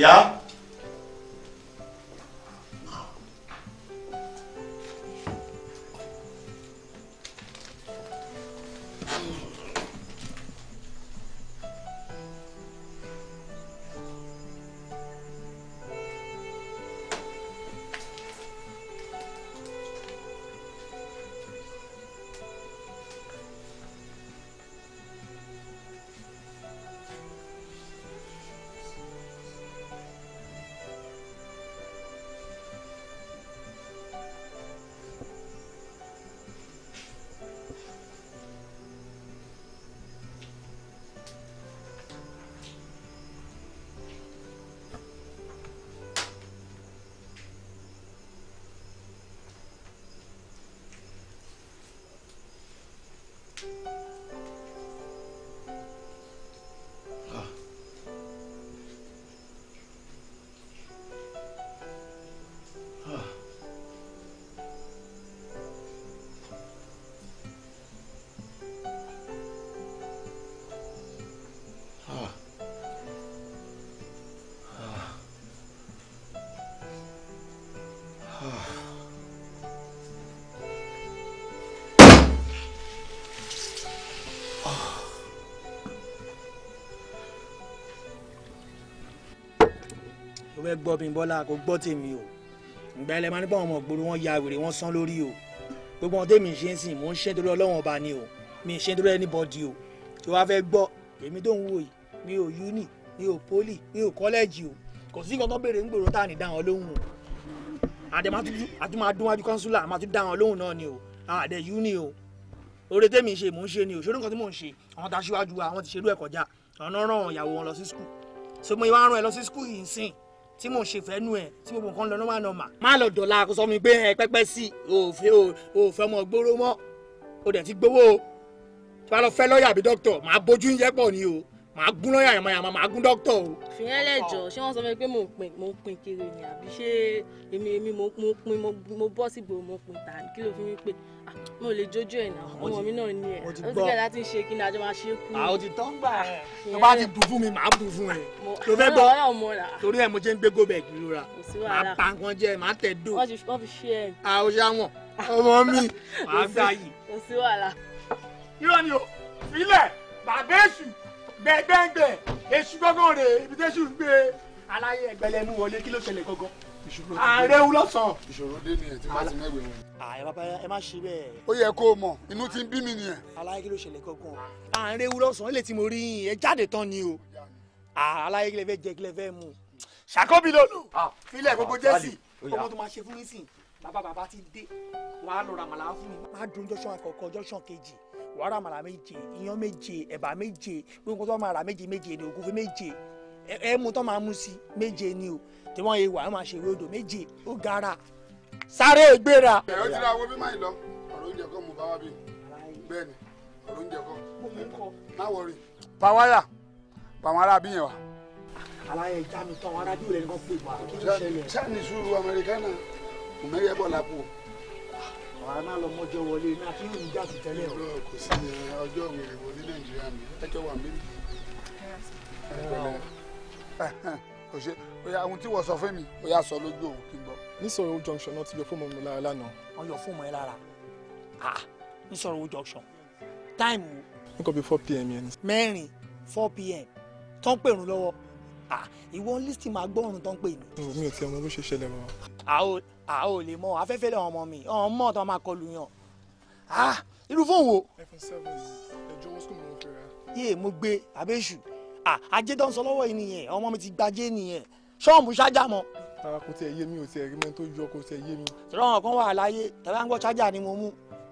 Yeah? fẹ́ gbọ́ mi bọ́lá kò gbọ́ tèmi o ìgbà ilẹ̀ máa ní báwọn ọmọ ìgboro wọn ya wèrè wọn sán lórí o gbogbo wọn tèmi ṣe ń sìn mò ń ṣe nítorí ọlọ́wọ́n ọba ni o mi ṣe nítorí anybody o tí wàá fẹ́ gbọ́ èmi tó ń wò yìí mi ò uni mi ò poli mi ò kọ́lẹ́jì o kò sí nǹkan tó béèrè ń gbòòrò tá à ní dá wọn lóhùn o àdèmà àti máa dún wájú kọ́nsúlà àmà tún dá wọn lóhùn náà ni o àdè uni o oore tèmi ṣe mò ń ṣe ni o ṣòro nǹkan tí mò ń ṣe àwọn tá a ṣíwájú wa àwọn ti ṣerú ẹ̀ kọjá ọ̀nà ràn ìyàwó wọn lọ sí skul so mo ìwà ràn ẹ lọ sí skul yìí ń sìn tí mò ń ṣe fẹ́ nú ẹ tí gbogbo nǹkan lọ ní wàá nọmà. má lọ dọ̀la kó sọ mi pé ẹ pẹ́pẹ́ sí òfé òfé ọmọ gbóró mọ́ o dẹ̀ ti gbowó o tí wàá lọ fẹ́ lọ́ọ̀yà àbí dókítọ̀ màá bójú ń yẹ́pọ̀ ni o màá gún lọ́yà yamayama màá gún dókítà o. fìyẹn lẹjọ ṣé wọn sọ fún mi pé mo pin mo pin kiri ni àbí ṣé èmi èmi mo pin mo bọ́ sígbò mo pin ta ni kí ló fi mi pé ah, mo lè jójú ẹ̀ náà ọmọ mi náà ni ẹ̀ ó ti kẹ́ láti ṣe kí ni àjọ máa ṣe kú. àwọn ti tán gbà ẹ tó bá ti bù fún mi màá bù fún ẹ tó fẹ́ gbọ́ torí ẹ mo ṣe ń gbé gómẹ ìrora màá pa nǹkan jẹ màá tẹ̀ dò. wọ́n fi ṣe ẹ̀. àwọn ọmọ mi gbẹgbẹgbẹ èṣù gángan rè ibi tí èṣù gbé aláyé ẹgbẹlẹnu wọlé kí ló ṣẹlẹ̀ gángan ààrẹ wù lọ́sàn. ìṣòro dé ni ẹ tí máa ti mẹ́wèé wọn. ààrẹ bàbá ẹ má ṣe bẹ́ẹ̀. ó yẹ kó o mọ̀ inú ti ń bí mi nìyẹn. aláyé kí ló ṣẹlẹ̀ gángan ààrẹ wù lọ́sàn ilé tí mo rí yín ẹ jáde tán ni o aláyé kí lè fẹ́ jẹ kí lè fẹ́ mu. ṣàkóbi lónù. filẹ̀ gbogbo jẹ́sì ọmọ tó máa ṣe fún mi sìn bàbá bàbá ti dé wàá lọ ràmàlà fún mi. má dùn jọ́sán àkọ́kọ́ jọ́sán kejì wàrà àmàlà méje iyán méje ẹ̀bà méje gbogbo tó máa rà méje méje ni ògúnfe méje ẹmu tó máa mú sí méje ni o tí wọ́n yẹ wà á máa ṣe ìwé odò méje ó gara sáré ìgbéra. ẹ̀rọ ti ra owó bí máa ń lọ ọ̀rọ̀ oúnjẹ kan mo bá wá bí bẹ́ẹ̀ ọ̀rọ̀ oúnjẹ kan má wọrí. pàwáyà pàwọn ará bíyẹn wa. aláyẹ já tán àwọn arájú rẹ nìkan pè wá kí ló ṣẹlẹ̀. sani sùúrù amẹríkánà mọ̀mẹ́yẹ́bọ̀ làkú o àwa má lọ mọ́jọ́ wọlé ní akínyìn ní jáde tẹ́lẹ̀ o. kò sí ọjọ́ òwèrè wo ní nàìjíríà mi ẹjọ́ wà mí. kò ṣe oya ohun tí wọ́n sọ fún mi oya sọ lójú òun kí n gbọ́. nísòro junction náà ti yọ fóònù mi lára lánàá. wọ́n yọ fóònù ẹ lára ah, nísòro junction time wo. nǹkan bíi four pm yẹn ni. mẹ́rin four pm tó ń pèrún lọ́wọ́ ah, ìwọ lísìtì máa gbọ́ ọ̀run tó pè mí. mi ò tiẹ̀ mọ bó ṣe ṣẹlẹ̀ mọ́. àwọn a ò lè mọ afẹ́fẹ́ lẹ́wọ̀n ọmọ mi ọ̀hún mọ̀ tó máa kọlu yàn ah irú fóun wo. iphone yé mo gbé abéṣù ajé tó ń sọ lọ́wọ́ yìí nìyẹn ọmọ mi ti gbajé nìyẹn ṣọ́ọ̀bù ṣájà mọ́. ara kò tẹ yé mi ò tẹ rí tó yọ kò tẹ yé mi. sọ̀rọ̀ àwọn kan wà láyé tàbí ń gbọ́ ṣájà ni mo mú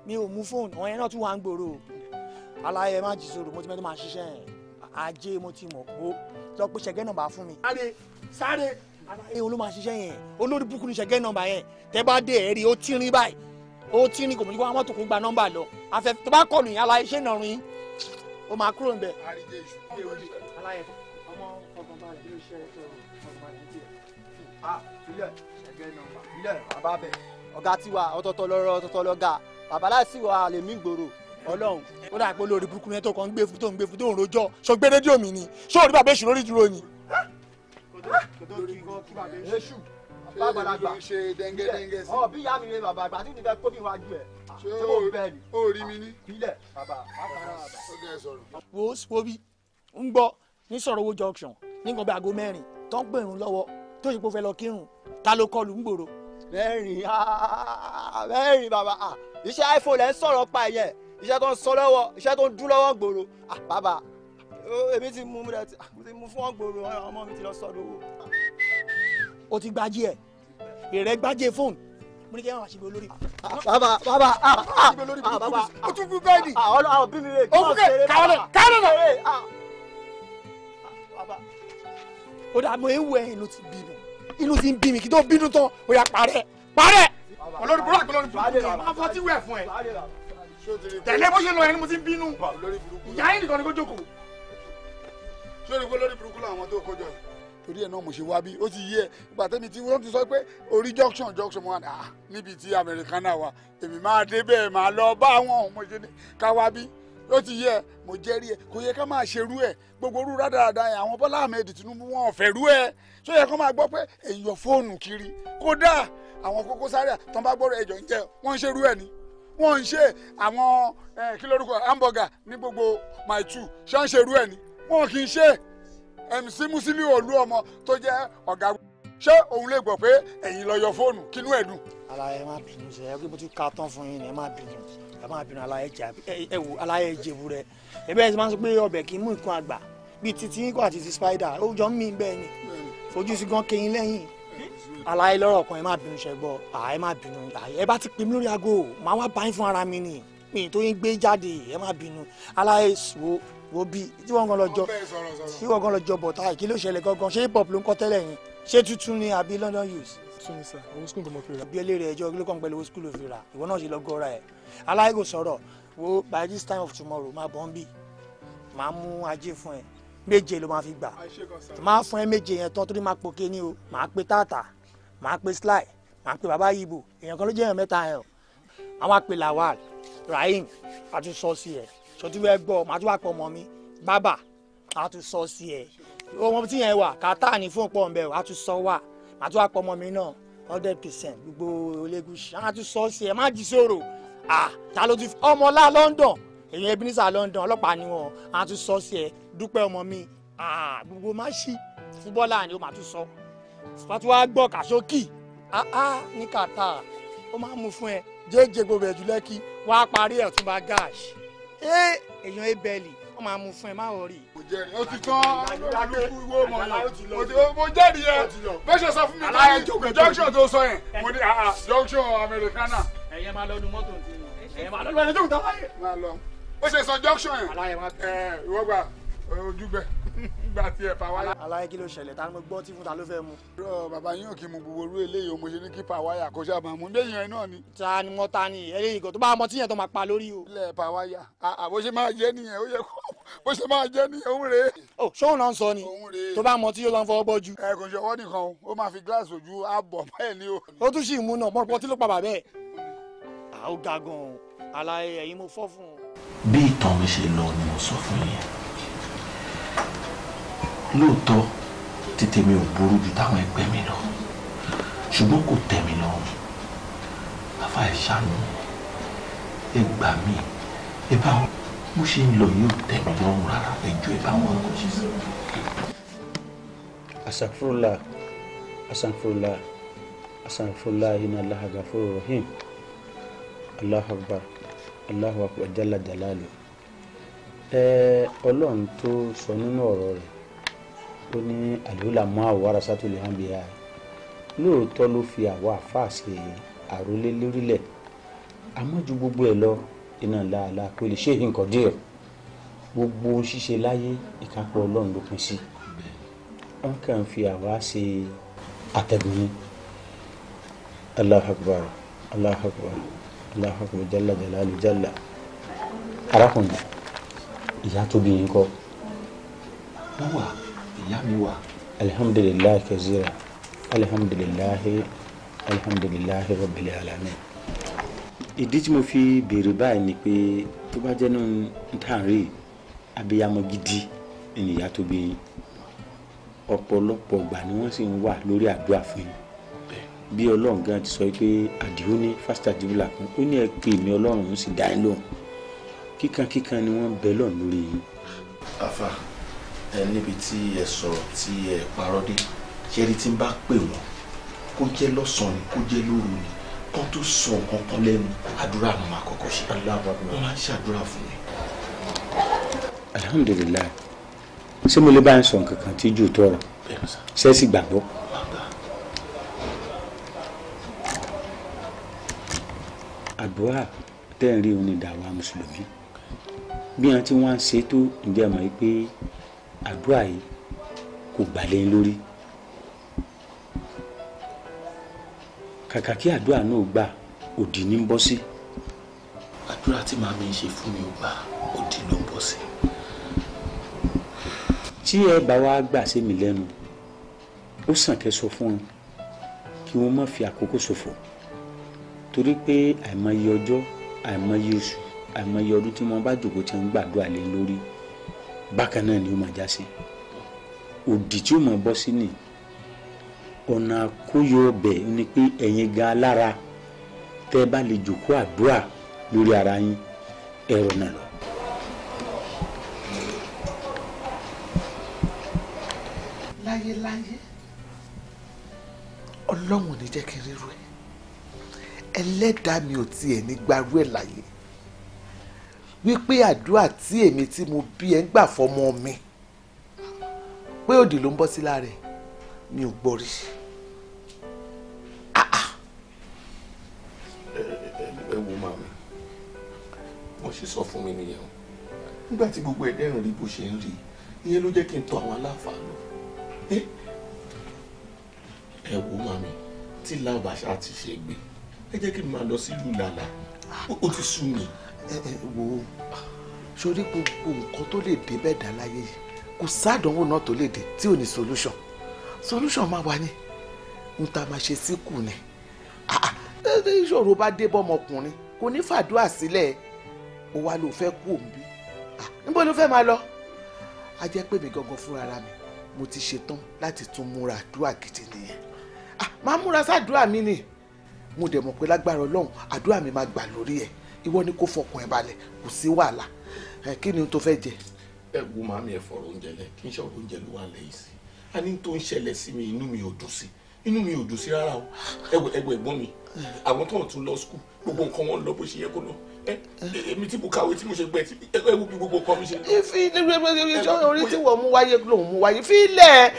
mi ò mú fóònù àwọn yẹn náà tún wà ń gbòòrò aláyẹ má jìṣòro mo ti mẹ́tọ́ máa ṣiṣẹ́ ajé mo ti mọ̀ kó lọ pé ṣẹ̀gẹ́ náà fún mi. sáré sáré ẹ o ló máa ṣiṣẹ́ yẹn olórí búkú ní ṣẹgẹ́ nọ́mbà yẹn tẹ bá dé ẹ̀rí o tí rin báyìí ó tí rin kò mú kí wọ́n mọ́tò kó gba nọ́mbà lọ afẹ́ tó bá kọlù yín aláyé ṣé nàrún yín ó máa kúrò ń bẹ̀. aláyẹ ọmọ ah ilẹ̀ ṣẹgẹ́ nọ́mbà ilẹ̀ bàbá bẹ̀. ọ̀gá tiwa ọ̀tọ̀ọ̀tọ̀ lọ́rọ̀ ọ̀tọ̀ọ̀tọ̀ lọ́gà bàbá láìsí wa lè mí gbòòrò ọlọ́run ó dà pé olórí burúkú yẹn tó kàn ń gbé fún tó ń gbé fún tó ń rojọ́ sọ gbé rédíò mi ni sọ orí bàbá èṣù lórí dúró ni èṣù bàbàdàgbà ṣe dẹ́ngẹ́dẹ́ngẹ́ ní. bílẹ̀ bàbá ní sọ̀rọ̀wó bí aago mẹ́rin tó ń gbèrún lọ́wọ́ tó yìí kó fẹ́ lọ kírun ta ló kọlù ń gbòòrò. mẹ́rin ah, mẹ́rin bàbá ah, iṣẹ́ iPhone ẹ̀ ń sọ̀rọ̀ pa ẹ̀yẹ iṣẹ́ tó ń sọ lọ́wọ́ iṣẹ́ tó ń dún lọ́wọ́ gbòòrò ah, bàbá Oh, èmi ti mú múlẹ̀ ah, mo ti mú fún ọ̀gbọ̀rọ̀ ọmọ mi ti lọ sọ́dọ̀ owó. o ti gbájí ẹ èrè gbájí fóònù mo ní kí wọn wá síbi olórí. Ah, bàbá bàbá ah, bàbá o tún fún bẹ́ẹ̀ni. ọlọ bí mi rè kí wọn ṣeré bàbá káwọn káwọn náà. o dà mọ ewu ẹ inú ti bí mi inú ti ń bí mi kí tó bínú tán o yà parẹ́ parẹ́. olórí burúkú olórí burúkú kan máa fọtí wẹ̀ fún ẹ tẹ̀lé bó ṣe lọ ẹni mo ti ń bínú ìyá yín nìkan ni kó jókòó sórí pé lórí burúkú làwọn tó kójọ yìí torí ẹ̀ náà mo ṣe wá bí ó ti yẹ ìgbà tẹ́mi tí wọ́n ti sọ pé orí junction junction mo wà ah, níbi tí americana wà èmi máa débẹ̀ máa lọ bá àwọn ọmọ ṣe ní ká wá bí ó ti yẹ mo jẹ́rìí ẹ̀ kò yẹ ká máa ṣerú ẹ̀ gbogbo orú rádaràda ẹ̀ àwọn Bọ́lá Ahmed Tinubu wọn ò fẹ́rú ẹ̀ tó yẹ kó máa gbọ́ pé èyàn fóònù kiri kódà àwọn Koko Zaria tán bá gbọ́dọ̀ ẹ̀jọ̀ ń jẹ wọ́n ń ṣerú ẹ̀ ni wọ́n ń ṣe àwọn kí lórúkọ hamburger ní gbogbo my two ṣé ń ṣerú ẹ̀ ni wọn kì í ṣe MC Musiliu olú ọmọ tó jẹ́ ọ̀gá ṣé òun lè gbọ́ pé ẹ̀yin lọ yọ fóònù kínú ẹ̀ dùn. alaye má bínú sẹ ẹ kí mo ti ka tán fún yín ni ẹ má bínú ẹ má bínú alaye jẹ ẹ wò alaye jẹbu rẹ ẹ bẹ́ẹ̀ ti máa ń sọ pé ọbẹ̀ kì í mú nǹkan àgbà bíi titi yín kọ́ àti ti spider ó jọ ń mí bẹ́ẹ̀ ni fojú sí gan kéyin lẹ́yìn alaye lọ́rọ̀ kan ẹ má bínú sẹ gbọ́ ẹ má bínú ẹ bá ti pè mí lórí aago màá wá bá yín fún ara mi nì mi tó yín gbé jáde ẹ má bínú alaye sùn wo bi tí wọn gan lọ jọ tí wọn gan lọ jọ bọ̀tà kí ló ṣẹlẹ̀ gangan ṣé hip hop ló ń kọ́ tẹ́lẹ̀ yẹn ṣé tuntun ni àbí London youths. tún sà owó skul tó mọ fi rà. àbí eléré ẹjọ́ ló kàn pẹ̀lú owó skul fi rà ìwọ náà ṣe lọ gọ́ra ẹ̀ aláìgò sọ̀rọ̀ wo by this time of tomorrow máa bọ́ ń bì máa mú ajé fún ẹ méje ló máa fi gbà máa fún ẹ méje yẹn tán torí máa pò kéní o máa pe tààtà máa pe sly máa pe bàbá yibo èèyàn kan ló jẹ́ èèyàn mẹ́ta yẹn o àwọn àpè lawal rahim àti sọ́ọ̀sì yẹn ṣòtú fẹ́ gbọ́ màá tún wá pọ̀ mọ́ mi bábà a tún sọ sí ẹ̀ ọmọ tí yẹn wà kàtà ní fún pọ̀ mbẹ́ a tún sọ wà màá tún wá pọ̀ mọ́ mi náà hundred percent gbogbo Olégùṣì a tún sọ sí ẹ̀ má di sòrò ah ta ló ti ọmọlá London èyí Ebenezer London ọlọ́pàá ni wọn a tún sọ sí ẹ̀ dúpẹ́ ọmọ mi ah gbogbo má ṣí fúbọ́là ni ó máa tún sọ fatuwa gbọ́ kàṣókì ah ah ní kàtà ó máa mú fún ẹ jẹ́jẹ́ gbogbo ẹ̀jú lẹ́kì wá parí ẹ̀ tún bá gáàsì èèyàn ebẹ̀lì wọ́n máa mú fún ẹ má wọ̀ rí. mo jẹ́rìí ó ti tán alúkú ìwé ọmọ yẹn mo jẹ́rìí yẹn bẹ́sẹ̀ sọ fún mi láyé junction tó sọ yẹn mo ní ah, ah, junction americana. ẹ̀yẹ́ máa lọ nu mọ́tò ní tìǹbù ẹ̀yẹ́ máa lọ nu ẹ̀jọ̀ tó wáyé. ó ṣe sọ junction yẹn ìwọ́gbà ojúgbẹ́. gba tiẹ̀ fàwáyà. aláyé kí ló ṣẹlẹ̀ tá a mọ gbọ́ tí fúnta ló fẹ́ mu. rọ bàbá yín ò kí mu gbogbo orú eléyìí mo ṣe ní kí fàwáyà kó ṣáà máa mú un léyìn náà ni. ta ni mo ta ni eléyìí kan tó bá mọ tí yẹn tó máa pa lórí o. ilẹ̀ fàwáyà àbó ṣe máa jẹ́ nìyẹn ó yẹ kó bó ṣe máa jẹ́ nìyẹn òun rèé. o ṣóun náà ń sọ ni tó bá mọ tí yóò lọ fọwọ́ bọ́ ju. ẹ kò ṣe ọwọ́ nìkan ó máa fi gíláàsì ojú ààbọ̀ bẹ́ẹ̀ ni o. ó tún sì mú náà mọ́ pọ́n tí ló pa bàbá ẹ̀. àwọn gagan aláyé ẹ̀yin mo fọ́ fún un. bí ìtàn mi ṣe lọ ni mo sọ fún yín lóòótọ́ tètè mi ò burú ju táwọn ẹgbẹ́ mi lọ ṣùgbọ́n kò tẹ́ mi lọ́rùn afa ẹ̀ ṣàánú ẹ gbà mí ẹ bá wọn bó ṣe ń lọ yóò tẹ́ mi lọ́rùn rárá ẹ jọ̀ọ́ ẹ bá wọn kò ṣe sí. asafurula asafurula asafurula iná aláhàgà fúru rahim Allahu akbar Allahu akbar jalla jalalu ẹ ọlọ́run tó sọ nínú ọ̀rọ̀ rẹ̀ ó ní àlùlà mọ́ àwòrán sátúlẹ̀ hàn bíyà lóòótọ́ ló fi àwa àfáà ṣe àrólé lórílẹ̀ àmọ́ ju gbogbo ẹ̀ lọ iná làálà pé lè ṣe nǹkan díẹ̀ gbogbo ohun ṣíṣe láyé ìkápọ̀ ọlọ́run ló pín sí wọn kàn fi àwa ṣe àtẹ̀gùn ni Allahu Akbar Allahu Akbar Allahu Akbar jalla jalalu jalla arákùnrin ìyá tó bí yín kọ́ wọ́n wà ìyá mi wà. Alhamdulillah, kẹsíra rabbil alamin. ìdí tí mo fi béèrè báyìí ni pé tó bá jẹ́ nínú ntàrí abiyamọ gidi ènìyàn tó bí yín ọ̀pọ̀lọpọ̀ ìgbà ni wọ́n sì ń wà lórí àdúrà fún yín bí ọlọ́run gan ti sọ pé àdìó ní fásitì àdìbìlà kan ó ní ẹ pè mí ọlọ́run ó sì dá yín lóhùn kíkankíkan ni wọ́n bẹ lọ́run lórí yín. afa ẹ níbi tí ẹ sọ̀rọ̀ tí ẹ parọ́ dé ṣé ẹni tí ń bá pè wọ́n kó jẹ́ lọ́sàn-án ni kó jẹ́ lóru ni kán tó sọ nǹkan kan lẹ́nu àdúrà ni màá kọ́kọ́ ṣe wọ́n máa ń ṣàdúrà fún mi. alhamdulilayi ṣé mo lè bá ń sọ nǹkan kan tí jù tọrọ ṣe é sì gbàgbọ́. àdúrà tẹ́ ń rí onídàáwá mùsùlùmí bí wọ́n ti wá ń ṣe tó ǹjẹ́ mọ̀ pé àdúrà yìí kò gbalẹ̀ lórí kàkà kí àdúrà náà gbà òdì ní ń bọ́ sí. àdúrà tí màmí ń ṣe fún mi ò gbà òdì ló ń bọ́ sí. tí ẹ bá wá gbà sí mi lẹ́nu ó sàn kẹ́ sọ fún un kí wọ́n má fi àkókò ṣòfò torí pé àìmọye ọjọ́ àìmọye oṣù àìmọye ọdún tí wọ́n bá jòkó tí ń gbàdúrà lé lórí bákan náà ni ó máa já sí òdì tí ó máa bọ́ sí nì ọ̀nà àkóyọ ọbẹ̀ ni pé ẹ̀yin gan alára tẹ́ bá lè jòkó àdúrà lórí ara yín ẹ̀rọ náà lọ. láyéláyé ọlọ́run ò ní jẹ́ kí n ríru ẹ̀ ẹlẹ́dàá mi ò tiẹ̀ ní gbarú ẹ̀ láyé wípé àdúrà tí èmi tí mo bí ẹ ń gbà fọmọ mi pé òdì ló ń bọ́ sí lára ẹ̀ mi ò gbọ́ rí. Ah, ah. ẹ wo màmí wọ́n ṣe sọ fún mi nìyẹn o nígbà tí gbogbo ẹ̀ dẹ́rùn rí bó ṣe ń rí ìyẹn ló jẹ́ kí n tọ̀ àwọn aláfàá lọ ẹ wò màmí tí làbàṣà ti ṣe gbé ẹ jẹ́ kí n máa lọ sílùú làlà ó ti sú mi wo sórí gbogbo nǹkan tó lè dé bẹ́ẹ̀ dá láyé yìí kò sádánwò náà tó lè dé tí ò ní solution solution máa wà ní n ta máa ṣe síkù ni ìṣòro ah, ah, bá dé bọ́mọkùnrin kò ní fàdúrà sílẹ̀ ó wá ló fẹ́ kú òǹbí níbo ah, ló fẹ́ máa lọ a jẹ́ pé mi gangan fúnra mi mo ti ṣetán láti tún múra àdúrà gidi nìyẹn máa múra sádùúrà mi ni mo dẹ̀ mọ̀ pé lágbára ọlọ́run àdúrà mi máa gbà lórí ẹ̀ ìwọ ni kò fọkàn ẹ balẹ̀ kò sí wàhálà ẹ kí ni tó fẹ́ jẹ. ẹ wo màmí ẹ fọ̀rọ̀ oúnjẹ lẹ kí n ṣe ọ̀rọ̀ oúnjẹ ló wà lẹ́yìn sí a ní tó ń ṣẹlẹ̀ sí mi inú mi ò dùn sí inú mi ò dùn sí rárá o ẹwẹ ẹwẹ ẹ̀gbọ́n mi àwọn tó ń tún lọ skul gbogbo nǹkan wọn lọ bó ṣe yẹ kó lọ èmi tí mo kàwé tí mo ṣe gbẹ tí ẹ wo bí gbogbo nǹkan mi ṣe. fi orí tí wọ́n mú wáyé lòun mú wáyé fi lẹ̀.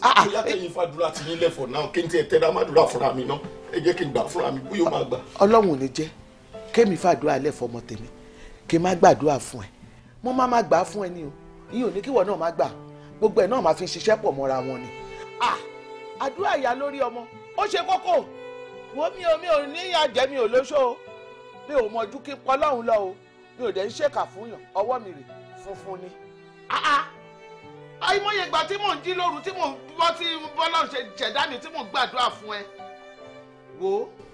Ah, ah, bóyá eh. kẹ́yìn fàdúrà ti yín lẹ́fọ̀ọ́ náà kí n tiẹ̀ tẹ́ra má dúrà fúnra mi náà ẹ jẹ́ kí n gbà fúnra mi bóyá ó máa gbà. Ọlọ́run ò ní jẹ́ kémi fàdúrà lẹ̀ fọmọ tèmi kí n má gbàdúrà fún ẹ mo má má gbà fún ẹ ni o ìyẹn ò ní kíwọ náà má gbà gbogbo ẹ náà má fi ṣiṣẹ́ pọ̀ mọ́ra wọn ni. àdúrà ìyá lórí ọmọ ó ṣe kókó wo mi ò mi ò ní ìyá jẹ́ mi ò lóṣó o mi ò mọ̀jú kí n pọ́ lọ́hùn lọ o mi ò dẹ̀ ń ṣèkà fún yàn ọwọ́ mi rè funfun ni. àìmọye ìgbà tí mò ń jí lóru tí mò ń bọ́ tí bọ́lá ṣe jẹ̀dá mi tí mò ń gbàdúrà fún ẹ wò ó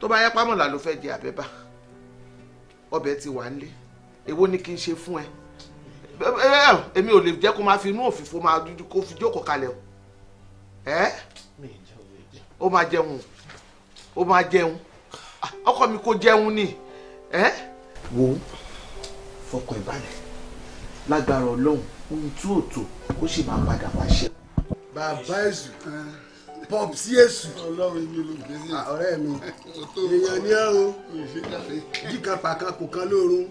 tó bá yẹ pámọ̀là ló fẹ́ jẹ àbẹ́bà ọbẹ̀ ti wà nílé èwo ni kí n ṣe fún ẹ èmi ò lè jẹ́ kó máa fi inú òfìfo máa dúdú kó fi jókòó kalẹ̀ o ẹ́ ó máa jẹun ó máa jẹun ọkọ mi kò jẹun ni ẹ́. wo fọkàn ìbàlẹ̀ lágbára ọlọ́run ohun tí ò tó ó sì máa padà wá ṣe. bàbá ẹ̀sùn kan pump sí èsù. ọlọ́run mi ló gbé sí. Ah, ọ̀rẹ́ mi èèyàn ní ẹ o jíkan pàkan kò kan lóorun.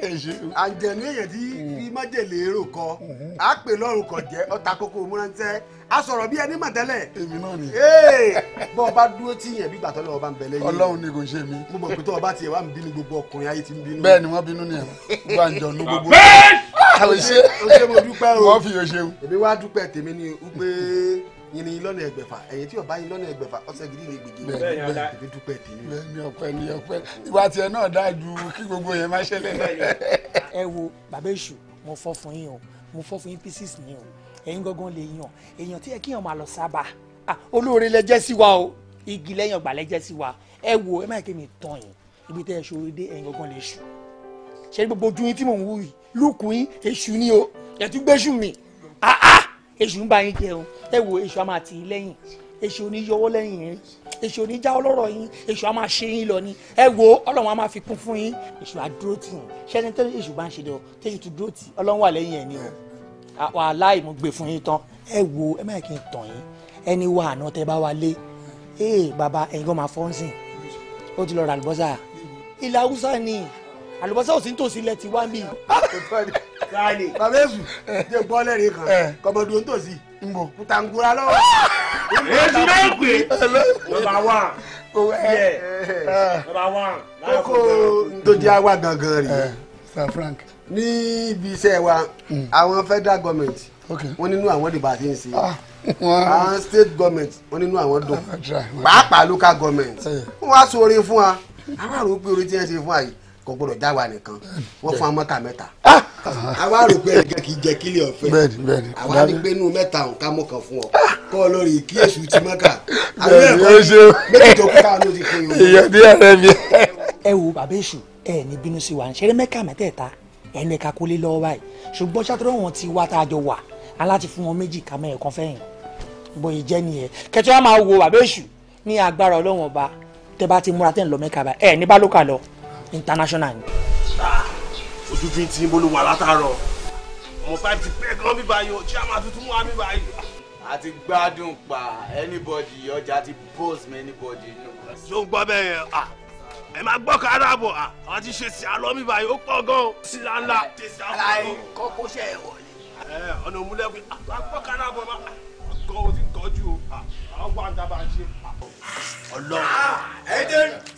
àǹjẹ̀nú èèyàn tí májèlé èrò kọ á mm-hmm. pè lọ́rùn kọ̀ jẹ́ ọ̀tà kókó múrántẹ́ a sọ̀rọ̀ bí ẹni mọ̀ tẹ́lẹ̀. èmi náà ni. bọ́ ọba dúró tí yẹn bí gbàtọ́ lọ́wọ́ bá ń bẹ lẹ́yìn. ọlọ́run ni kò ṣe mí. mo mọ̀ pé tó ọba tiẹ̀ wá ń bínú gbogbo ọkùnrin ayé ti ń bínú. bẹ́ẹ̀ ni wọ́n bínú nìyẹn wọ́n á jọ ní gbogbo. bẹ́ẹ̀ mo dúpẹ́ o. wọ́n fi o èmi wá dúpẹ́ tèmi ni wípé yìnyín yìí lọ́nà ẹgbẹ̀fà ẹ̀yìn tí ọba yìí lọ́nà ẹgbẹ̀fà ọ̀sẹ̀ gidi ni gbèjì bẹ́ẹ̀ni dúpẹ́ tèmi. bẹ́ẹ̀ni ọpẹ́ ni ọpẹ́ ìwà tiẹ̀ náà dáa ju kí gbogbo yẹn má ṣẹlẹ̀. ẹ wo bàbá èṣù mo fọ́ fún yín o mo fọ́ fún yín pieces ni o ẹ̀yin gangan lè yàn èèyàn tí yẹ kí yàn máa lọ sábà olóore lẹ́jẹ́ sí wa o igi lẹ́yìn ọgbà lẹ́jẹ́ sí wa ẹ wo ẹ má yẹ kí mi tàn yín ibi tẹ́ ẹ ṣòro dé ẹ̀yin gangan lè ṣù ṣe gbogbo ojú yín tí mò ń èṣù ń bá yín jẹun ẹ wo èṣù á máa tì í lẹ́yìn èṣù ò ní yọwọ́ lẹ́yìn yín èṣù ò ní jáwọ́ lọ́rọ̀ yín èṣù á ṣe yín lọ ni ẹ wo ọlọ́run á fi kún fún yín èṣù á dúró tì yín ṣẹ́ni tó èṣù bá ń ṣe lọ tẹ́yìn tó dúró tì ọlọ́run wà lẹ́yìn ẹ̀ ni o wàhálà ìmúgbé fún yín tán ẹ wo ẹ má kí n tàn yín ẹni wà àná tẹ bá wa lé ee baba ẹ̀yin kan máa fọ́nsìn ó ti lọ rà lùbọ́sà ilẹ̀ haúsá ni àlùbọ́sà ò sí nítòsí ilẹ̀ tí wá ń bì. bàbá èsù jẹ́ gbọ́ lẹ́rìí kan eh. kọ́mọdún tòsí nbọ kùtàǹgùrà lọ́wọ́. èsì náà gbé nọ́mbà wán yẹ nọ́mbà wán. kókó ntòjì àwa gangan rèé. Eh, Sir Frank. ní ibi iṣẹ́ wa hmm. àwọn federal government wọ́n nínú àwọn ìdìbò àti ìsìn ah, àwọn state government wọ́n nínú àwọn dùn ah, pàápàá local government eh. wọ́n wá sóore fún wa àwọn àròpé orí tí wọ́n ṣe fún wa yìí kò gbọdọ̀ já wa nìkan wọ́n fún amọ́ta mẹ́ta àwa ah! rò pé ẹnìkan kì í jẹ kílẹ̀ ọ̀fẹ́ àwa rí pé inú mẹ́ta òun ká mọ́ kan fún ọ ah! kọ́ lórí kí èṣù ti mọ́kà àwọn ẹ̀kọ́ méjì tó kúkà ló ti fún yín. ìyá díẹ̀ rẹ mi. ẹ wo bàbá èṣù ẹ ní bínú sí wa ń ṣeré mẹ́ka mẹ́tẹ̀ẹ̀ta ẹnì ká kó lé lọ́wọ́ báyìí ṣùgbọ́n ṣàtúrọ̀ wọn ti wá tá a jọ wà aláti fún wọn méjì ká mẹ́rin kan fẹ́yìn bóyá jẹ́ nìyẹn kẹtọ́ wa máa wo bàbá èṣù ní agbára ọlọ́wọ́n ọba tẹ bá ti múra tẹ́ ń lọ mẹ́ka báyìí ẹ ní bá ló kà lọ international ah, ojú fi ti ń bolówó alátàárọ̀ ọmọ five ti pẹ́ gan bíbá yìí o chairman tuntun wà bíbá yìí. àti gbádùn pa anybody ọjà ti post me anybody nù. yóò gbọ́ bẹ́ẹ̀ yẹn ah, ẹ máa gbọ́ kára bọ̀ ah, àwọn ti ṣe sí alọ́mí báyìí ó pọ̀ gan-an sí lánlá. aláì kọ́kọ́ ṣe é wọlé. ọ̀nà òmùlẹ́kùn àgbọ̀ kára bọ̀ máa gan o ti tọ́jú o àwọn wà ń ṣe. ọlọ́run. ẹ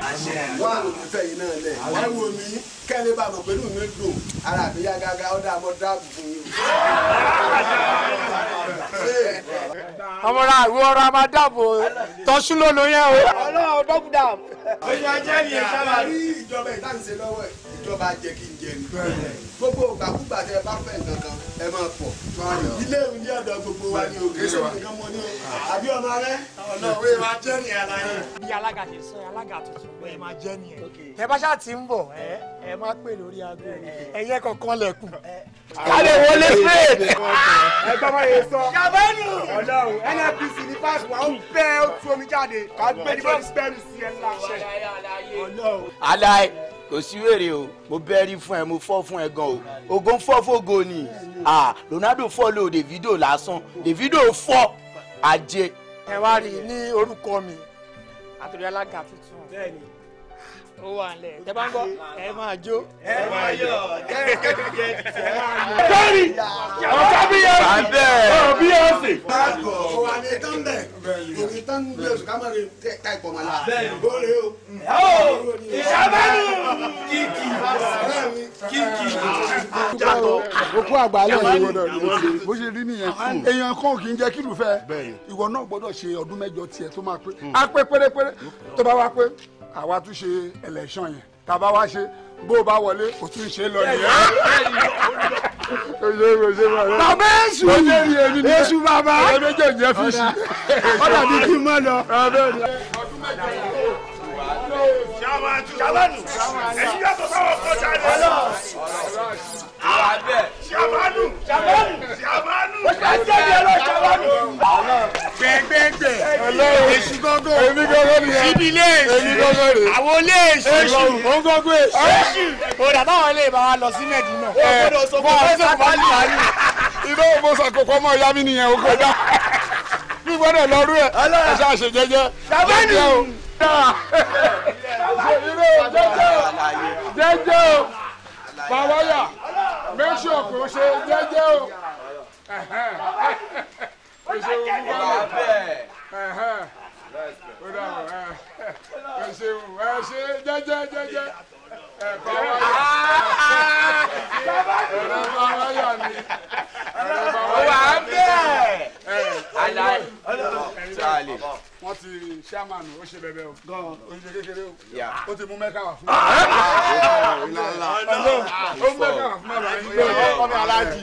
wá ìfẹ́ yìí náà lẹ̀ ẹ wò mí kẹ́lẹ́ bá mọ̀ pẹ̀lú mi dùn ara mi yá gágá ó dá mọ́ dáàbò fún ọmọ rà ìwọ ọ̀rọ̀ a máa dáàbò tọ́sùn lónìí yẹn o. ọlọ́run dọ́kítà oṣù ajẹ́ ni ẹ sábà rí ìjọba ìtànṣe lọ́wọ́ ẹ̀ ìjọba jẹ́ kí n jẹ ni gbogbo ìgbàkúgbà tẹ bá fẹ́ nǹkan kan ẹ máa pọ̀ ilé ìwé ọ̀dọ̀ gbogbo wa ni òkè sọ nǹkan mọ́ ni o àbí ọmọ rẹ ọlọ́wọ́ ẹ máa jẹ́ ni ẹ̀ láyé. bí alága ti sọ alága tuntun ẹ máa jẹ́ ni ẹ tẹ bá ṣáà ti ń bọ̀ ẹ́ ẹ má pè lórí aago ẹyẹ kankan lẹkùn kálẹ̀ wọlé straight. ẹ gbọ́ máa yẹ sọ ṣàbẹ́nù ọlọ́run nnpc ní fásitì wa ó bẹ́ ó tú omi jáde ká gbé ní bọ́ọ̀lù spẹ́ẹ̀lù sí ẹ láṣẹ. aláì kò sí wèrè o mo bẹ́ẹ̀rí fún ẹ mo fọ́ fún ẹ gan o ogun fọ́ fógo ni Ronaldo fọ́ lo Davido lásán Davido fọ́ ajé. ẹ wá rí i ní orúkọ mi àtòrí alága tuntun. bẹ́ẹ̀ni ó wà nílẹ̀ tẹ bá ń gbọ́ ẹ máa jó ẹ máa yọ tẹ́rì ọ̀tá bí yẹn sì ọ̀rọ̀ bí yẹn sì. ọ̀wà ni tán bẹ̀ òní tán bẹ̀ kámẹ́rì ká ìpọ̀ mọ́lá bóore o. ìṣàbẹ̀rù kìkì kìkì. òkú àgbálẹ̀ yìí gbọ́dọ̀ ní o ṣe bó ṣe rí nìyẹn èèyàn kan kì í jẹ́ kí lù fẹ́ ìwọ náà gbọ́dọ̀ ṣe ọdún mẹ́jọ tiẹ̀ tó máa pé á hmm. pé pérépéré tó bá wá pé àwa tún ṣe election yẹn tàbá wá ṣe bó o bá wọlé kò tún ṣe lọ nìyẹn bàbá èṣù èṣù bàbá ọ̀dà bí kí n mọ̀ lọ. Shabanu èyí yàtọ̀ sáwọn kọjá rẹ̀ lọ. Shabanu Shabanu Shabanu. ó ṣe ń jẹ́ ìyẹn lọ Shabanu gbẹgbẹgbẹ èṣù gángan èmi gángan nìyẹn ibi ilé èṣù èmi gángan rè àwọn ilé èṣù èṣù ó ń gángan èṣù èṣù òdà báwọn ilé ìbára lọ sí mẹ́dínà wọ́n á sọ fún mi àárín iná òmòsàn kòkó ọmọ ìyá mi nìyẹn ó kọjá bí gbọ́dọ̀ lọ rú ẹ̀ ẹ̀ ṣáà ṣe jẹ́jẹ́ jẹ́jẹ́ o jẹ́jẹ́ o bàbá yà make sure kò ṣe jẹ́jẹ́ o o ṣe o mú bá bẹ́ẹ̀. o dà o ẹ ṣe o ẹ ṣe jẹjẹ jẹjẹ ẹ bá wa yà ẹ bá wa yà ni ẹ bá wa yà ni. wọ́n ti ṣáàmánù ó ṣe bẹ̀bẹ̀ o gan-an ó ṣe kékeré o ó ti mú mẹ́ka wà ah, ah, ah. fún mi. ó mẹ́ka wà fún mi àbáyé ọmọ aláàjì.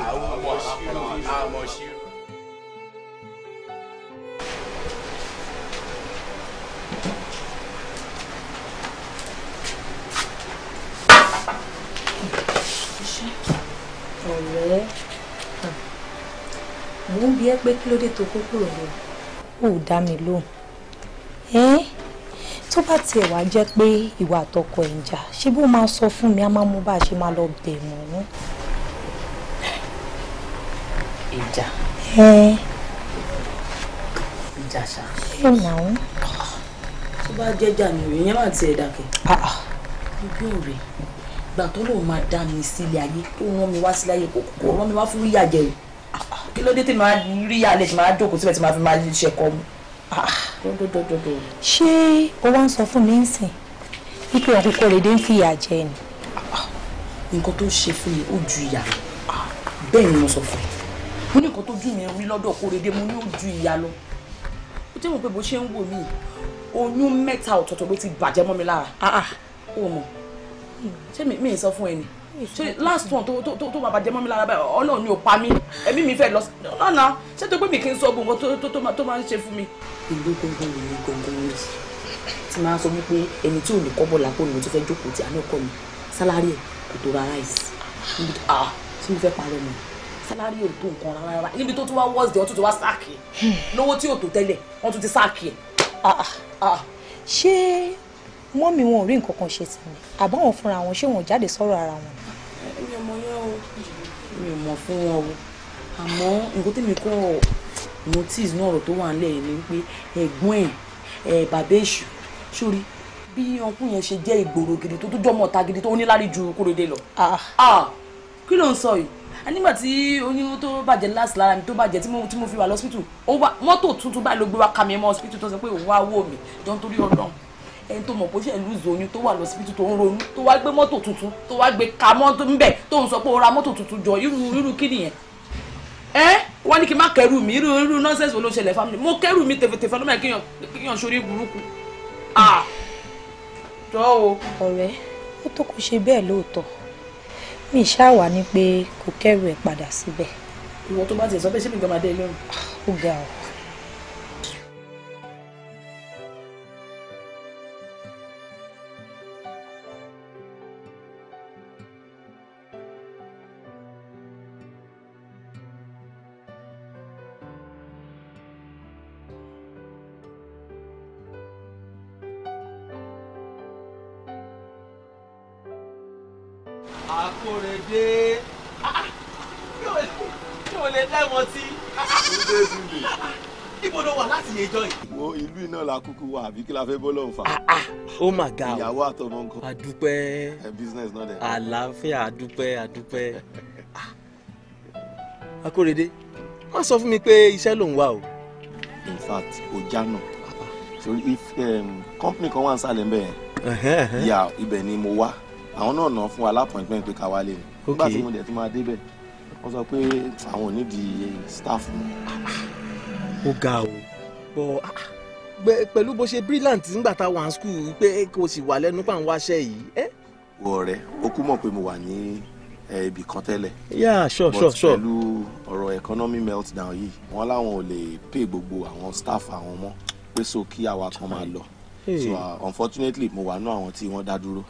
ọ̀rẹ́ mò ń bi ẹ́ pé kí ló dé tó kó kúrò lé o ò dá mi lóhùn ẹ́n tó bá tiẹ̀ wá jẹ́ pé ìwà àtọkọ ẹ̀ ń jà ṣé bó máa sọ fún mi a máa mú bá a ṣe máa lọ bẹ̀ mọ́ ọ́n ìjà. ẹ. ìjà ṣá. ṣé nàá. tó bá jẹ́jà ni òye yẹn máa ti ẹ̀ dàkẹ́. ibi ah, òre ah. ìgbà tó lóun máa dá mi sílé ayé tó rán mi wá sílé ayé kò kò rán mi wá fún yíyà jẹ o ah, kí ló dé tí màá rí àlẹ́ tí màá jókòó síbẹ̀ mo ní nǹkan tó dùn mí rí lọ́dọ̀ Kóredé mo ní ó ju ìyá lọ ó jẹ́ mọ̀ pé bó ṣe ń wò mí oyún mẹ́ta ọ̀tọ̀ọ̀tọ̀ ló ti bàjẹ́ mọ́ mi lára ó ah, ah, mọ̀ ṣé mi ì sọ fún ẹni ṣé last one tó tó tó máa bàjẹ́ mọ́ mi lára báyìí ọlọ́run ni ò pa mí ẹbí mi fẹ́ lọ lọ́nà ṣé tó pé mi kì í sọ gbogbo nǹkan tó máa ń ṣe fún mi. ìlú gbogbo ìlú gbogbo rẹ ti máa sọ wípé ẹni tí ò ní kọ́bọ̀ lápò ni mo ti fẹ́ jókòó ti àná ọkọ mi sálárì ẹ̀ kò tó ra ráìsì tí ah. mo fẹ́ parẹ́ mi sálárì ò tó nǹkan rárá níbi tó tún wá wọ́ọ̀sì ọ̀ tún ti wá sáàkì hmm. lówó tí ò tó tẹ́lẹ̀ wọ́n tún ti sáàkì ah, ah, ah. ṣé wọ́n mi wọn ò rí nǹkan kan ṣe sí mi àbáwọn fúnra wọn ṣé wọn jáde sọ̀rọ̀ ara wọn. mi ò mọ yẹn o mi ò mọ fún wọn o àmọ́ nǹkan tí mi kọ́ notice náà ọ̀rọ̀ tó wà nílẹ̀ yìí ni pé ẹ̀gbọ́n ẹ̀ bàbá èṣù sórí bí ọkùnrin yẹn ṣe jẹ́ ìgboro gidi tó tó jọmọ̀ ta gidi tó ní lárí ju kúròdé lọ. kí ló ń sọ yìí nígbà tí oyún tó bàjẹ́ last lára mi tó bàjẹ́ tí mo fi wà lọ́sítù mọ́tò tuntun báyìí ló gbé wa kà mí mọ́ ọsítù tó sọ pé òun wá wò mí jọ nítorí ọlọ́run ẹni tó mọ̀ bó ṣe lùzọ oyún tó wà lọ́sítù tó ń ronú tó wá gbé mọ́tò tuntun tó wá gbé ka mọ́tò ń bẹ̀ tó ń sọ pé ó ra mọ́tò tuntun jọ irú irú kí nìyẹn ẹ wọn ní kí n má kẹrù mi irú irú nọ́ọ̀sẹ̀sì wo ló ṣẹlẹ̀ fámìlì mo kẹrù mi tẹ̀fẹ̀tẹ̀fẹ̀ lọ́mọ ẹ̀ kéèyàn ṣorí burúkú ah jọ o. ọ̀rẹ́ ó tó kò ṣe bẹ́ẹ̀ lóòótọ́ mi ṣáà wà ní pé kò kẹ́rù ẹ̀ padà síbẹ̀. ìwọ tó bá tiẹ̀ sọ pé ṣé mi gan máa ó ga ọ́. ìlú iná la kúkú wà àbí kí la fẹ́ bọ́ lọ́hùn fa. ó mà ga o ìyàwó àtọmọ nǹkan. àdúpẹ́ àlàáfíà àdúpẹ́ àdúpẹ́. Ah, akóredé má sọ fún mi pé iṣẹ́ ló ń wá o. in fact o jánà so if um, company kan wà ń sàlẹ̀ mbẹ́ yẹn yà ibẹ̀ ni mo wá àwọn náà nà fún wa lápọ̀npẹ́n pé ká wálé ni nígbà tí mo dẹ̀ tún máa débẹ̀ wọ́n sọ pé àwọn ò nídìí staff mi. Ah, ah, ó ga o bọ́ ah pẹ̀lú bó ṣe brilliant nígbà tá a wà ní school pé kò sì wà lẹ́nu pa àwọn aṣẹ yìí. ọ̀rẹ́ o kú mọ̀ pé mo wà ní ibì kan tẹ́lẹ̀. yà sure sure sure. pẹ̀lú ọ̀rọ̀ economy meltdown yìí wọ́n láwọn ò lè pay gbogbo àwọn staff àwọn mọ́ pé so kí àwa kan máa lọ. so uh, unfortunately mo wà nú àwọn tí wọ́n dá dúró.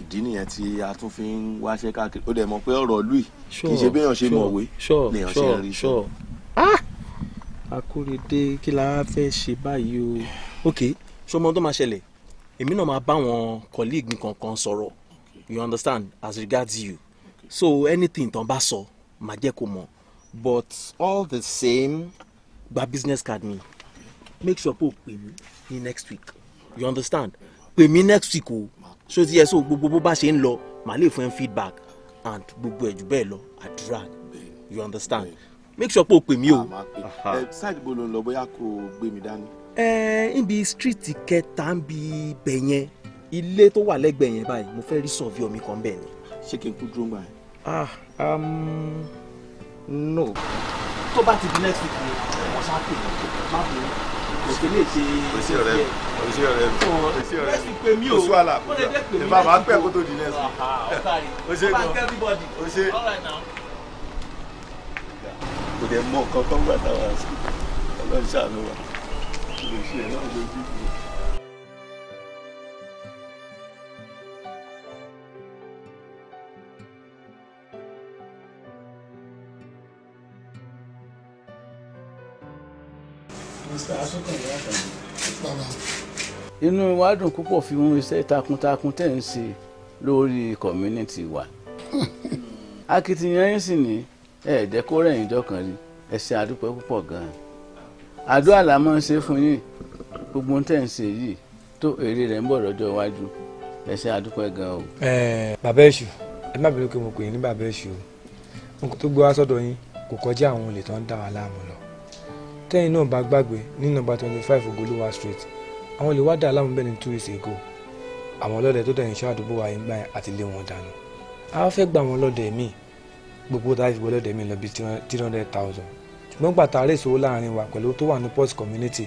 ìdí nìyẹn tí a tún fi ń wáṣẹ́ káàkiri ó dẹ̀ mọ̀ pé ọ̀rọ̀ lùi kì í ṣe bí èèyàn ṣe mọ̀wé ni akúrèdé kí la fẹ́ ṣe báyìí o. ok ṣé ọmọ tó máa ṣẹlẹ̀ èmi náà máa bá àwọn colleague mi kankan sọ̀rọ̀ you understand as regards you so anything tán bá sọ màá jẹ́ kó mọ̀ but all the same gba business card mi make sure pé o pè mí ní next week you understand pè mí next week o so ti yẹ so gbogbo bó bá ṣe ń lọ màá lè fún ẹ feedback and gbogbo ẹ jù bẹ́ẹ̀ lọ àdúrà you understand. Yeah make sure pé o pè mí o. ṣáàdì ah, eh, bó ló ń lọ bóyá kò gbé mi dání. ẹ eh, níbi street kẹta ń bi bẹ̀ yẹn ilé tó wà lẹ́gbẹ̀ẹ́ yẹn báyìí mo fẹ́ rí sọ̀fì omi kan bẹ́ẹ̀ ni. ṣé kí n kú dúró gbà yẹn. ah um, no. tó bá ti di next week ni wọ́n ṣáà pè mí má bò ó òkè lè ṣe iṣẹ́ rẹ̀ iṣẹ́ rẹ̀ iṣẹ́ rẹ̀ next week pè mí o oṣù àlà ìbá máa pẹ́ kó tó di next week. ọ̀sán rẹ̀ ọ̀sán everybody all right now kò dẹ̀ mọ nǹkan kan gbà táwọn àṣẹ ọlọ́run ṣàánú wa kí ló ṣe ẹ̀ náà lójú ìlú. inú wa dùn púpọ̀ fi hun iṣẹ́ takuntakun tẹ̀ ń ṣe lórí community wa akitiyan yín sì ni ẹ̀ẹ́dẹ́ kó rẹ̀yìn jọkàn rí ẹ ṣé àdúpẹ́ púpọ̀ gan-an àdúrà là máa ń ṣe fún yín gbogbo tẹ̀ ń ṣe yìí tó èrè rẹ̀ ń bọ̀ lọ́jọ́ iwájú ẹ ṣé àdúpẹ́ gan-an o. bàbá èṣù ẹ má bẹ̀rù pé mo pè yín ní bàbá èṣù o nǹkan tó gbé wá sọ́dọ̀ yín kò kọjá àwọn olè tó ń dà wá láàmú lọ tẹ́yìn náà bá gbàgbé ní nọ́mbà twenty five ogolowa street àwọn olè wá dà láàmú bẹ́ẹ̀ ní two weeks àwọn ọlọ́dẹ tó dẹ̀yìn iṣẹ́ àdúgbò wa yín gbà àti wọn dànù àwọn fẹ́ gba àwọn ọlọ́dẹ míì gbogbo tá a ti wọlé ọ̀dẹ̀ mi lọ bíi three hundred thousand ṣùgbọ́n gbà tá a rèé sówó láàrin wa pẹ̀lú tó wà ní port community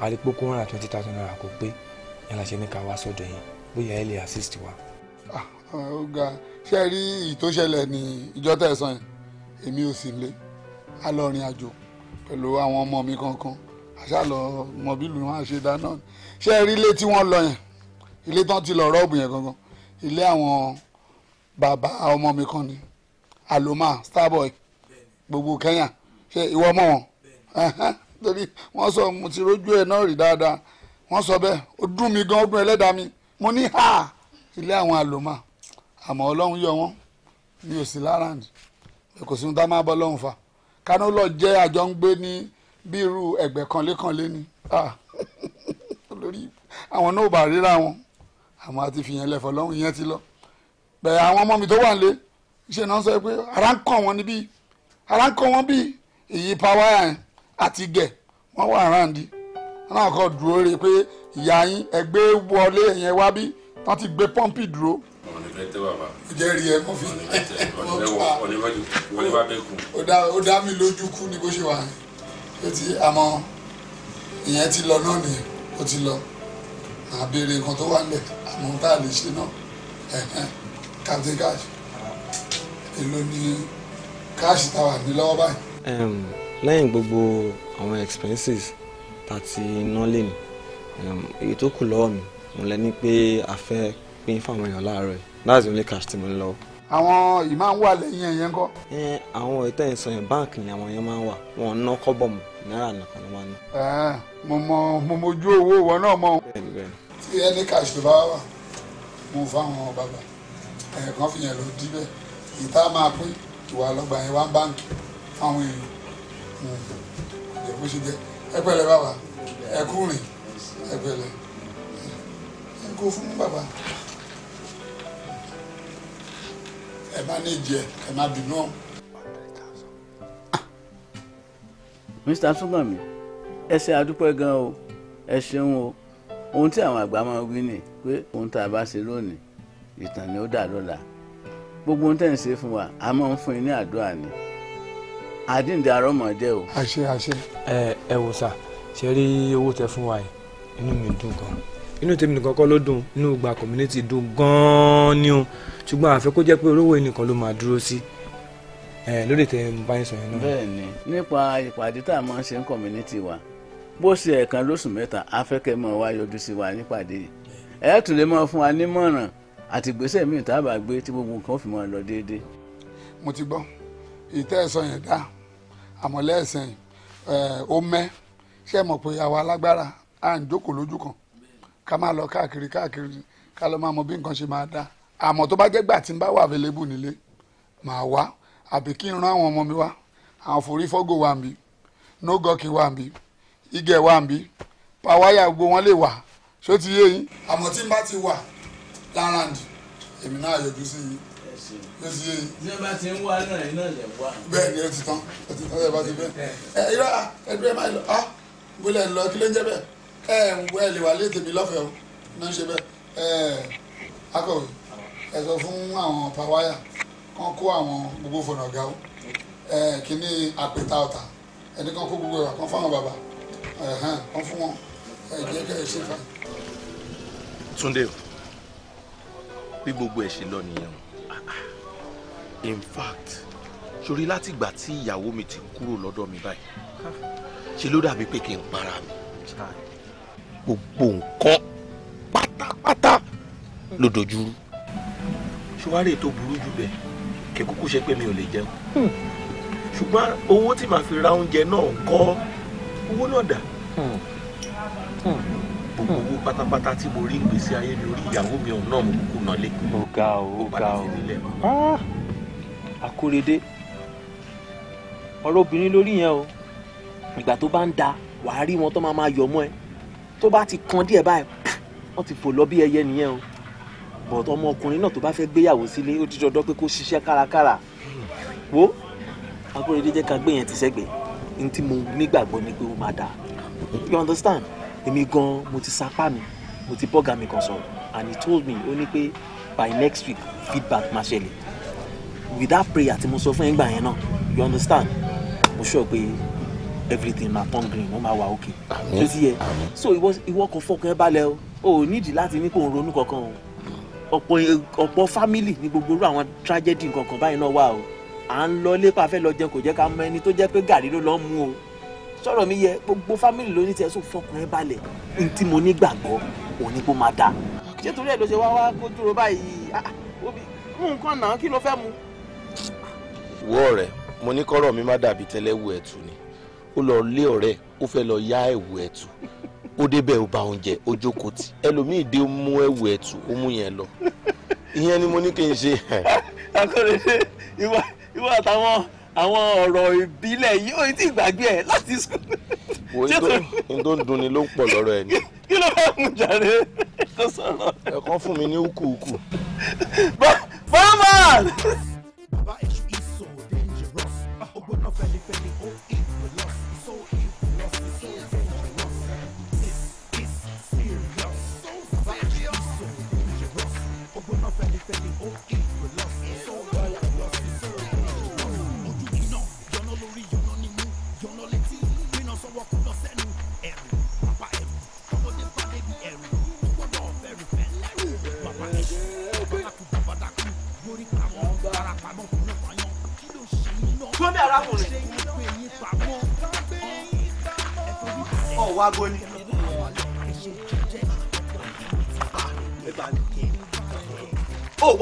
àrípò kó rán twenty thousand naira kó pé yẹn la ṣe ní ká wá sọ́dọ̀ yẹn bóyá ẹ lè assist wa. ọ̀gá ah, ah, ṣe rí ìtòṣẹlẹ̀ ní ìjọ tẹ̀sán yẹn èmi ò sì lé a lọ rìn àjò pẹ̀lú àwọn ọmọ mi kankan àṣàlọ mọ̀bílù wọn àṣẹ dáná ṣe rí ilé tí wọ́n lọ yẹn ilé tán ti lọ rọ́ọ̀bù yẹn gangan ilé àwọn bàbá ọmọ mi kan ni aloma starboy gbogbo kenya ṣe ìwọ mọ wọn torí wọ́n sọ mo ti rójú ẹ náà rí dáadáa wọ́n sọ bẹ́ẹ̀ ó dùn mí gan ó dùn mi mo ní ha ilé àwọn àlòmà àmọ́ ọlọ́run yọ wọ́n mi ò sí lára nì kò sí dá máa bọ́ lọ́hùn fa kánú lọ jẹ́ àjọ ń gbé ní bí irú ẹgbẹ́ kanlékanlé ni lórí àwọn náà ò bá ríra wọn àmọ́ àti fìyẹn lẹ́fọ̀ lọ́hùn ìyẹn ti lọ bẹ̀rẹ̀ àwọn ọmọ mi tó wà ń lé ṣe náà sọ pé ara ń kàn wọ́n níbí ara ń kàn wọ́n bí èyí pàwọ́ yẹn àti gẹ̀ wọ́n wà ráǹdì náà kọ́ dúró rè pé ìyá yín ẹgbẹ́ wọlé yẹn wá bí wọ́n ti gbé pọ́ǹpì dúró. ìjẹ́rìí ẹ mọ́ fi ó dá mi lójú kú ni bó ṣe wà etí àmọ́ ìyẹn ti lọ náà nìyẹn ó ti lọ màá nǹkan tó wà nílẹ̀ àmọ́ tá a lè ṣe náà captain èló ni káàṣì táwa ní lọ́wọ́ báyìí. lẹ́yìn gbogbo àwọn expenses tá a ti mi èyí tó kù lọ́wọ́ mi mo lẹ pé a fẹ́ pín fáwọn èèyàn láàárọ̀ that's the only cash tí mo ní lọ́wọ́. àwọn yìí máa ń wà lẹ́yìn ẹ̀yẹ ńkọ́. àwọn ètò ìsọ̀ yẹn báǹkì ni àwọn yẹn máa ń wà wọn ná kọ́bọ̀ mọ́ náírà nìkan ló máa ń ná. mo mọ mo mojú owó wọn náà mọ. tí ẹni cash tó bá wà mo fáwọn bàbá ẹ̀ẹ̀kan fi yẹn lọ dí bẹ́ẹ̀ ìta máa pín ìwà lọ́gbà yẹn wá báńkì fáwọn èèyàn ìjẹ́ hmm. bó ṣe jẹ́ ẹ pẹ̀lẹ́ bàbá ẹ kú rìn ẹ pẹ̀lẹ́ ẹ kó fún bàbá ẹ má ní ìjẹ ẹ má bínú ọ. Mr. Túnbàmí ẹ ṣe gan o ẹ ṣeun o ohun tí àwọn àgbà máa ń wí ni pé ohun tá a bá ṣe lónìí ìtàn ni ó dà lọ́la gbogbo ohun tẹ̀ ń ṣe fún wa a máa ń fún yín ní àdúrà ni àdíǹde àrọ́mọdé o. àṣẹ àṣẹ. ẹ ẹ wò sá ṣe rí owó tẹ fún wa yìí inú mi dùn gan inú tèmi nìkan kọ́ ló dùn inú gba community dùn gan-an ni o ṣùgbọ́n àfẹ́ kó jẹ́ pé olówó yìí nìkan ló máa dúró sí ẹ lórí tẹ ń bá yín sọ yẹn náà. bẹ́ẹ̀ni nípa ìpàdé tá a máa ń ṣe ń community wa bó ṣe ẹ̀ẹ̀kan lóṣù mẹ́ta afẹ́kẹ́ mọ́ wa yọjú sí wa nípàdé yìí ẹ̀ lè máa fún wa nímọ̀ràn àti ìgbésẹ̀ míì tá a bá gbé tí gbogbo nǹkan fi máa lọ déédéé. mo ti gbọ́ ìtẹ́ ẹ̀sán yẹn dá àmọ́ lẹ́ẹ̀sìn ó mẹ́ ṣé ẹ mọ̀ pé àwa alágbára à ń jókòó lójú kan ká máa lọ káàkiri káàkiri ká lọ máa mọ bí nǹkan ṣe máa dá àmọ́ tó bá jẹ́ gbà tí ń bá wà available nílé màá wá àbí kí n rán àwọn ọmọ mi wá àwọn forífọ́gò wà ń bí nógọ́kì wà ń bí wà ń pàwáyà gbogbo wọn lè wà ṣó ti yé yín àmọ́ tí n bá ti wà lárand èmi náà yọjú sí i ló ti yé yìí. ní bá ti ń wá náà yìí náà lè wá. bẹ́ẹ̀ ni ó ti tán ó ti tán ẹ bá ti bẹ́ẹ̀ ẹ irọ́ ẹgbẹ́ máa lọ ah gbọ́dọ̀ lọ kí ló ń jẹ́ bẹ́ẹ̀ ẹ ń wọ ẹ lè wà léètè o náà ń ṣe bẹ́ẹ̀ ẹ akọ̀wé ẹ sọ fún àwọn pàwáyà kan kó àwọn gbogbo fọ̀nà ọ̀gá o ẹ kíní àpẹta ọ̀tà ẹni kan kó gbogbo ẹ̀ kan fáwọn bàbá ẹ̀hán kan fún wọn ẹ jẹ́ kẹ́ ẹ ṣe fà. Túndé o bí gbogbo ẹ̀ ṣe lọ nìyẹn in fact sori láti ìgbà tí ìyàwó mi ti kúrò lọ́dọ̀ mi báyìí ṣe ló dàbí pé kí n para mi gbogbo nǹkan pátápátá ló dojúrú ṣùwárì tó burú jù bẹ́ẹ̀ kí kúkú ṣe pé mi ò lè jẹun ṣùgbọ́n owó tí màá fi ra oúnjẹ náà ń kọ́ owó náà dà gbogbo owó pátápátá tí mo rí ìgbésí ayé mi orí ìyàwó mi ọ̀hún náà mo kúkú nà lé. ó ga ó ó ga ó ah! akóredé ọ̀rọ̀ obìnrin lórí yẹn o ìgbà tó bá ń da wàá rí wọn tó máa máa yọ̀ mọ́ ẹ tó bá ti kan díẹ̀ báyìí wọ́n ti fò lọ bí ẹyẹ nìyẹn o but ọmọkùnrin náà tó bá fẹ́ gbéyàwó sílé ó ti dọdọ́ pé kó ṣiṣẹ́ kárakára wo akóredé jẹ́ ká gbé yẹn ti sẹ́gbẹ̀ẹ́ ní tí mo nígbàgbọ́ ni pé ó máa dáa you understand èmi gan mo ti sapá mi mo ti bọ́gà mi kan sọ̀rọ̀ and he told me ó ní pé by next week feedback máa ṣẹlẹ̀ with that prayer tí mo sọ fún ẹgbà yẹn náà you understand mo sọ pé everything na turn green wọ́n máa wà okay So ti yẹ so ìwọ kan fọkàn ẹ balẹ̀ o ò nídìí láti ní kò ń ronú kankan o ọ̀pọ̀ ọ̀pọ̀ family ni gbogbo irú àwọn tragedy kankan báyìí náà wà o à ń lọ lépa fẹ́ lọ jẹun kò jẹ́ ká mọ ẹni tó jẹ́ pé gàrí ló lọ́ mú o sọ̀rọ̀ mi yẹ gbogbo fámìlì lóní tiẹ̀ sùn fọkùnrin balẹ̀ ní tí mo ní gbàgbọ́ òun ni kó máa dà ṣé torí ẹ̀ ló ṣe wá wá kó dúró báyìí ah, ah, mú nǹkan náà kí ló fẹ́ mu. wo ọ̀rẹ́ mo ní kọ́rọ̀ mi má dàbí tẹ́lẹ̀wù ẹ̀tù ni ó lọ lé ọ̀rẹ́ ó fẹ́ lọ yá ẹ̀wù ẹ̀tù ó débẹ̀ ó ba oúnjẹ ó jókòó tì ẹlòmíì dé mú ẹ̀wù ẹ̀tù ó mú yẹn lọ ìyẹn ni mo ní kí n ṣe. àkọlẹ̀ ṣe ìwà àtàwọn àwọn ọ̀rọ̀ ìbílẹ̀ yìí ó ti gbàgbé ẹ̀ láti sùn. wo ní tó ń dunni ló ń pọ̀ lọ́rọ̀ ẹ̀ ni. kí ló bá mú jàre kó sọ̀rọ̀. ẹ̀kan fún mi ní hùkùhùkù. bọ́ọ̀mọ̀.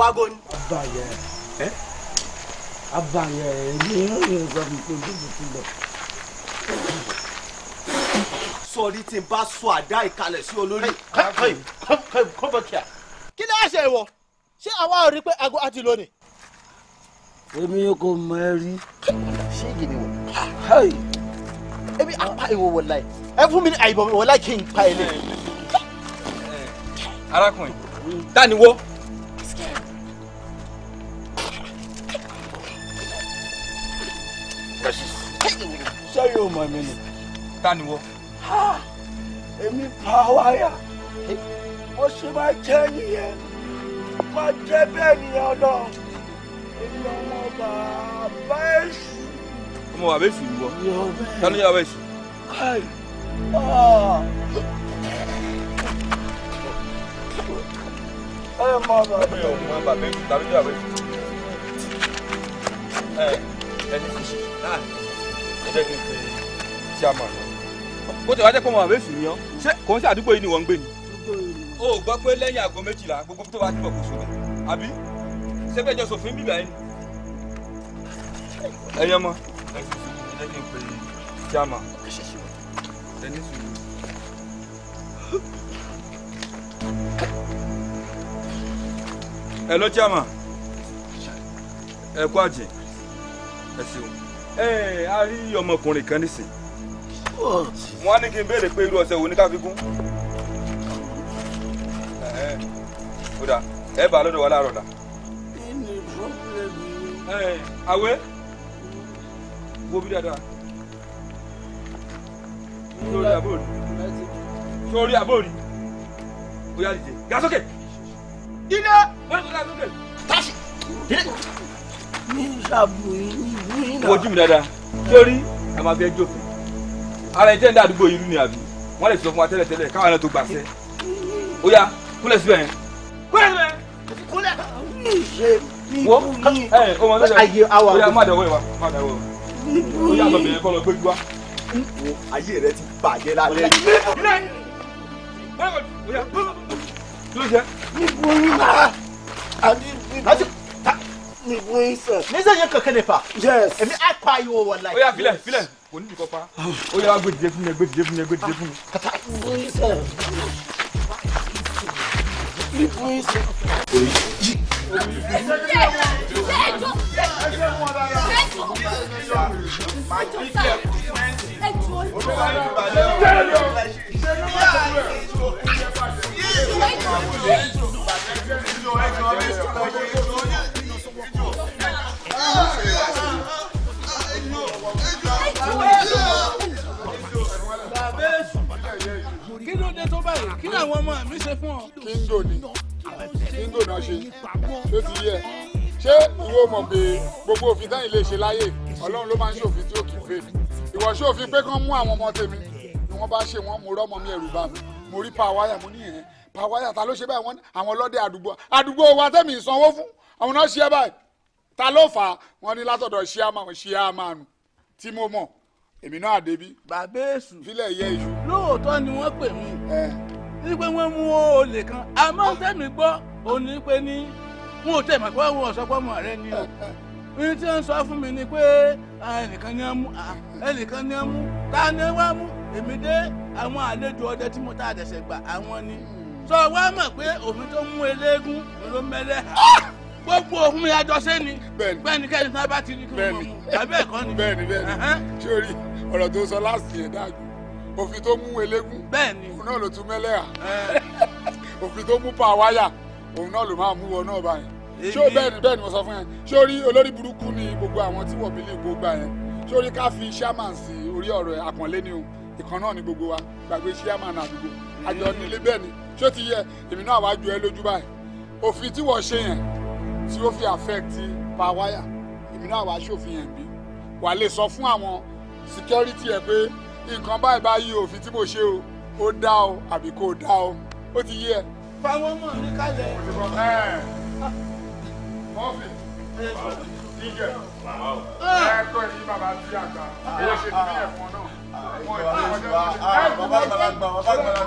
ago ni. abayẹ abayẹ ni yóò yẹ sọ fún mi pé kò tún lọ. sọrí tí n bá sọ àdá ìkalẹ̀ sí olórí. kí ló ṣe ìwọ ṣé àwa ò rí pé aago àti lónìí. èmi kò mọ ẹ rí. ṣé ìgbìmọ̀ ebi apa ìwọ wọ láì ẹ fún mi ní àìbọ̀ wọ láì kí n pa ẹ lé. arákùnrin ta wọ́. ṣé yóò mọ̀ mí ni. ta ni wọ. èmi pa wáyà ó ṣe máa jẹ́ nìyẹn máa jẹ́ bẹ́ẹ̀ nìyẹn ọ̀nà èmi ọmọ bàbá èṣù. ọmọ bàbá èṣù ni wọ ta ló bàbá èṣù. Ah! ẹ mọ bàbá èṣù. ọmọ bàbá náà jẹ́ kí n pe chairman. ó ti wá jẹ́ pé ọmọ àbẹ́sù ni ọ́ ṣé kò ń ṣe àdúgbò yìí ni wọ́n ń gbé ni. o gbọ́ pé lẹ́yìn aago méjìlá gbogbo tó bá túbọ̀ kò sóde àbí ṣé bẹ́ẹ̀ jọ sòfin bíbá yẹn. ẹyẹ mọ ẹ kí n pe chairman. ẹ ní sùn. hello chairman ẹ kú àjẹ ẹ ṣeun a rí ọmọkùnrin kan nísìn wọn á ní kí n béèrè pé irú ọṣẹ wo ní ká fi gún ó dà ẹ bá lọ́dọ̀ wa láàárọ̀ la. àwẹ̀ wo bí dáadáa sórí àbórí sórí àbórí ó yá dìde gà sókè. iná wọ́n ti gà sókè. tásì ní ìṣàbù yìí náà. wojú mi dáadáa sórí a máa fi ẹjọ́ fún ara ẹjẹ́ ń dá àdúgbò yìí rú ni àbí wọ́n lè sọ fún wa tẹ́lẹ̀ tẹ́lẹ̀ káwọn náà tó gbàṣẹ́ ó yá kúnlẹ̀ síbẹ̀ yẹn. kúnlẹ̀ síbẹ̀ kúnlẹ̀ ní ìṣe ní ìkúni ayé awa. ó yá má dẹ̀wọ́ ìwà má dẹ̀wọ́ ó yá lọ bẹ̀rẹ̀ kọ́ lọ gbéjú wa. ayé rẹ ti bàjẹ́ lálẹ́ yìí. ó yá kí ló jẹ́. ní ìkúni náà àti mi doing sir. níṣẹ́ yẹn kankan de pa. yes èmi á pa yìí o wọ̀lá. ó yà filẹ̀ filẹ̀ kò ní ìdíkọ̀ pa ó gbé dìde fún mi gbé dìde fún mi gbé dìde fún mi. kata doing sir. mi doing sir. oyi. Yeah kí ló dé tó báyìí kí làwọn ọmọ mi ṣe fún ọ. kí n dò ní kí n dò náà ṣe ló ti àwọn mi ẹ̀rù bá mi mo rí pa wáyà mo ní yẹn pa wáyà ta ló ṣe báyìí wọ́n àwọn ọlọ́dẹ àdúgbò àdúgbò wa tẹ̀mí ìsanwó fún àwọn náà ṣe báyìí ta ló fà á wọ́n ní látọ̀dọ̀ ṣíàmà wọn ṣíàmà nù tí mo mọ̀ èmi náà débi. bàbá èṣù filẹ̀ yẹ iṣu. lóòótọ́ ni wọ́n pè mí ní pé wọ́n mú olè kan àmọ́ sẹ́mi gbọ́ òun ní pé ní wọn ò tẹ̀ mọ̀ pé wọn sọ pé ọmọ rẹ ni o ní tí wọ́n sọ fún mi ni pé ẹnìkan ni wọ́n mú ẹnìkan ni wọ́n mú ta ni wọ́n mú èmi dé àwọn àlejò ọdẹ tí mo ta àdẹ̀sẹ̀ gbà àwọn ni hmm. sọ wọ́n mọ̀ pé òfin tó mú eléégún ló mẹ́lẹ́ hàn. Ah! gbogbo ohun mi àjọṣe ni bẹ́ẹ̀ni kẹ́ni tí wọ́n bá ti ní kí wọ́n mọ̀ mú tàbí ẹ̀kọ́ ni. bẹ́ẹ̀ni bẹ́ẹ̀ni sórí ọ̀rọ̀ tó sọ láti yẹn dájú òfin tó mú elégún òun náà ló tún mẹ́lẹ́yà òfin tó mú pàwáyà òun náà ló máa mú wọn náà báyìí ṣó bẹ́ẹ̀ni bẹ́ẹ̀ni mo sọ fún yẹn sórí olórí burúkú ni gbogbo àwọn tí wọ́n bílí gbogbo yẹn sórí ká fi chairman sí orí ọ̀rọ̀ àkànlé ni o ìkan náà ni gbogbo wa gbàgbé chairman àdúgbò àjọ nílé bẹ́ẹ̀ ni ṣó ti yẹ èmi náà wá ju ẹ lójú báyìí òfin tí wọ́n ṣe yẹn tí ó fi affect pa wáyà èmi náà ṣòfin yẹn bí wàá lè sọ fún àwọn security ẹ pé nǹkan báyìí báyìí òfin tí mo ṣe o ó dá o àbí kò dá o ó ti yé ẹ. fáwọn mọ̀ ní kálẹ̀. mọ́fì díjẹ ẹ̀ẹ́dọ́ yìí bàbá sí àgbà ó ṣe ní ẹ̀fọn náà wọ́n ti wọ́n jẹ́ ẹ̀ẹ́dọ́ bàbá gbà wọ́n bá gbà.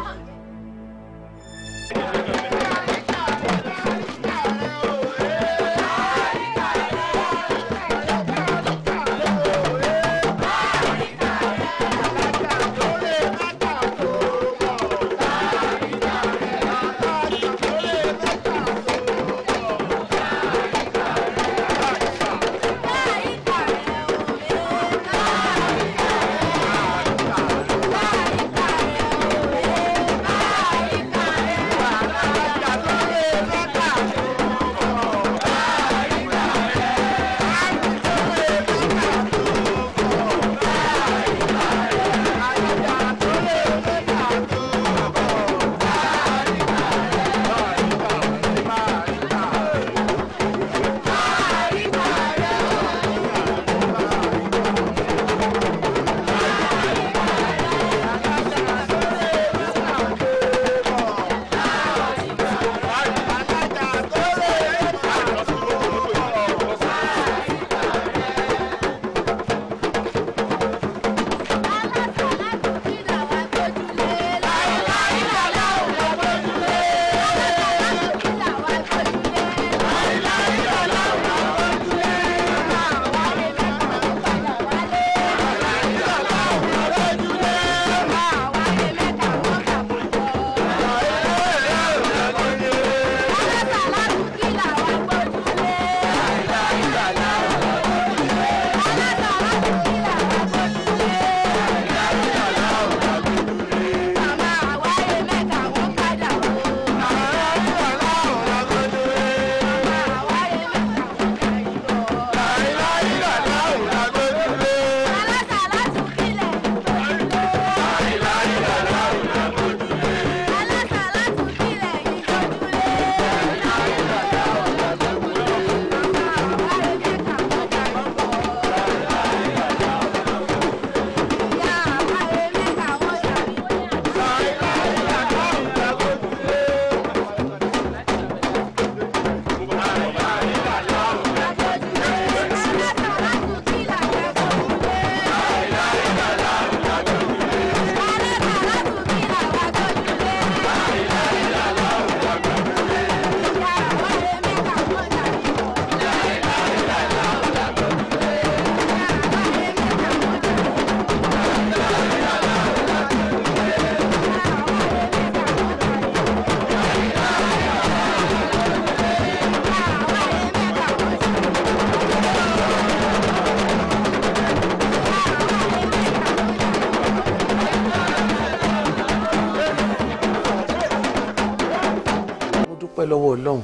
dúpẹ́ lọ́wọ́ ọlọ́run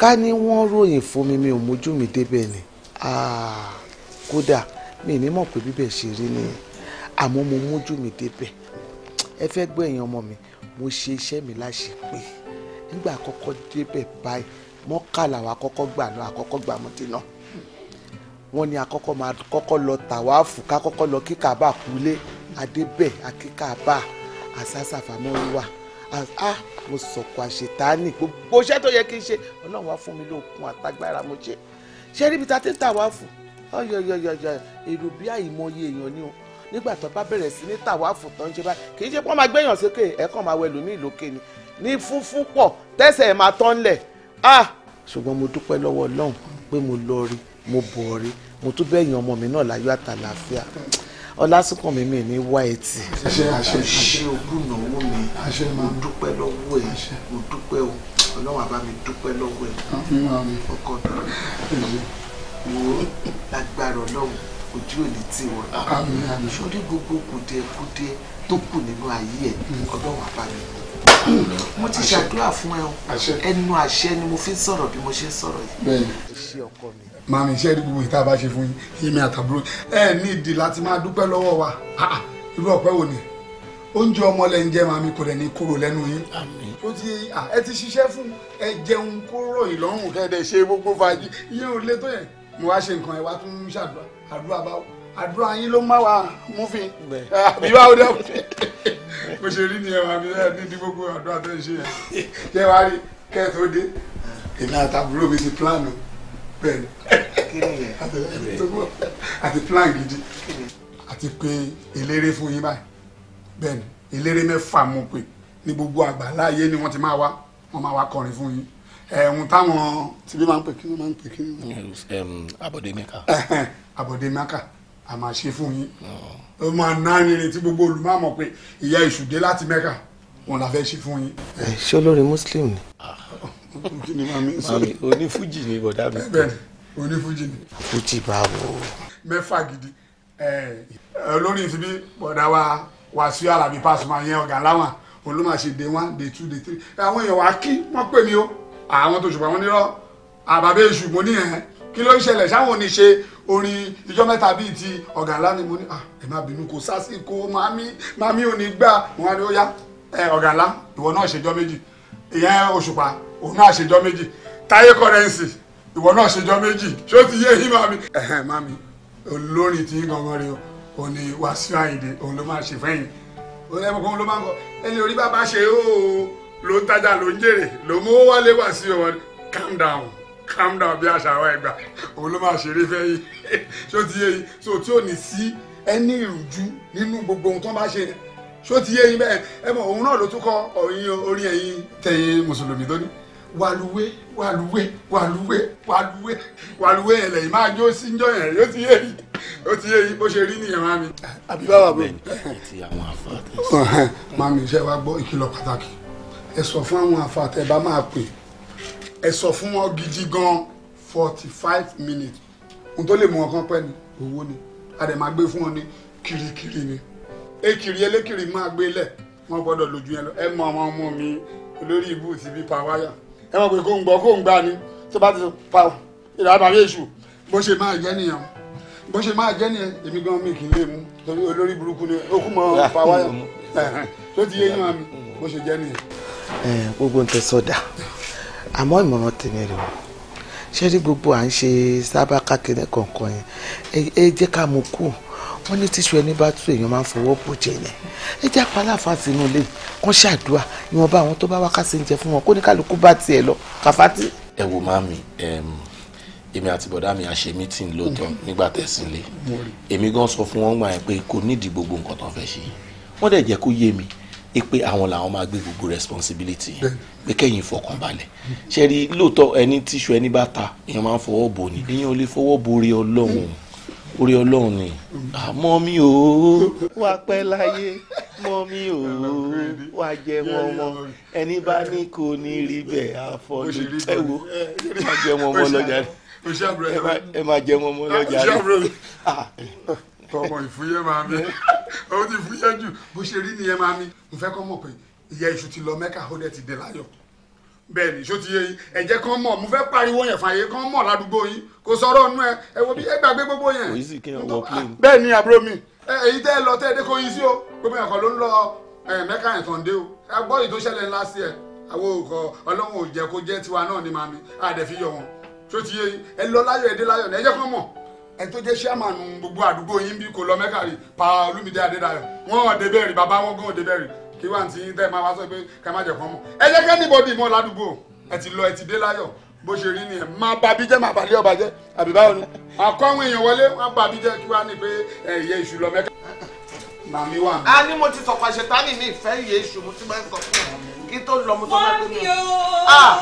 ká ní wọ́n ròyìn fún mi mi ò mójú mi débẹ̀ ni kódà mi ní mọ̀ pé bíbẹ̀ ṣe rí nìyẹn àmọ́ mo mójú mi débẹ̀ ẹ fẹ́ gbọ́ ẹ̀yin ọmọ mi mo ṣe iṣẹ́ mi láṣepé nígbà àkọ́kọ́ débẹ̀ báyìí mọ́kàlà wa kọ́kọ́ gbà lọ àkọ́kọ́ gbà mọ́tì náà wọ́n ní àkọ́kọ́ máa kọ́kọ́ lọ tàwáàfù ká kọ́kọ́ lọ kíkàbà kúlé adébẹ̀ akíkàbà àsásàfàmọ́rí wà ah mo sọ̀kò àṣetánì gbogbo iṣẹ́ tó yẹ kí n ṣe ọlọ́run wá fún mi lókun àtagbára mo ṣe ṣé ríbi ta ti ń tà wá fún ọyọyọyọyọ èrò bí àìmọye èèyàn ni o nígbà tó bá bẹ̀rẹ̀ sí ní tàwáfù tó ń ṣe báyìí kì í ṣe pé wọ́n máa gbẹ̀yàn sókè ẹ̀kọ́ máa wẹ̀lú ní ìlókè ni ní fúnfún pọ̀ tẹ́sẹ̀ máa tán lẹ̀ ah ṣùgbọ́n mo dúpẹ́ lọ́wọ́ ọlọ́run pé mo lọ rí mo bọ̀ rí mo tún bẹ̀yìn ọmọ mi náà láyọ̀ àtàlàáfíà ọlásùnkànmí mi ní wá etí. ṣe ògùnà owó mi mo dúpẹ́ lọ́wọ́ ẹ̀ mo dúpẹ́ o ọlọ́run àbá mi dúpẹ́ lọ́wọ́ ẹ̀ ọkọ mi wo lágbára ọlọ́run ojú ò ní tì wọ́n sórí gbogbo kùdìẹ̀kùdìẹ tó kù nínú ayé ẹ̀ ọlọ́run àbá mi dúpẹ́ mo ti ṣàdúrà fún ẹ o ẹnu àṣẹ ni mo fi ń sọ̀rọ̀ bí mo ṣe ń sọ̀rọ̀ yìí. ṣé ọkọ mi màmí iṣẹ́ gbogbo ìta bá ṣe fún yín èmi àtàbúrò ẹ ní ìdí láti máa dúpẹ́ lọ́wọ́ wa irú ọpẹ́ wo ni oúnjẹ ọmọ lẹ ń jẹ màmí kò dẹ̀ ní kúrò lẹ́nu yín ó ti ẹ ti ṣiṣẹ́ fún ẹ jẹun kó rọ̀ ìlọ́rùn kẹ́ẹ̀dẹ̀ ṣe gbogbo fàájì yín ò lé tó yẹn mo wá ṣe nǹkan ẹ wá tún ń ṣàdúrà àdúrà bá àdúrà yín ló má wa múfin àbí wá ó dẹ́kun mo ṣe rí nìyẹn màmí ẹ nídìí gbogbo àdúrà tó ń ṣe bẹ́ẹ̀ni àti plan gidi àti pé eléré fún yín báyìí bẹ́ẹ̀ni eléré mẹ́fà mo pè ní gbogbo àgbáláyé ni wọ́n ti máa wá wọ́n máa wá kọrin fún yín ẹ̀hún táwọn tí bí máa ń pè kí ló máa ń pè kí ló máa ń pè. Abọ̀démẹ́kà. Abọ̀démẹ́kà a máa ṣe fún yín ó máa ná irin tí gbogbo olùmọ̀ọ́mọ̀ pé ìyá èṣù láti Mẹ́kà wọn la fẹ́ ṣe fún yín. ṣé olórin Muslim ni. Ah kí ni màmí sọ. màmí onífújì ni bọ̀dá mi. bẹ́ẹ̀ni onífújì ni. fújì báwo. mẹ́fà gidi olórin ti bí bọ̀dá wa Wàsíù Àlàbí Pasuma yẹn ọ̀gá láwọn olùmọ̀ọ́sẹ̀ day one day two day three àwọn èèyàn wá kí wọ́n pè mí o àwọn tó ṣùgbọ́n wọn nírọ̀ àbábẹ́ èṣù mo ní ẹ̀ kí ló ń ṣẹlẹ̀ sáwọn ò ní ṣe orin ìjọ mẹ́ta bíi ti ọ̀gá ńlá ni mo ní ẹ má bínú kò sásìkò màmí màmí ò ní gbà wọn ni ó yá ọ̀gá ńlá ìwọ náà ṣèjọ méjì ìyẹn òṣùpá òun náà ṣèjọ́ méjì táyé kọ́rẹ́ǹsì ìwọ náà ṣèjọ́ méjì ṣó ti yé yín màmí. ẹhẹn màmí olórin tí ń gangan rẹ o ní Wàsíù Àyìndé òun ló máa ṣe fẹ́yìn òun ló máa ń kọ ẹni orí bàbá ṣe ó ló ń tajà ló ń jèrè ló mú wálé wá sí calm down calm down bí àṣà àwọn ẹgbà òun ló máa ṣeré fẹ́yìn ṣó ti yé yín so tí ò ní sí ẹni ìrújú nínú gbogbo ohun tó bá ṣe ṣó ti yé yín bẹ́ẹ̀ ẹ mọ̀ òun náà ló tún kọ orin ẹ̀yìn tẹ̀yìn mùsùlùmí tó ní wàlúwé wàlúwé wàlúwé wàlúwé wàlúwé ẹ̀lẹ̀ yìí máa jó sí njọ́ yẹn yóò ti yé yìí ó ti yé yìí bó ṣe rí nìyẹn máa mi. àbí bàbá bò. máa mi iṣẹ́ wa gbọ́ ìkìlọ̀ pàtàkì ẹ sọ fún àwọn àfàtẹ́ bá máa pè ẹ sọ fún wọn gidi gan forty five minutes ohun tó lè mú wọn kán pẹ́ ni owó ni a dẹ̀ máa gbé fún wọn ní kirikiri ni ekiri elékiri máa gbé lẹ̀ wọ́n gbọ́dọ̀ lójú yẹn lọ ẹ mọ àwọn ọmọ mi olórí ìbú ti bí ẹ mọ̀ pé kó ń gbọ́ kó ń gbà ni tó bá ti pa ìlànà ayé èṣù bó ṣe máa jẹ́ nìyẹn bó ṣe máa jẹ́ nìyẹn èmi gan mi kì í lè mú torí olórí burúkú ni ó mọ́ ah, pa wáyà tó ti yé yín mami bó ṣe jẹ́ nìyẹn. gbogbo ń tẹ sọdà àmọ́ ìmọ̀ràn tèmi rè o ṣé rí gbogbo à ń ṣe sábà kákiri kọ̀ọ̀kan yẹn ẹ jẹ́ ká mú kù wọ́n ní tíṣu ẹni bá tú èèyàn máa ń fọwọ́ bò jẹ yẹn ẹ jẹ́ apáláfa sínú ilé kan ṣàdúrà ìwọ̀nba àwọn tó bá wá kásẹ̀ ń jẹ fún wọn kó ní kálukú bá tiẹ̀ lọ kàfátì. ẹ wo màmí èmi àti bọ̀dá mi a ṣe mítìn lóòótọ́ mm-hmm. nígbà tẹ̀sílẹ̀ èmi gan sọ fún wọn gbà yẹn pé kò nídìí gbogbo nǹkan tó ń fẹ́ ṣe wọ́n dẹ̀ jẹ́ kó yé mi pé àwọn làwọn máa gbé gbogbo responsibility yẹn pé kẹ́yìn fọkànbalẹ̀ ṣe rí lóòótọ́ ẹni tíṣu ẹni bá ta èèyàn máa ń fọwọ́ bò ní mm-hmm. èèyàn ò lè fọwọ́ bo ọlọ́run orí ọlọ́run ni àmọ́ mi ò wá pẹ́ láyé mọ́ mi ò wá jẹ wọn mọ́ ẹni bá ní kò ní rí bẹ́ẹ̀ àfọ̀dù tẹ́wọ́ má jẹ wọn mọ́ lọ́jà ẹ má jẹ wọn mọ́ lọ́jà rẹ. Ah. tọmọ ìfúyẹ́ máa mi ó ti fúyẹ́ jù bó ṣe rí nìyẹn máa mi mo fẹ́ kọ́ mọ̀ pé ìyá iṣu ti lọ mẹ́ka ó dẹ̀ ti dé láyọ̀ bẹ́ẹ̀ ni ṣó ti yé yín ẹ jẹ́ kán mọ̀ mo fẹ́ pariwo yẹn fún ayé kán mọ̀ ládùúgbò yín kò sọ̀rọ̀ ọ̀nù ẹ ẹ wo bí ẹ gbàgbé gbogbo yẹn. kò sí kí n wọ plane. bẹ́ẹ̀ ni àbúrò mi èyí tẹ́ ẹ lọ tẹ́ ẹ dé kó yín sí o gbogbo yẹn kọ́ ló ń lọ mẹ́ka yẹn tàn dé o agbọ́ yìí tó ṣẹlẹ̀ ńlá sí ẹ àwọn òkò ọlọ́run ò jẹ́ kó jẹ́ tiwa náà ni màmí àdẹ̀fi yọ wọn ṣó ti yé yín ẹ lọ láyọ̀ ẹ dé láyọ̀ ẹ jẹ́ kán mọ̀ ẹ tó jẹ́ chairman gbogbo àdúgbò yín bí kò lọ mẹ́ka rí pa Olúmídé Adédayọ̀ wọn ò débẹ̀ rí bàbá wọn gan ò débẹ̀ rí kí wá ti tẹ́ máa wá sọ pé ká má jẹ̀ fún ọmọ ẹ jẹ́ kẹ́ níbọ̀dì mọ́ ládùúgbò ẹ ti lọ ẹ ti dé láyọ̀ bó ṣe rí nìyẹn máa bà bí jẹ́ máa bà lé ọba jẹ́ àbí báwo ni àkọ́ àwọn èèyàn wọlé wọn bà bí jẹ́ kí wá ní pé ẹ̀yẹ iṣu lọ mẹ́ka. màmí wà a ní mo ti sọ̀kọ̀ àṣetánì ní ìfẹ́ ìyè iṣu mo ti máa ń sọ fún ọ̀rọ̀ kí tó lọ mo sọ fún ẹ pé mi. Ah!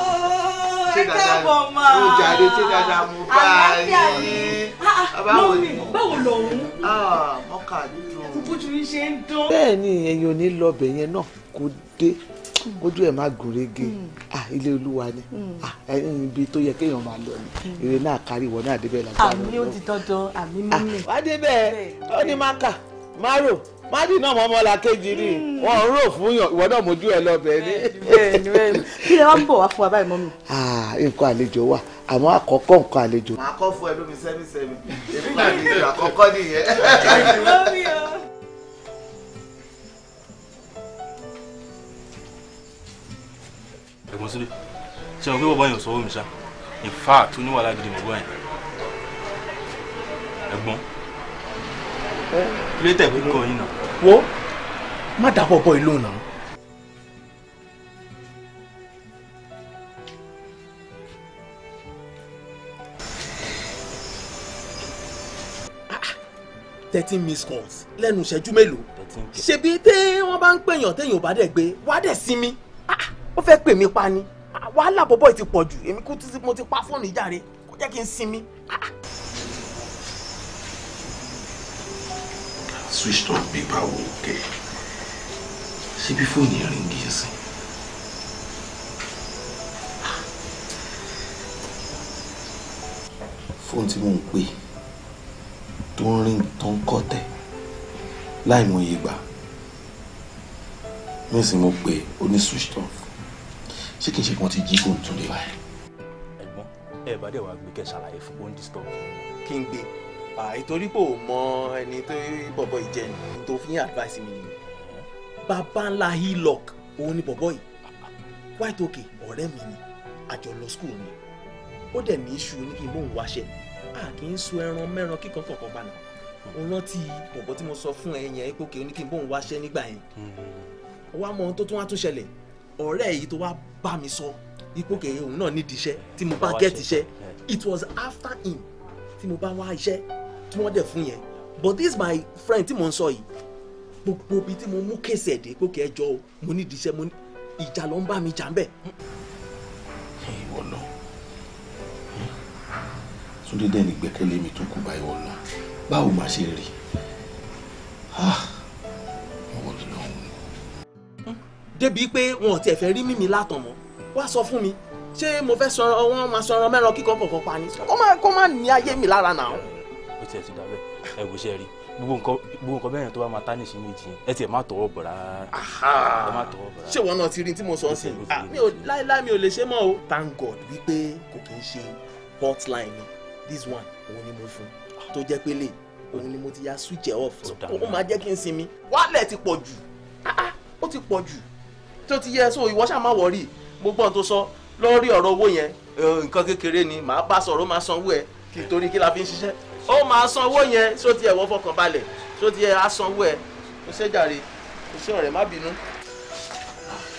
ṣé dáadáa mo jáde ṣé dáadáa mo bá a yí. Ah, ah, báwo ni báwo lòun. mọ́kà dùn. bójú yín ṣe ń dán. bẹ́ẹ̀ ni ẹ̀yin ò ní lọ ọbẹ̀ yẹn náà kó dé hmm. kójú ẹ̀ má gúnrégé hmm. ilé olúwa ni hmm. ibi tó yẹ kéèyàn máa lọ ni eré náà kárí ìwọ náà débẹ̀ lágbára. àmì ó ti dandan àmì mímì. wá débẹ̀ ó ní máka márò mádì náà mọ́ ọmọlá kejì ni hmm. wọn ń rò fún yàn ìwọ náà mojú ẹ lọ bẹ́ẹ̀ ni. kí lè wá ń bọ̀ wá fún wa báyìí mọ́ mi. Ah, nǹkan àlejò wà àmọ́ àkọ́kọ́ nǹkan àlejò. màá kọ́ fún ẹ lómi sẹ́mi-sẹ́mi èmi náà àlejò àkọ́kọ́ nìyẹn. ẹ̀gbọ́n sílẹ̀ ṣé o pé bọ́bá yẹn ò sọ owó mi ṣá in fact oníwàlá gidi mọ̀ bọ́ yẹn ẹ̀gbọ́n kí ló tẹ̀wé kọ yín náà. wo má dàpọ̀ bọ́ ìlú náà. thirteen missed calls lẹ́nu ìṣẹ́jú mélòó ṣebí pé wọ́n bá ń pèèyàn téèyàn bá dẹ̀ gbé wá dẹ̀ sinmi ah, ó fẹ́ pè mí pa ni ah, wàhálà bọ́bọ́ ti pọ̀ jù èmi kú mo ti pa fóònù ìjà rẹ̀ kó jẹ́ kí n sinmi. Ah, switched off bí báwo kẹ̀ ṣé bí fóònù yẹn rìn díẹ̀ sí. fóònù tí mò ń pè tó ń rìn tó ń kọ́ tẹ̀ láì mọ iye mo pè ó ní switched off ṣé kì í ṣe kí wọ́n ti jí fóònù tó lè láì. ẹ̀gbọ́n ẹ̀ bá dẹ̀ wá gbé kẹ́ ṣàlàyé fún disturb kí n àìtorí pé ò mọ ẹni tó bọ̀bọ̀ yìí jẹ́ ni tó fi ń advice mi nìyẹn bàbá ńlá hillock òun ni bọ̀bọ̀ yìí white oak ọ̀rẹ́ mi ni àjọ lọ school mi ó dẹ̀ ní iṣu ní kí n bóun wáṣẹ a kì í so ẹran mẹ́ran kíkan kọ̀ọ̀kan gbà náà òun rántí bọ̀bọ̀ tí mo sọ fún ẹ yẹn pé kí kí n bóun wáṣẹ nígbà yẹn wá mọ ohun tó tún wá tún ṣẹlẹ̀ ọ̀rẹ́ yìí tó wá bá mi sọ ipò òun náà nídìí iṣẹ́ tí mo bá gẹ́ẹ̀tì iṣẹ́ it was after him tí mo bá wá iṣẹ́ tí wọ́n dẹ̀ fún yẹn but this my friend tí mò ń sọ yìí gbogbo ibi tí mo mú kéèsì ẹ̀ dé pókè ẹjọ́ o mo ní ìdíṣẹ́ mo ní ìjà ló ń bá mi jà ń bẹ̀. ìwọ lọ Túndé dẹ́ni ìgbẹ́kẹ̀lé mi tó kù bá ìwọ lọ báwo máa ṣe rí débìí pé wọn ò tiẹ̀ fẹ́ rí mímí látọ̀ mọ́ wá sọ fún mi ṣé mo fẹ́ sọ wọn máa sọ ọ̀rọ̀ mẹ́ràn kíkọ́ kọ̀ọ̀kan pa ni kó má ní ayé mi lára nàá ẹ ti dà ẹ wò ṣe rí gbogbo nǹkan bẹ́ẹ̀ yẹn tó bá máa tá nìṣí méjì yẹn ẹ tiẹ̀ má tọwọ́ bọ̀ ẹ má tọwọ́ bọ̀ ṣé wọn náà ti rí tí mo sọ ọ sí ah, mi ò láéláé mi ò lè ṣe mọ́ o. thank god wípé kò kí n ṣe hotline ni this one òun ni mo fún tó jẹ́ pé lè òun ni mo ti ya switch ẹ̀ off ó máa jẹ́ kí n sinmi wálẹ̀ ti pọ̀ jù ah, ah, ó ti pọ̀ jù tó ti yẹ so ìwọ ṣáà má wọrí gbogbo ọ̀n tó sọ lórí ọ̀rọ̀ owó yẹn nǹkan kékeré ni màá bá sọ̀rọ̀ máa sanwó ẹ̀ kí torí kí la fi ń ṣiṣẹ́ ó máa san owó yẹn tí ó ti ẹ̀wọ́ fọkàn balẹ̀ tí ó ti ẹ̀ á san owó ẹ̀ ó ṣe jàre ó ṣe ọ̀rẹ́ má bínú.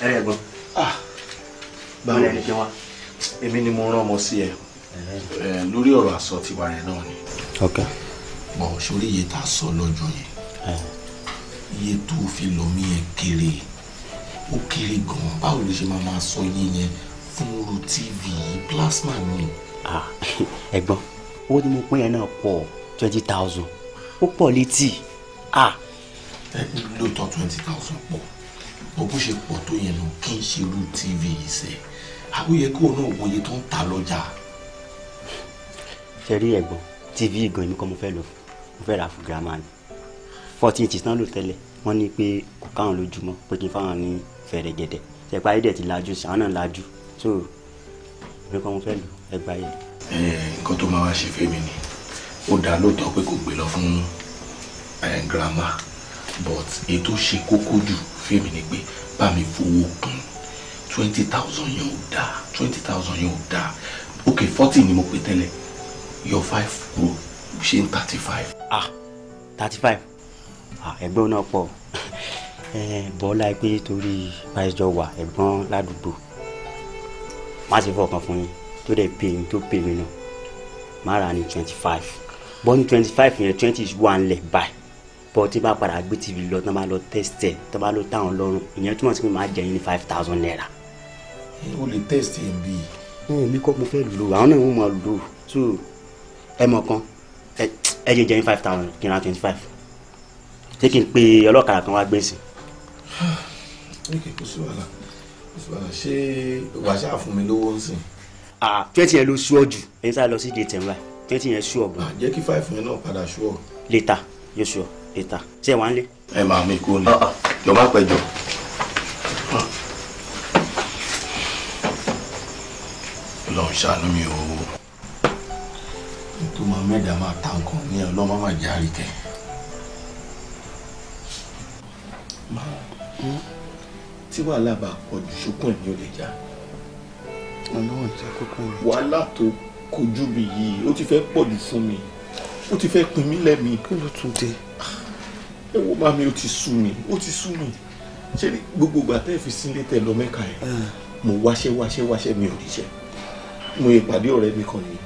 ẹ rẹ gbọ́n ah. báwo ni kí wá èmi ni mo rán ọmọ sí ẹ lórí ọ̀rọ̀ àsọ tiwa yẹn náà ni. bọ̀ sórí iye tá a sọ lọ́jọ́ yẹn iye tó fi lọ mí yẹn kéré ó kéré gan-an báwo ló ṣe máa sọ iye yẹn fún ru tv plasma mi. Ah. ẹ̀gbọ́n owó tí mo pín yẹn náà pọ̀ twenty thousand ó pọ̀ létí ah. lóòótọ́ twenty thousand pọ̀ mo bó ṣe pọ̀ tó yẹn nù kí n ṣe irú tv yìí sẹ́ àwọn yẹ kí òun náà wòye tó ń ta lọ́jà. ṣe rí ẹ̀gbọ́n tv gan èmi kọ́ mo fẹ́ lò fún mo fẹ́ rà fún girama ni fourteen ti tán lò tẹ́lẹ̀ wọ́n ní pé kò káwọn lójúmọ́ pé kí n fáwọn ní fẹ̀rẹ̀ ṣẹ̀pá ayédè ti lajú sí náà lajú so èmi kọ́ mo fẹ́ lò ẹgbàá yẹn. Eh, nǹkan tó máa wá ṣe fẹ́mi ni ó dá lóòótọ́ pé kò gbé lọ fún eh, girama but ètò ṣe kókó jù fẹ́mi ni pé bá mi fowó kún twenty thousand yẹn ò dáa twenty thousand yẹn ò dáa ok forty ni mo pè tẹ́lẹ̀ yọ five kúrò ṣe ń thirty five. ah thirty five ah ẹgbẹ́ náà pọ̀ eh, bọ́lá pé torí báyìí jọ wà ẹ̀gbọ́n ládùúgbò má ti fọkàn fún yín tó dẹ̀ pè mí tó pè mí náà má ra ní twenty five bọ́ twenty five yẹn twenty is one lẹ̀ báyìí bọ́ tí bá padà gbé tv lọ tán bá lọ tẹ́sítẹ̀ tán bá lọ táwọn lọ́rùn ìyẹn túmọ̀ sí pé màá jẹ́ yín ní five thousand naira. o lè test ẹ̀ bí. ohun mi kọ́ mo fẹ́ lò àwọn náà ń mọ̀ lò so ẹ mọ̀ kan ẹ jẹ́ jẹ́ yín five thousand kí n ra twenty five ṣé kí n pe ọlọ́kadà kan wá gbé sí. ok kò sí wàhálà kò sí ṣé wàá ṣáà fún mi lówó ń sìn ah twenty yẹn ló sú ọ jù ẹyin sáré lọ sí date ten báyìí twenty yẹn sú ọ gan. jẹ́ kí five yẹn náà padà sú ọ. later yóò sú ọ later ṣé ẹ wá ń lé. ẹ máa mi kú ni jọ má pẹ́ jọ. Ọlọ́run ṣàánú mi o tó máa mẹ́ta máa ta nǹkan ní ọlọ́mọ máa jẹ́ àríkẹ́. tí wàhálà bá pọ̀ jù sókùn ẹ̀ ní ó já. Ọlọ́run jẹ́ kókó rẹ̀. wàhálà tó kojú mi yìí ó ti fẹ́ pọ̀ jù fún mi ó ti fẹ́ pin mí lẹ́mìí. kí ló tún dé. ẹ wo bá mi ó ti sú mi ó ti sú mi ṣé gbogbo ìgbà tẹ́ ẹ fi sílé tẹ lọ mẹ́ka ah. ẹ̀ mo wáṣẹ́ wáṣẹ́ wáṣẹ́ mi ò ríṣẹ́ mo ìpàdé ọ̀rẹ́ mi kan ni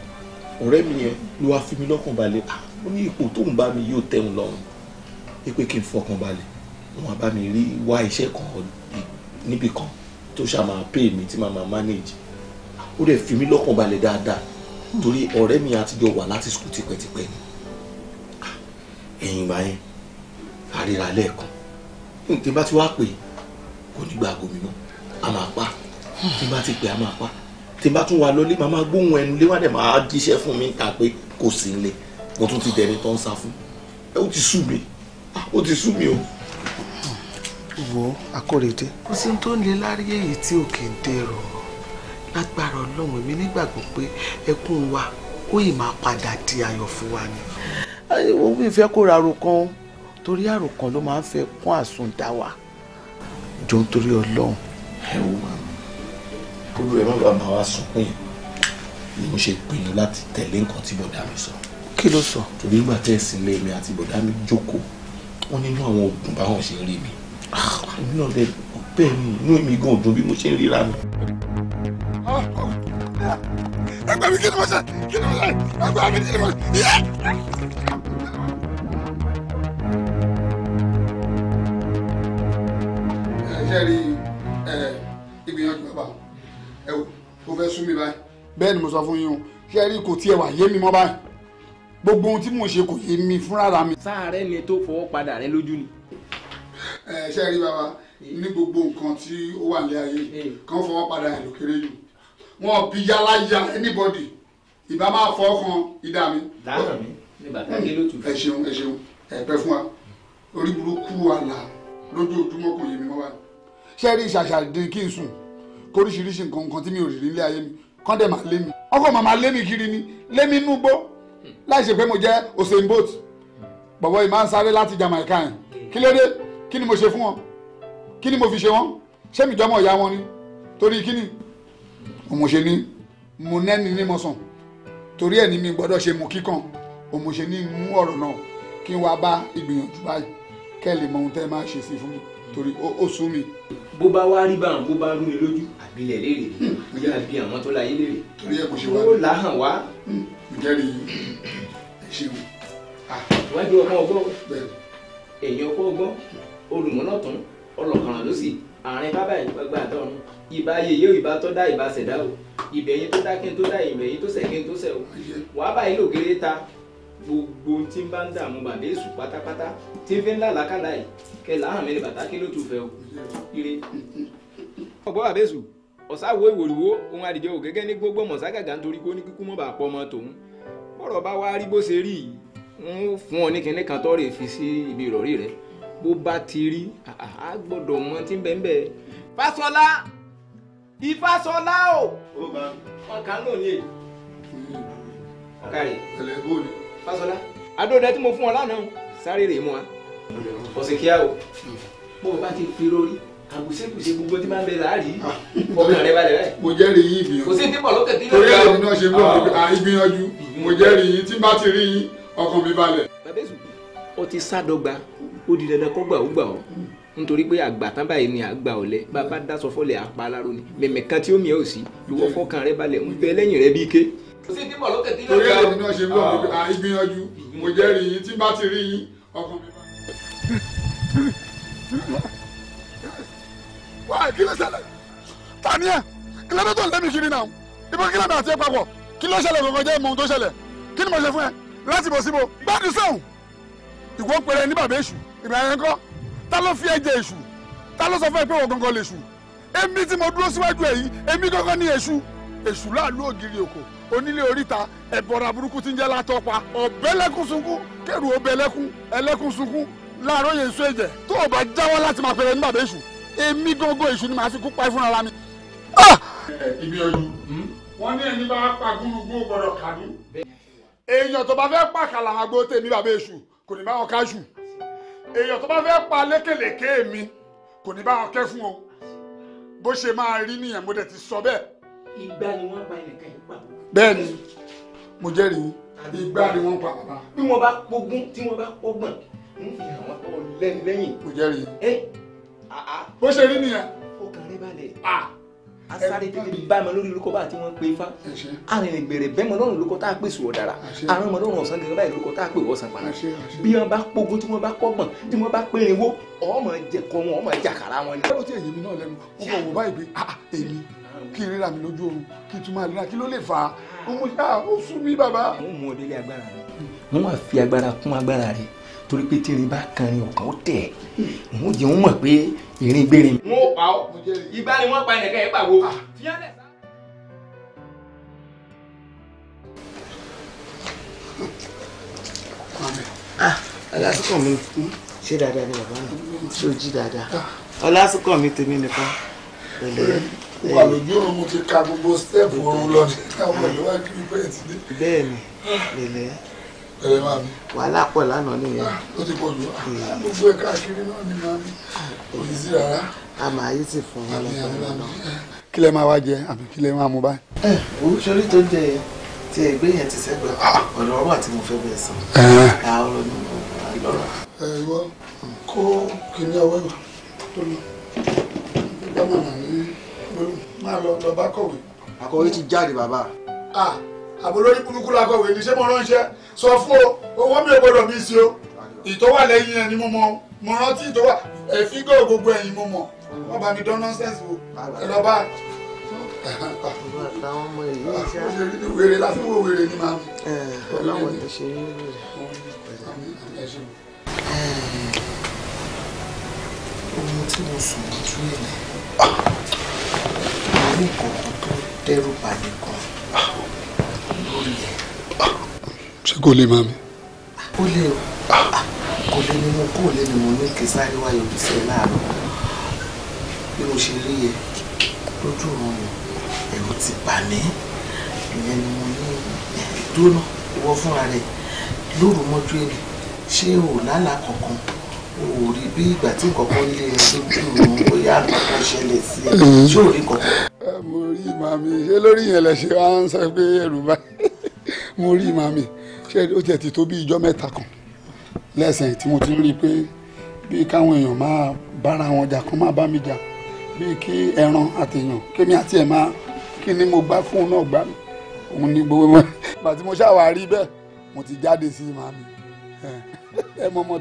ọ̀rẹ́ mi yẹn ló wá fi mi lọ́kàn balẹ̀ ah, ó ní ipò tóun bá mi yóò tẹ̀hún lọ́rùn pé kí n fọkàn balẹ̀ wọn bá mi rí wá iṣẹ́ kan níbì kan tó ṣàmà pay mi tí màmá manage ó dẹ̀ fi mí lọ́kàn balẹ̀ dáadáa torí ọ̀rẹ́ mi àtijọ́ wà láti sùkúl tipẹ́tipẹ́ ni ah, ẹ̀yìn ìgbà yẹn àríra lẹ́ẹ̀kan tí n bá ti wá pè kò ní gba àgọ́ mi mọ́ a máa pa tí n bá ti pè a máa pa tí n bá tún wà lọlé màá máa gbóhùn ẹnu lé wá dẹ̀ máa jíṣẹ́ fún mi ta pé kò sí nílé mo tún ti dẹni tó sá fún ẹ ó ti sú mi ah, ó ti sú mi o. wo akóredé kò sí tó ń lé lárí èyí tí ò kì dèrò lágbára ọlọ́run èmi nígbàgbọ́ pé ẹkún wa ó yìí máa padà di ayọ̀ fún wa ni. òun ìfẹ́ kó ra àròkàn torí àròkàn ló máa ń fẹ́ kún àsundá wa jọ nítorí ọlọ́run. ẹ wò wá olú ẹ má bàa máa wá sunkún yìí ni mo ṣe pinnu láti tẹ̀lé nǹkan tí bọ̀dá mi sọ. kí ló sọ. torí nígbà tẹ́ ẹ̀ sílé mi àti bọ̀dá mi jókòó wọ́n nínú àwọn oògùn báwọn ṣe ń rí mi. Ah. èmi náà bẹ́ẹ̀ ni inú mi gan-an dùn bí mo ṣe ríra mi ẹ gbà mí kí ni mo ṣe kí ni mo ṣe ẹ gbà mí kí ni mo ṣe. kẹ́rí ìgbìyànjú bàbá ẹ wò ó fẹ́ sún mi báyìí. bẹ́ẹ̀ ni mo sọ fún yín o kẹ́rí kò tiẹ̀ wà yé mi mọ́ báyìí gbogbo ohun tí mò ń ṣe kò yé mi fúnra mi. sáàárẹ̀ ni tó fọwọ́ padà rẹ lójú ni. ṣe rí bàbá eh. ní gbogbo nǹkan tí ó wà ní ayé eh. kan fọwọ́ padà ẹ̀ lókèrè jù wọn bí yàrá ya anybody ìbá máa fọ ọkàn ìdá mi. dáná mi ní bàtà kí ló tù. ẹ ṣeun ẹ ṣeun ẹ pẹ fún wa orí burúkú àlà lójoojúmọ́ kò yé mi mọ́ wa. ṣé rí ìṣàṣàdé kí n sùn kóríṣiríṣi nǹkan nǹkan tí mi ò rí nílé ayé mi kán dẹ̀ máa lé mi ọkọ̀ màmá lé mi kiri ni lé mi nú gbó láì ṣe pé mo jẹ́ Usain Bolt bọ̀bọ̀ yìí máa ń sáré láti Jamaica yẹn kí ló dé kí ni mo ṣe fún wọn kí ni mo fi ṣe wọn ṣé mi jọmọ ìyá wọn ni torí kí ni mo ṣe ní mo nẹ́ni ní mọ̀sán torí ẹ̀ ní mi gbọ́dọ̀ ṣe mo kíkàn mo ṣe ní mú ọ̀rọ̀ náà kí n wá bá ìgbìyànjú báyìí kẹ́ ẹ̀ lè mọ ohun tẹ́ ẹ máa ṣe sí fún mi torí ó sú mi. bó bá wá rí báwọn bó bá rú mi lójú àbílẹ̀ léèrè hmm. bí àwọn tó láyé léèrè torí ẹ̀ mo ṣe wá. ó làhàn wá. ìjẹ́rìí hmm. ẹ ṣeun. Ah. wájú ọmọ ọgbọ́n èèyàn ọgbọ́n olùmọ́nà tán ọlọ́kànlá ló sì àárín bábà ìgbàgbà àtọ́run ìbá yèyé ìbá tó dá ìbá ṣẹ̀dá o ìbẹ̀yìn tó dá kí n tó dá ìbẹ̀yìn tó ṣẹ̀ kí n tó ṣẹ̀ o wàá báyìí lò géré ta gbogbo tí ń bá ń dààmú bàbá èṣù pátápátá tí ń fi ń làlákàlà yìí kẹ láhàn mi ni bàtà kí ló tù fẹ́ o ire. ọ̀gbọ́n bàbá èṣù ọ̀sáwo ìwòlúwo ohun àdìjọ ò gẹ́gẹ́ ní gbogbo mọ̀ságàgà nítorí kó ní kíkú mọ́ bàá pọ̀ ọmọ tòun bọ́rọ̀ bá wá rí bó ṣe rí yìí ń fún ọ ní kinní kan tó rè fi sí ibi ìrọ̀rí rẹ bó bá ti rí a gbọ́dọ̀ tí ń bẹ́ẹ̀ bẹ́ẹ̀. fásọlá ìfàsọlá o. ọkà ń lò ní èyí ọkà rè fàsọlá. adóòdà tí mo fún ọ lánàá sáré rè mú wa. ọ̀sìn kíá o hmm. bó o bá ti fi rori àbùsẹ̀kùsẹ̀ gbogbo tí máa ń bẹ láàrí ah. ọkàn rẹ balẹ̀ báyìí. mo jẹ́rìí yín ìgbìyànjú. kò sí ní bọ̀ lókè tí yóò gbà. torí ẹ̀rọ mi náà ṣe ń lọ ah. ah, ìgbìyànjú mo jẹ́rìí yín tí bá ti rí yín ọkàn mi balẹ̀. bàbá èsù o ti sádọgba ó di dandan kó gbà ó gbà ó hmm nítorí pé àgbà tán báyìí ni àgbà ọ̀lẹ bàbá dáṣọ fọlẹ̀ àpaláró ni mẹ̀mẹ̀ kan tí ó mìíràn sí ìwọ fọkàn rẹ balẹ̀ ń bẹ lẹ́yìn rẹ bí ké. torí ẹ̀rọ ni wọ́n ṣe ń lọ ìgbìyànjú mo jẹ́ rí yín tí bá ti rí yín ọkàn mi bá. wá kí ló ṣẹlẹ̀ tani ẹ̀ kí ló dé tó ń lẹ́mìí kiri náà ibo kí lóde àti ẹ̀ papọ̀ kí ló ṣẹlẹ̀ gbọ̀ngàn jẹ́ mọ̀ ohun tó ṣẹlẹ̀ kí ni mo ṣe fún ẹ láti bọ̀ síbo gbádùn sẹ́wọ̀n ìwọ́n pẹ̀lẹ́ ní bàbá èṣù ìbẹ̀rẹ̀ ńkọ́ ta ló fi ẹ̀jẹ̀ èṣù ta ló sọ fún ẹ pé wọ́n gangan lè ṣù èmi tí mo dúró síwájú ẹ̀ yìí èmi gangan ní èṣù èṣù láàlú ògiri òkò onílé oríta ẹ̀bọ̀ra burúkú ti ń jẹ́ látọ́pa ọ̀bẹ́lẹ́kùn sunkún kẹrù ọbẹ̀lẹ́kùn ẹlẹ́kùn sunkún láàárọ̀ yẹn sọ ẹ̀jẹ̀ tó o bá jáwọ́ láti máa pẹ̀lẹ́ ní bàbá èṣù èmi gangan èṣù ni màá fi kú pa fúnra ra mi. Ah! ibi ojú hmm? wọn ní ẹni bá pa gúrúgbó gbọ́dọ̀ kàdú. èèyàn tó bá fẹ́ pàkàlà àgbo tèmi bàbá èṣù kò ní bá wọn ká ṣù èèyàn tó bá fẹ́ pa lékèlékè mi kò ní bá wọn kẹ́ fún o bó ṣe máa rí nìyẹn mo dẹ̀ ti sọ bẹ́ẹ̀. ìgbà ni wọ́n gba ẹnìkan yìí pa. bẹ́ẹ̀ni mo jẹ́rìí ìgbà ni wọ́n pa bàbá. bí wọ́n bá pogún tí wọ́n bá pogbọ̀n ń fi àwọn ọlẹ́ni lẹ́yìn. mo jẹ́rìí. bó ṣe rí nìyẹn. ó kàn rí balẹ̀ asáré tètè bá mi lórí olùkọ́ bá àti wọ́n pe ifá arìnrìn gbèrè bẹ́ẹ̀ mọ́ lọ́rùn olùkọ́ a pè sùn ọ̀dàrà àrùn mọ́ lọ́rùn ọ̀sán gẹ́gẹ́ báyìí olùkọ́ tá a pè wọ́sàn padà bí wọ́n bá pogun tí wọ́n bá kọ́gbọ̀n tí wọ́n bá périnwó ọmọ jẹ̀kọ́ wọn ọmọ jàkàrà wọn. ọ̀rọ̀ tí èyí mi náà ah, ah èmi kí n ríra mi lójú oorun kí n tún máa ríra kí ló lè fà á mo ṣáà ah, ó sún mí bàbá. mo mú ọdẹ lé agbára rẹ wọn wá fi agbára kún agbára rẹ torí pé tí irin bá kan irin ọkàn ó tẹ ẹ òun jẹun mọ pé ìrìn gbérin. wọn ò pa ọ ìgbà ni wọn pa ẹnìkan yẹn pàwọ. Ah, ọlásùkàn mi hmm? ṣe dáadáa ni bàbá mi ṣe ojú dáadáa ọlásùkàn mi tèmi nìkan pẹ̀lẹ́ wà lójú oorun mo ti ka gbogbo step oorun lọ ní àwọn ìwádìí pẹ̀lú ẹ̀ ti dé. bẹ́ẹ̀ni ẹ̀rẹ̀ máa mi. wàhálà pọ̀ lánàá nìyẹn. ó ti pọ̀ jù gbogbo ẹ̀ káàkiri náà ni máa mi kò ní sí rárá. a máa yí sì fún wọn lọ́sọ̀rọ̀ kí lẹ máa wá jẹ àbí kí lẹ máa mú báyìí. ẹ oríṣiríṣi tó jẹ ti ẹgbẹ́ yẹn ti sẹ́gbẹ̀ ah. ọ̀rọ̀ ọ̀rọ̀ àti mo fẹ́ bẹ̀ sàn. àárọ̀ ni mo máa lọ́ra. ẹ ìwọ ìwà tó lọ bá màmá mi má lọ lọ bá kọ̀wé. àkọ̀wé ti jáde bàbá. ah àbólórí burúkú la kọ̀wé ní ṣé mo ránṣẹ́ sọ fún o owó mi ò gbọ́dọ̀ mi sí o ìtọ́wà lẹ́yìn ẹ̀ ni mo mọ mo rántí ìtọ́wà ẹ̀ fígọ̀ gbogbo ẹ̀yìn mo mọ̀ wọ́n bá mi dán nọ́ńsẹ̀nsì wo ẹ lọ bá àwọn ọmọ ìlú ìṣá. ó ṣe rí ní wèrè lásìkò wèrè ni màá. ọlọ́wọ́ ti ṣe rí wèrè. ohun tí mo sùn lójú ẹ̀ ní kọ̀ọ̀kan tó dẹ́rù bàmí kan lórí rẹ̀. ṣé kò lè máa mi. ó lè o kò lè ní mo kò lè ní mo ní kí sáré wáyé òbí sí ẹ láàárọ̀ bí mo ṣe rí yẹ lójú òun mi ẹ̀rù ti bà mí ìyẹn ni mo ní dúró náà ìwọ fúnra rẹ lóru mọ́jú ẹni ṣé o lálàá kankan ò rí bí ìgbà tí kọ̀ọ̀kan lé ẹ lójú bóyá kọ̀ọ̀kan ṣẹlẹ̀ sí ẹ mm-hmm. ṣé ò rí mo rí màmí ṣé lórí yẹn lẹ ṣe wá ń sọ pé ẹrù bá mo rí màmí ṣé ó tiẹ̀ ti tó bí ijọ́ mẹ́ta kan lẹ́sẹ̀ tí mo ti rí i pé bí káwọn èèyàn máa bára wọn jà kán máa bá mi jà bí kí ẹran àtẹ̀yàn kémi àti ẹ̀ máa kí ni mo gbá fóun náà gbá mi òun ni gbogbo wọn gbà tí mo ṣàwárí bẹ́ẹ̀ mo ti jáde sí màmí ẹ mọ ọmọ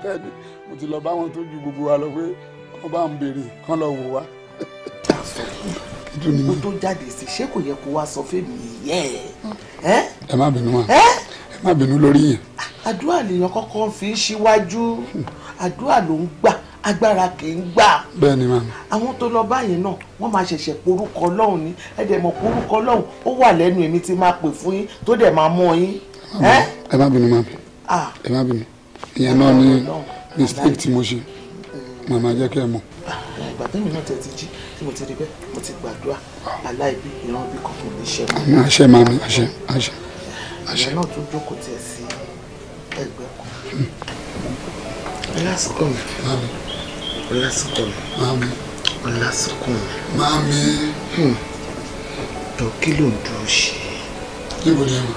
ti lọ bá wọn tó ju gbogbo wa lọ pé wọn bá ń béèrè kán lọ wò wá. ìdùnnú tó jáde sí ṣé kò yẹ kó wá sọ fún mi yẹ ẹ. ẹ má bínú wa ẹ má bínú lórí yẹn. àdúrà lèèyàn kọ́kọ́ fi ń ṣíwájú àdúrà ló ń gbà agbára kì í gbà. bẹ́ẹ̀ni maami. àwọn tó lọ báyìí náà wọ́n máa ṣẹ̀ṣẹ̀ porúkọ Ọlọ́run ni ẹ dẹ̀ mọ̀ porúkọ Ọlọ́run ó wà lẹ́nu èmi tí máa pè fún yín tó dẹ̀ máa mọ̀ yín. ẹ má bínú maami ẹ má bínú ìyẹn náà ni mistake tí mo ṣe màmá jẹ́ kẹ́ ẹ mọ̀. ìgbà tẹ́mi náà tẹ̀ ti jí tí mo ti rí bẹ́ẹ̀ mo ti gbàdúrà aláìbí ìran bí kankan ní iṣẹ́ mi. àṣẹ màmí àṣẹ àṣẹ. ìyá náà tún jókòó tiẹ̀ sí ẹgbẹ́ kan. Hmm. ọlásùkò mi ọlásùkò mi ọlásùkò mi. màmí. Hmm. jọ kí ló ń dúró ṣe. níbo ni ẹ wà.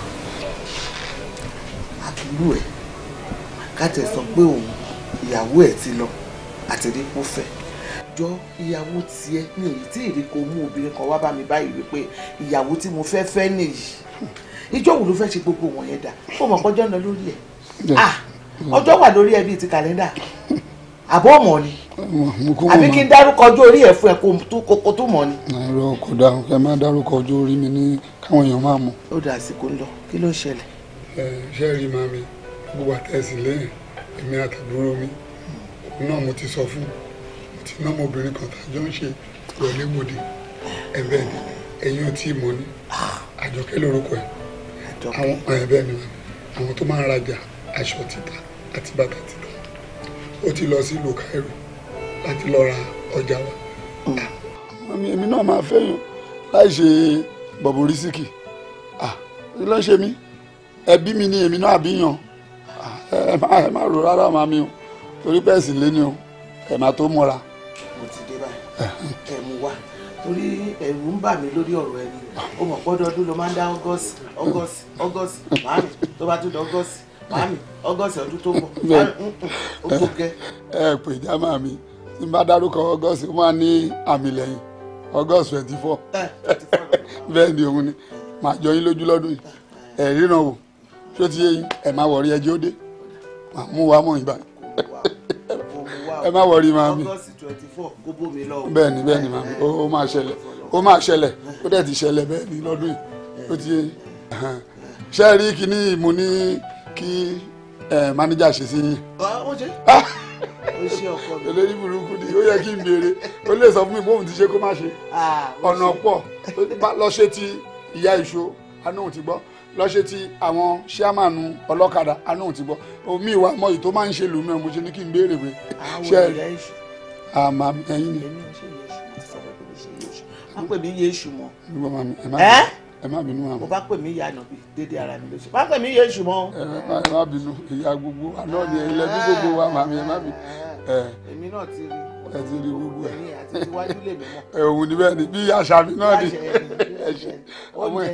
àbúrò ẹ ká tẹ̀ sọ pé òun ìyàwó ẹ̀ ti lọ àti rí kó fẹ́ jọ ìyàwó tiẹ̀ mi ò tí ì rí kó mú obìnrin kan wá bá mi báyìí wípé ìyàwó tí mo fẹ́ fẹ́ nìyí ìjọ wo ló fẹ́ ṣe gbogbo wọn yẹn dà ó mọ̀ pọ́jọ́ náà lórí ẹ̀ ah, ọjọ́ wà lórí ẹ bíi ti kàlẹ́ndà àbọ̀ ọmọ ni àbí kí n dárúkọ ọjọ́ orí ẹ̀ fún ẹ kó tó mọ̀ ni. ẹ̀rọ kò dáa ẹ máa dárúkọ ọjọ́ orí mi ní káwọn èèyàn máa mọ̀. ó dà àsìkò ń lọ kí ló ń ṣẹlẹ̀. ẹ ṣe rí màmí gbogbo àtẹ̀sí èmi àtàbúrò mi òun náà mo ti sọ fún mo ti ná ọmọbìnrin kan tàjọ ń ṣe ìrọ̀lẹ́gbòde ẹ̀bẹ̀ ni ẹ̀yin ò tí ì mọ̀ ni àjọkẹ́ lórúkọ ẹ̀ àwọn ẹ̀bẹ̀ ni àwọn tó máa ń rajà aṣọ títà àti bàtà títà ó ti lọ sí ìlú Cairo láti lọ ra ọjà wa. Mm. èmi náà máa fẹ́yàn láì ṣe bọ̀bọ̀ rísíkì ah ló ń ẹbí mi ni èmi náà àbíyàn. ẹ má ẹ má rò rárá màmí o torí pẹ́ẹ́sì lé o ẹ má tó múra. mo ti dé báyìí ẹ mú wá torí ẹ̀rù ń bà mí lórí ọrọ ẹni o mọ̀ pọ́dọọdún ló máa ń dá ọgọ́sì ọgọ́sì ọgọ́sì màmí tó bá tún dá ọgọ́sì màmí ọgọ́sì ọdún tó bọ̀ ó ẹ pè já màmí tí n bá dárúkọ ó máa ní àmì bẹ́ẹ̀ ni òun ni màá jọ yín lójú lọ́dún yìí ríran tí ó ti yé yín ẹjọ́ dé. máa mú wa mọ̀ ìgbà ẹ má wọrí máa mi bẹ́ẹ̀ ni bẹ́ẹ̀ ni máa mi ó máa ṣẹlẹ̀ ó máa ṣẹlẹ̀ ó dẹ̀ ti ṣẹlẹ̀ bẹ́ẹ̀ ni lọ́dún yìí ó ti ṣe rí kíní mo ní kí mánéjà ṣe sí yín. olórí ah! burúkú ni ó yẹ kí n béèrè ó lè sọ fún mi bóun ti ṣe kó má ah, ṣe ọ̀nà pọ̀ lọ ṣe ti ìyá ìṣó anóhùn ti gbọ́ lọ́ṣẹ́ ti àwọn ṣíàmánu ọlọ́kadà àánú ti gbọ́ omi ìwà mọ́ èyí tó máa ń ṣe lòun náà mo ṣe ní kí n béèrè pé ṣe é àmà ẹyin ni. má pè mí yéṣu mọ́. ẹ ẹ má bínú àmọ́. mo bá pè mí yànnà bí dédé ara mi lóṣù má pè mí yéṣu mọ́. ẹ má bínú ìyá gbogbo àná ni ẹ̀yin lẹ́bí gbogbo wa màmí ẹ má bínú. èmi náà ti rí ẹ ti rí gbogbo ẹ òun ni ni bí àṣà mi náà ni ọmọ ẹ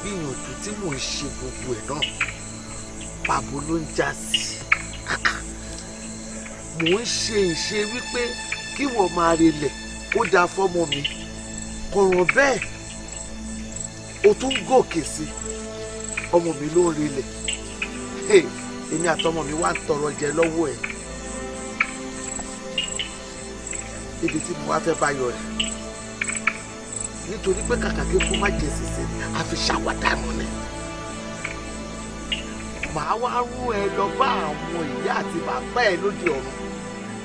gbìyànjú tí mò ń ṣe gbogbo ẹ̀ náà pàbó ló ń já sí mò ń ṣe ìṣe wípé kí wọ́n máa relẹ̀ ó dáa fọ́mọ mi kọ̀ràn bẹ́ẹ̀ o tún gòkè sí ọmọ mi ló ń relẹ̀ èmi àtọmọ mi wá ń tọrọ jẹ lọ́wọ́ ẹ̀ ibi tí mo wá fẹ́ bá yọ rẹ̀ nítorí pé kàkà kí kó má jẹ sísè àfi ṣàwádànù ni màá wá rú ẹ lọ bá àwọn ìyá àti bàbá ẹ lóde ọ̀run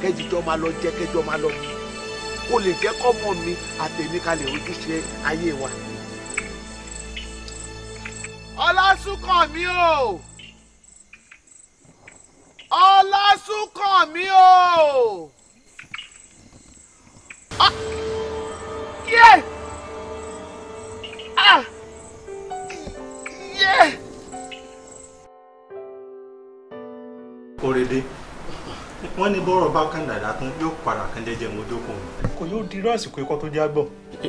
kẹjìjọ máa lọ jẹ kẹjọ máa lọ mu kó lè jẹ́ kọ́mọ mi àtẹ̀mí ká ojúṣe ayé wa. ọlásùnkàn mi o ọlásùnkàn mi o. Ah! Yeah! Ah! Yeah! Orede, wọ́n ní bọ́rọ̀ bá kàn dàda tán yóò padà kan jẹ́jẹ́ mo dókun. Kò yóò dirú àsìkò ikọ́ tó já gbọ̀.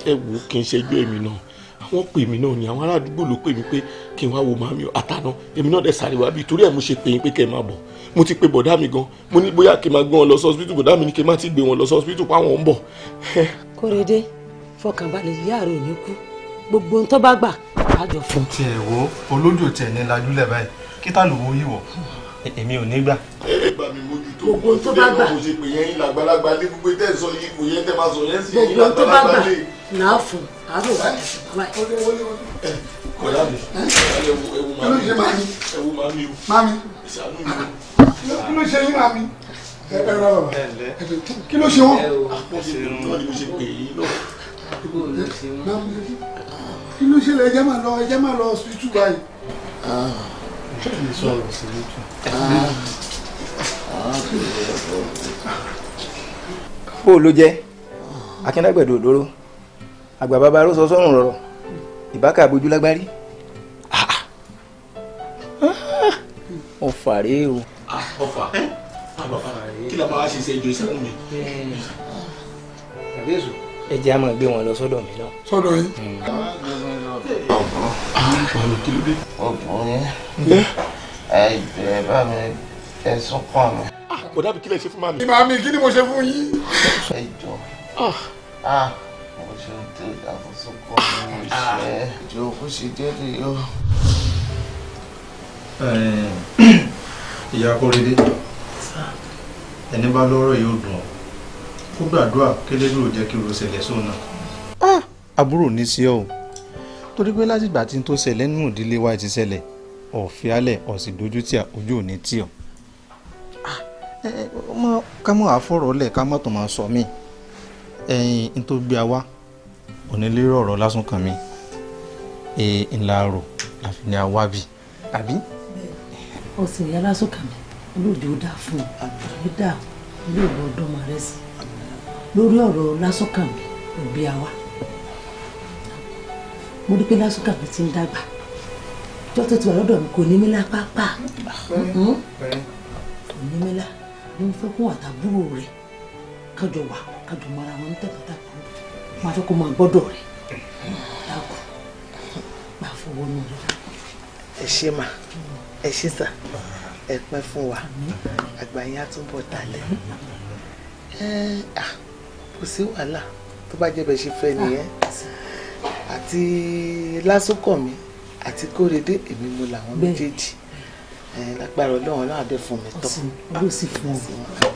Ẹ wo kí n ṣẹjú èmi náà. Àwọn pè mí náà ni àwọn ará àdúgbò ló pè mí pé kí n wá wo màmí àtàná. Èmi náà dẹ̀ sáré wá bí torí ẹ̀ mo ṣe pè yín pé kẹ́ ẹ máa bọ̀ mo ti pe bọ̀dá mi gan mo ní bóyá kí n máa gbé wọn lọ sí hospital bọ̀dá mi ni kí n má ti gbé wọn lọ sí hospital páwọn ń bọ̀. Kórèdé fọkànbalẹ̀ ìyá rẹ̀ kú gbogbo ohun tó bá gbà àjọ fún. o tiẹ̀ wo olójó tiẹ̀ ní lajúlẹ̀ báyìí kí tá ló wo yìí wọ̀ èmi ò ní gbà. ẹ gbà mí mójútó gbogbo ohun tó bá gbà mo ṣe yẹn yín làgbàlagbà ní gbogbo tẹ́ sọ yìí kò yẹ tẹ́ máa sọ yẹn sí yín làgbàlagbà lè. náà fún àárò wà. kọ̀yà mi ẹ̀wù màmí ẹ̀wù màmí o. màmí kí ló ṣe yín màmí ẹ ẹ rárá bàbá kí ló ṣe wọn. àpò ṣe ń lọ kí ló ṣẹlẹ̀ ẹjẹ́ máa lọ ẹjẹ́ máa lọ hospital báyìí. ṣé sọ̀rọ̀ sí i tù. bó ló jẹ́ akíndàgbẹ̀dọ̀ òdòrò àgbà bàbá arúsọ sọ́run rọ̀rọ̀ ìbákà abojú lágbárí. ọfà rèé o. ọfà kí la máa ṣe ṣe ìjọ ìṣẹ́gun mi. kàbíyèsí ẹ jẹ́ àmọ́ gbé wọn lọ sọ́dọ̀ mi náà. sọ́dọ̀ yìí. ọ̀pọ̀ kí ló dé. ọ̀pọ̀ yẹn ẹ bá mi ẹ̀sùn kàn mí. Ah, kò dàbí kílẹ̀ ṣe fún màmí. ìmọ̀ mi kí ni mo ṣe fún yín. ẹ jọ ah. Ah, mo ṣe ń tó ìdàgbàsókò mi mo ṣe jọ kó ṣe déédéé yóò. ìyá kórede ẹni bá lọ́rọ̀ yóò dùn ọ́ kó gbàdúrà kélédùn ò jẹ́ kí o ṣẹlẹ̀ sóun náà. Ah! àbúrò ní sí ọ torí pé látìgbà tí n tó ṣẹlẹ̀ nínú ìdílé wa ti ṣẹlẹ̀ ọ̀fíàlẹ̀ ọ̀sìn dojú tí a ojú ò ní tì ọ́ ah! ká mọ̀ àfọ̀rọ̀ lẹ̀ ká mọ̀ tó máa sọ mí ẹ̀yìn n tó gbé a wá onílérò ọ̀rọ̀ lásán kan mi ee ńlá rò láfi ní a wá bì àbí. ọ̀sẹ̀ ìyá lásán kan mi olóòjò dáa fún un àbúrò dáa olóòjò ọdún ọmọ rẹ sí i lórí ọ̀rọ̀ lásùnkànmí òbí àwa mo rí pé lásùnkànmí ti ń dàgbà ọjọ́ tó ti wà lọ́dọ̀ mi kò ní mí lápá pà kò ní mí lá ni mo fẹ́ kó àtàbúrò rẹ̀ kájọ wà kájọ mọ ara wọn ní tẹ̀kọ́tàkọ́ máa fẹ́ kó máa gbọ́dọ̀ rẹ̀ dákun máa fọwọ́ nù rẹ̀. ẹ ṣe mà hmm. ẹ ṣe sà ẹ pẹ́ fún wa àgbà yín á túbọ̀ tàlẹ̀ ẹ ah kò sí wàhálà tó bá jẹ́ bẹ́ẹ̀ ṣe fẹ́ nìyẹn àti lásùkànmí àti kórèdé èmi mo làwọn méjèèjì lágbára ọlọ́run ọlọ́run àdé fún mi tán. ọlọ́run sì fún ọ.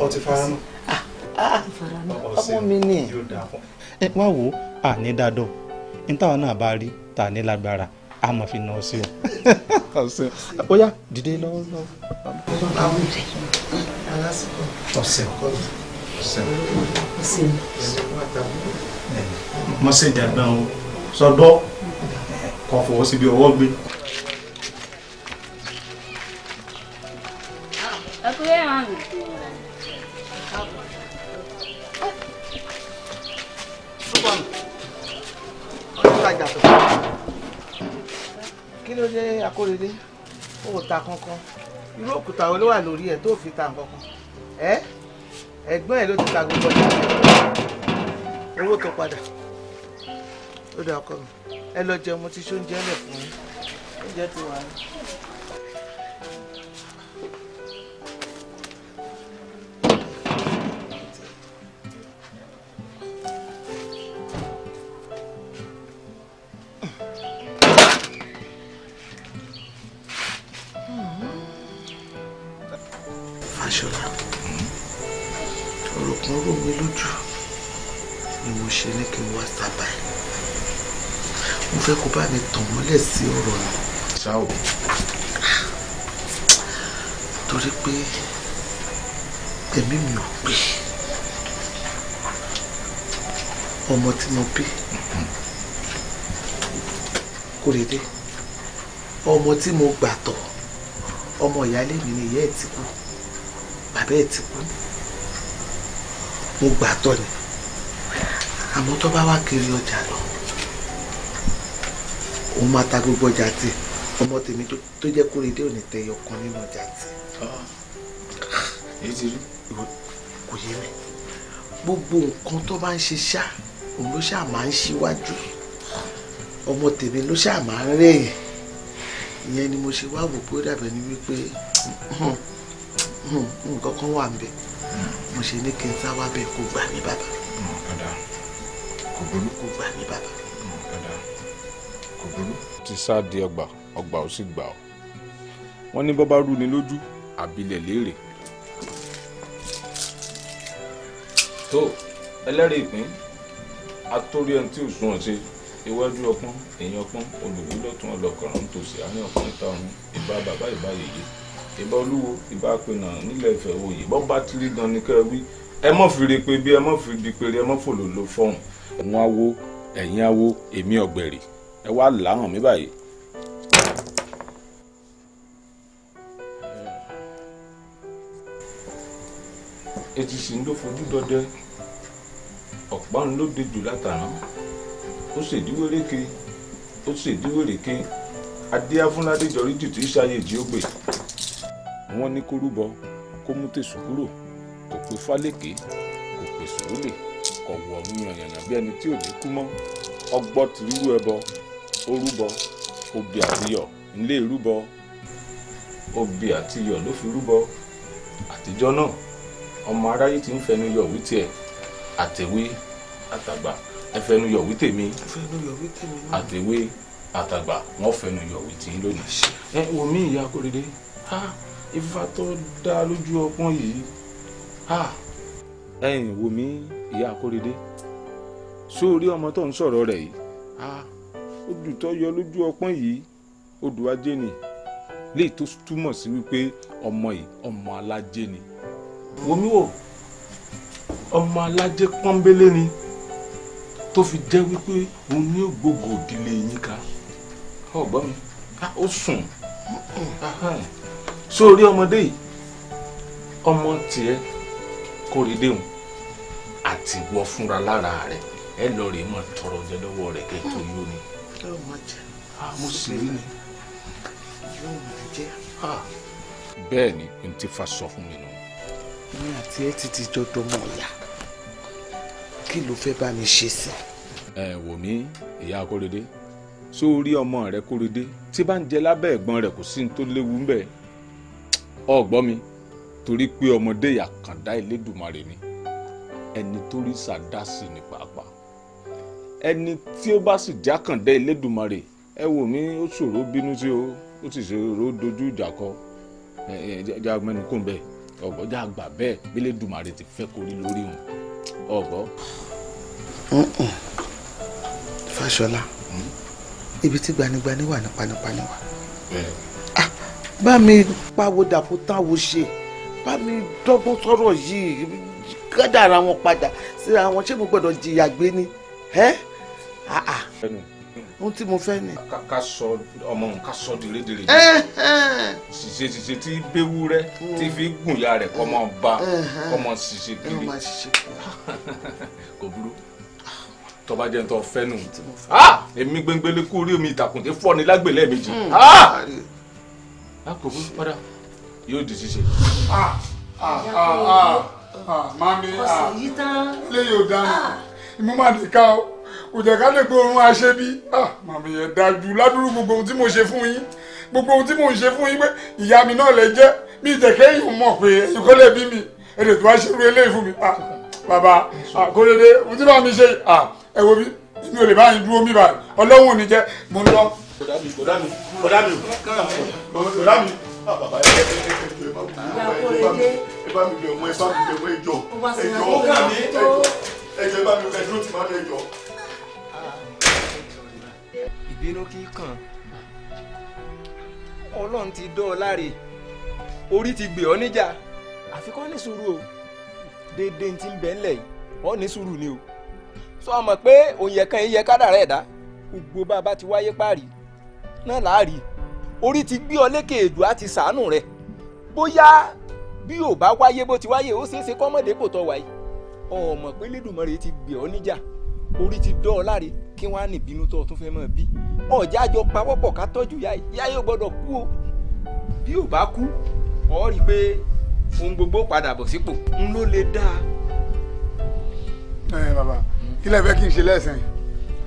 ọ ti fara nù. ọmọ mi ni. ẹ má wo àní dáadọ́ ní táwọn náà bá rí ta ní lágbára a mọ̀ fi nà ọ sí ọ. ó yá dìde lọ́wọ́lọ́wọ́. ọ̀sẹ̀ ọ̀kọ́ mi mọ́sẹ̀jà gbọ́n o sọ́dọ́ kọ̀ fọwọ́ síbi ọwọ́ gbé. kí ló dé akóredé ta kankan irú òkúta wo ló wà lórí ẹ tó fi ta nǹkan Eh? ẹ̀gbọ́n ẹ̀ ló ti ta gbogbo ọjà owó tó padà ó dà ọkọ mi ẹ lọ jẹun mo ti ṣe oúnjẹ lẹ̀ fún yín oúnjẹ ti wà ní. Aṣọ́lá kì í rò mí lójú ni mo ṣe ní kí n wá sábà ẹ̀ mo fẹ́ kó bá mi tàn mọ́lẹ̀ sí ọ̀rọ̀ náà. torí pé ẹ̀mí mi ò pé ọmọ tí mo bí kò lè dé ọmọ tí mo gbà tọ̀ ọmọ ìyáálé mi ni ìyá ẹ̀ ti kú bàbá ẹ̀ ti kú mo gbà tọ́ ni àmọ́ tó bá wá kiri ọjà lọ òun máa ta gbogbo ọjà tì ọmọ tèmi tó jẹ́ kórèdé ò ní tẹyọ kan nínú ọjà tì. Ah, èyí ti rí kò yé mi gbogbo nǹkan tó bá ń ṣe ṣá òun ló ṣáà máa ń ṣíwájú ọmọ tèmi ló ṣáà máa ń rẹ̀yìn ìyẹn ni mo ṣe wá wò pé ó dàbẹ̀ ni wípé nǹkan kan wà ń bẹ̀ mo ṣe ní kí n sá wá bẹ́ẹ̀ kó gbà mí bàbá. Mm, kò burú. kó gbà mí bàbá. Mm, kò burú. ti sáàdì ọgbà ọgbà ó sì gbà ọ wọ́n ní bọ́bá rú ni lójú àbílẹ̀ léèrè. tó ẹlẹ́rìí ìpín atórí ẹni tí ò sún ọ ṣe iwájú ọpọ́n èèyàn ọpọ́n olùwúlọ́tún ọlọ́kọ̀ọ̀rọ̀ ń tòsí àárín ọpọ́n ìta ọ̀run ìbá bàbá ìbá yèyé ìbá olúwo ìbá pinna nílẹ̀ ìfẹ́ òye bọ́n bá ti rí gan ni kẹ́ ẹ wí ẹ mọ̀ fi re pé bí ẹ mọ̀ fi di péré ẹ mọ̀ fò ló lo fọ́ọ̀n. wọn awo ẹ̀yin awo èmi ọ̀gbẹ̀rì ẹ wá làárọ̀ mi báyìí. etí sì ń ló fojú dọdẹ ọ̀pá ń ló dejò látàná ó ṣèdí wéréke ó ṣèdí wéreke adé afúnládé jọrí jù tí í ṣayé jí ó gbè wọ́n ní kó rúbọ kó mú tèṣù kúrò kò pé fálékè kò pé sùúlè kò wọ ọ̀hún yànnà bí ẹni tí ò ní kú mọ́ ọgbọ́ ti rírú ẹbọ ó rúbọ obì àtiyọ̀ ńlé rúbọ obì àtiyọ̀ ló fi rúbọ àtijọ́ náà ọmọ aráyé ti ń fẹnu yọ òwú tiẹ̀ àtẹ̀wé àtàgbà ẹfẹnu yọ òwú tèmi àtẹ̀wé àtàgbà wọ́n fẹnu yọ òwú tì í lónìí ẹ wo mí ìyá kórede ha ifá tó dá lójú ọpọ́n yìí ẹ̀yin wò mí ìyá akóredé sórí ọmọ tó ń sọ̀rọ̀ rẹ̀ yìí odù tó yọ lójú ọpọ́n yìí odù ajé ni léyìí tó túmọ̀ sí wípé ọmọ yìí ọmọ alájé ni. wòmí wò ọmọ alájé pọ́nbélé ni tó fi jẹ́ wípé òun ní gbogbo òdìlé yín ká ọgbọ́n mi ó sùn sórí ọmọdé yìí ọmọ tiẹ̀ kórìdéhùn àti wọ fúnra lára rẹ̀ ẹ lọ rè mọ tọrọ jẹ lọ́wọ́ rẹ̀ kẹ tó yó ni. Ah, ah, mo sì rí ni. Ah, bẹ́ẹ̀ ni n ti fa sọ fún mi nù. mi àti ẹ ti ti jọ dọmọ ọ̀yà kí ló fẹ́ bá mi ṣe sí. ẹ wò mí ìyá kórìdé sórí ọmọ rẹ kórìdé tí bá ń jẹ lábẹ́ ẹ̀gbọ́n rẹ kò sí ní tó léwu ń bẹ́ẹ̀ ọgbọ́n mi torí pé ọmọdé àkàndá Elédùmarè ni ẹni tó rí sàdá sí ni pàápàá ẹni tí ó bá sì jẹ́ àkàndá Elédùmarè ẹ wò mí ó ṣòro bínú sí o ó sì ṣòro dojú ìjà kọ ẹ ẹ jágbẹ́ni kò ń bẹ́ẹ̀ ọ̀gbọ́n já gbà bẹ́ẹ̀ bẹ́lẹ́dùmarè ti fẹ́ kórí lórí wọn ọ̀gbọ́n. Fáṣọlá hmm? ibi tí gbanigbani wà ní panipani wà bá mi pawó dàpọ̀ táwo ṣe bá mi dọ́gbọ́n sọ̀rọ̀ yìí kádàrá wọn padà síra wọn ṣé mo gbọ́dọ̀ jìyà gbé ni ẹ́ àà ohun tí mo fẹ́ ni. ká sọ ọmọ òun ká sọ dèrèdèrè ṣìṣe ṣìṣe tí béwu rẹ tí fi gùn ya rẹ kọ́ mọ́ ba kọ́ mọ́ ṣìṣe kiri kò burú tọba jẹ́ nítorí fẹ́ nù ah! èmi gbẹngbẹlẹ kú rí omi ìtàkùn tí fọ́ ni lágbèlè méjì. Hmm. Ah! lápòbó padà yóò di ṣíṣe. Ah, ah, ah, mami ilé yóò dáná imú máa dé ká o kò jẹ́ ká lè gbé orun aṣebi mami ẹ̀ dájú ládùúrú gbogbo ohun tí mo ṣe fún yín gbogbo ohun tí mo ṣe fún yín pé ìyá mi náà lè jẹ́ mi ìjẹ̀kẹ́ yìí mọ̀ pé ẹ̀yìn kọ́ lè bí mi èdè tó wá ṣerú eléyìí fún mi bàbá kò dédé ohun tí màmí ṣe ẹ̀wọ̀ mi mi ò lè báyìí dúró mi báyìí ọlọ́run ò ní jẹ́ mo ń lọ. bọ̀dá mi bọ̀dá mi bọ̀dá mi bọ̀dá mi. bàbá ẹ ẹ ẹ ẹ bá mi ẹ bá mi bẹ̀ ọmọ ẹ bá mi bẹ̀ ọmọ ẹjọ ẹjọ ẹjọ ẹ bá mi bẹ̀ dúró tì má bẹ̀ ẹjọ. ìbínú kíkan ọlọ́run ti dán ọ láre orí ti gbè ọ níjà àfikún ní sùúrù o déédéé ti ń bẹ ńlẹ̀ yìí ọ ní sùúrù ni o sọ ọmọ pé òyìn ẹ̀kan yìí yẹ kádàrá ẹ̀dá gbogbo bá ti wáyé páàrí náà láàrí orí ti gbé ọ lékè èdò á sàánù rẹ bóyá bí ò bá wáyé bó ti wáyé ó ṣeé ṣe kọ́mọ̀dé kò tọ́ wáyé ọmọ pé Lédùmarè ti gbé ọ níjà orí ti dọ́ ọ láre kí wọ́n á ní ìbínú tó o fẹ́ mọ̀ bí ọ̀já jọ pawọ́pọ̀ ká tọ́jú yáyé yáyé ò gbọ́dọ̀ kú o bí ò bá kú ọ rí i pé ohun gbogbo padà bọ̀ sípò ń ló le dáa. ẹ bàbá kí lẹ fẹ́ kí n ṣe lẹ́sìn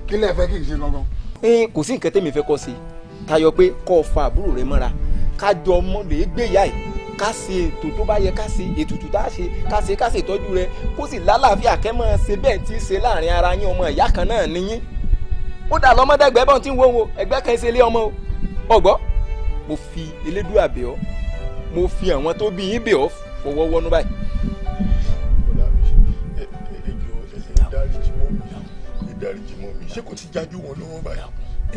kí lẹ fẹ́ kí n ṣe gangan. ẹ kò sí nǹkan tẹ́mi fẹ́ kọ́ sí tayọ pé kọ́ ọ fa àbúrò rẹ mọ́ra ká jọ ọmọ lè gbé ìyá ẹ̀ ká ṣe ètò tó bá yẹ ká ṣe ètùtù tá a ṣe ká ṣe ká ṣe ìtọ́jú rẹ kó sì lálàáfíà kẹ́ mọ́ ṣe bẹ́ẹ̀ tí ṣe láàrin ara yín ọmọ ìyá kan náà níyín ó dà lọ́mọdẹ́gbẹ́ bọ́n tí ń wo wo ẹgbẹ́ kan ṣe ilé ọmọ o ọgbọ́ mo fi elédùn àbẹ̀ ọ́ mo fi àwọn tó bí yín bẹ̀ ọ́ báyìí ṣé kò ti jájú wọn lọ́wọ́ báyà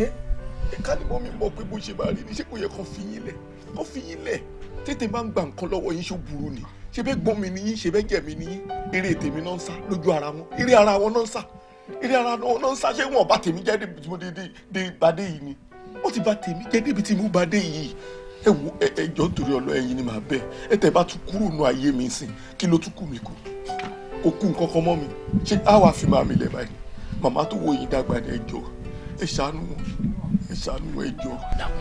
eh? ẹ ká ní mọ́ mi mọ̀ pé bó ṣe máa rí ni ṣé kò yẹ kó fi yín lẹ̀ kó fi yín lẹ̀ tètè máa ń gba nǹkan lọ́wọ́ yín ṣó burú ni ṣe bẹ́ẹ̀ gbọ́n mi nìyí ṣe bẹ́ẹ̀ jẹ̀ mi nìyí eré tèmi náà ń sá lójú ara wọn eré ara wọn náà ń sá eré ara wọn náà ń sá ṣé wọn ò bá tèmi jẹ́ débi tí mo dé bàdé yìí ni ó ti bá tèmi jẹ́ débi tí mo bàdé yìí ẹ wo ẹ jọ torí ọlọ ẹ̀yin ni màá bẹ̀ ẹ tẹ bá tún kúrò nù ayé mi sìn kí ló tún kù mí kù kò kú nǹkan kan mọ́ mi ṣé á fi máa mi lẹ̀ báyìí Mama tó wo yín dàgbà ní ẹjọ́ ẹ ṣàánú wọn ẹ ṣàánú wọn ẹjọ́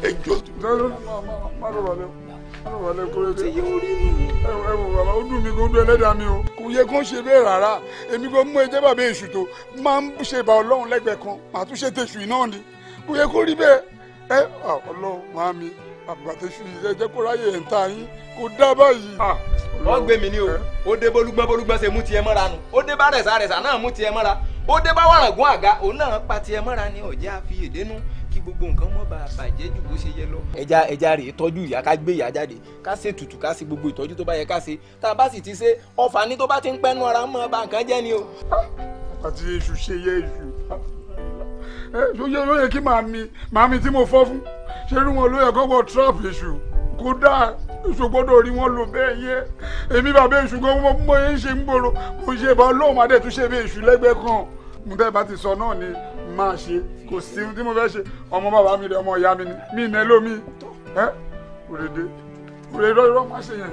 ẹjọ́ tó. lọ́rọ́ má ló wà lẹ́wọ̀ má ló wà lẹ́wọ̀ kó lè dé ẹ wò bàbá ó dùn mí kó dùn ẹlẹ́dàá mi o. kò yẹ kó ṣe bẹ́ẹ̀ rárá èmi kò mú ẹjẹ́ bàbá èṣù tó máa ń ṣe bá ọlọ́run lẹ́gbẹ̀ẹ́ kan màá tún ṣe tèṣù náà ni kò yẹ kó rí bẹ́ẹ̀ ẹ ọlọ́run máa mi àbàtẹ́sù yìí ẹ kó ráyè ẹ̀ ń ta yín kó dá báyìí wọ́n gbé mi ní o ó dé bólúgbọ́n bólúgbọ́n ṣe mú tiẹ̀ mọ́ra nu ó dé bá rẹ̀sà náà mú tiẹ̀ mọ́ra ó dé bá wàràngún àga òun náà pa tiẹ̀ mọ́ra ni ọ̀jẹ́ àfi kí gbogbo nǹkan mọ́ bá bàjẹ́ jù bó ṣe yẹ lọ. ẹja ẹja rèé tọ́jú ìyá ká gbé ìyá jáde ká ṣe tutù ká ṣe gbogbo ìtọ́jú tó bá yẹ ká ṣe tá a bá sì ti ṣe ọfà ni tó bá ti ń pẹ́nu ara mọ́ ọba nǹkan jẹ́ ni o. àti èṣù ṣe yẹ èṣù ṣó yẹ ló yẹ kí màmí màmí tí mo fọ́ fún ṣerú wọn ló yẹ kọ́ wọ trump èṣù kódà èso gbọ́dọ̀ rí wọn lò bẹ́ẹ̀ yẹ èmi bàbá èṣù gan mo mọ yẹn ṣe ń gbòòrò mo ṣe bá ọlọ́run adé tún ṣe bí èṣù lẹ́gbẹ̀ẹ́ kan mo tẹ́ bá ti sọ náà ni máa ṣe kò sí ohun tí mo fẹ́ ṣe ọmọ bàbá mi rẹ ọmọ ìyá mi ni mí ìnà lómi ẹ òrèdè òrèdè ọ̀rọ̀ má ṣe yẹn.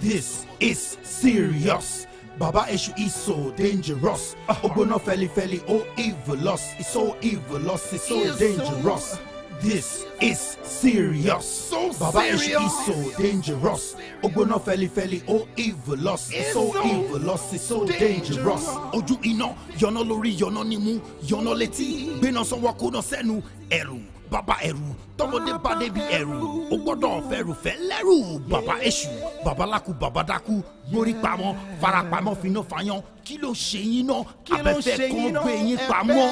This is serious. Baba esu is so dangerous. Oh. Ogbono Feli Feli, oh evilous. It's so evilous, is so dangerous. This is serious. Baba esu is so dangerous. Ogbono Feli Feli, oh evilous. It's so, so is so dangerous. Oju iná, yọ̀nà lórí, yọ̀nà nímú, yọ̀nà létí. Gbéná sanwó kóná sẹ́nu, ẹ̀rù. Baba ẹ̀rù tọmọdé bá débi ẹ̀rù ó gbọ́dọ̀ fẹ̀rù fẹ́ lẹ́rù Baba èṣù babaláku babadaku gbórí pamọ́ farapamọ́ finá fayán kí ló ṣe yín náà abẹ́fẹ́ kan gbé yín pamọ́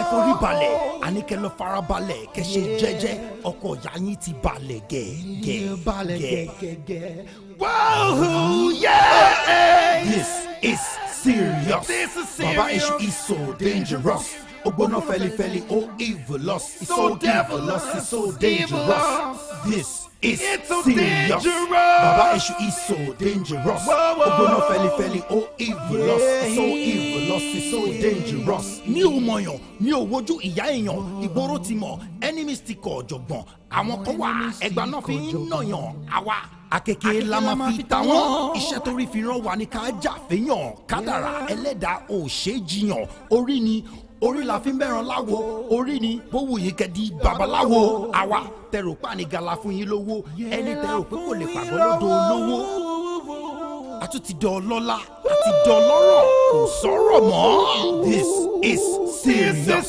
ẹ forí balẹ̀ àníkẹ́ fara balẹ̀ kẹ́ ṣe jẹ́jẹ́ ọkọ̀ ìyá ti balẹ̀ gẹ̀ẹ́gẹ̀ẹ́gẹ̀ẹ́. Whoa, yeah! This is serious. This is serious. Baba Ish is so dangerous ó gbóná fẹlifẹli evil evilous it's so devilous, it's so dangerous this is serious baba esu is so dangerous ó gbóná fẹlifẹli evil evilous it's so evil evilous it's so dangerous. ní o mọ̀yàn ní o wojú ìyá èèyàn ìgboro ti mọ̀ enemies ti kọ̀ ọ̀jọ̀gbọ̀n àwọn kan wà ẹgbàá náà fi ń nàyàn àwa akeke la ma fi ta wọn iṣẹ́ tó rí fi ràn wá ní ká jà fẹ́yàn kádàrá ẹlẹ́dàá ò ṣe jiyàn orí ni orí la fi ń láwo orí ni bówù yìí kẹ́dí babaláwo àwa tẹ̀rọ pàní gala fún yín lówó ẹni tẹ̀rọ pé kò lè pàgọ́ lọ́dọ̀ olówó àtún ti àti dọ̀ kò sọ̀rọ̀ mọ́. this is serious.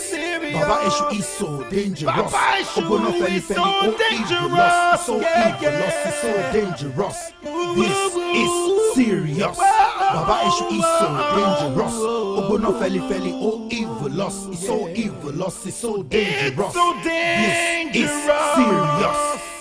baba esu is so dangerous. baba esu is so dangerous. so evil, so dangerous. this is serious. Baba Eshu is so dangerous. Ogbono feli feli, oh evilous. It's so evil, it's so It's so dangerous. This is serious.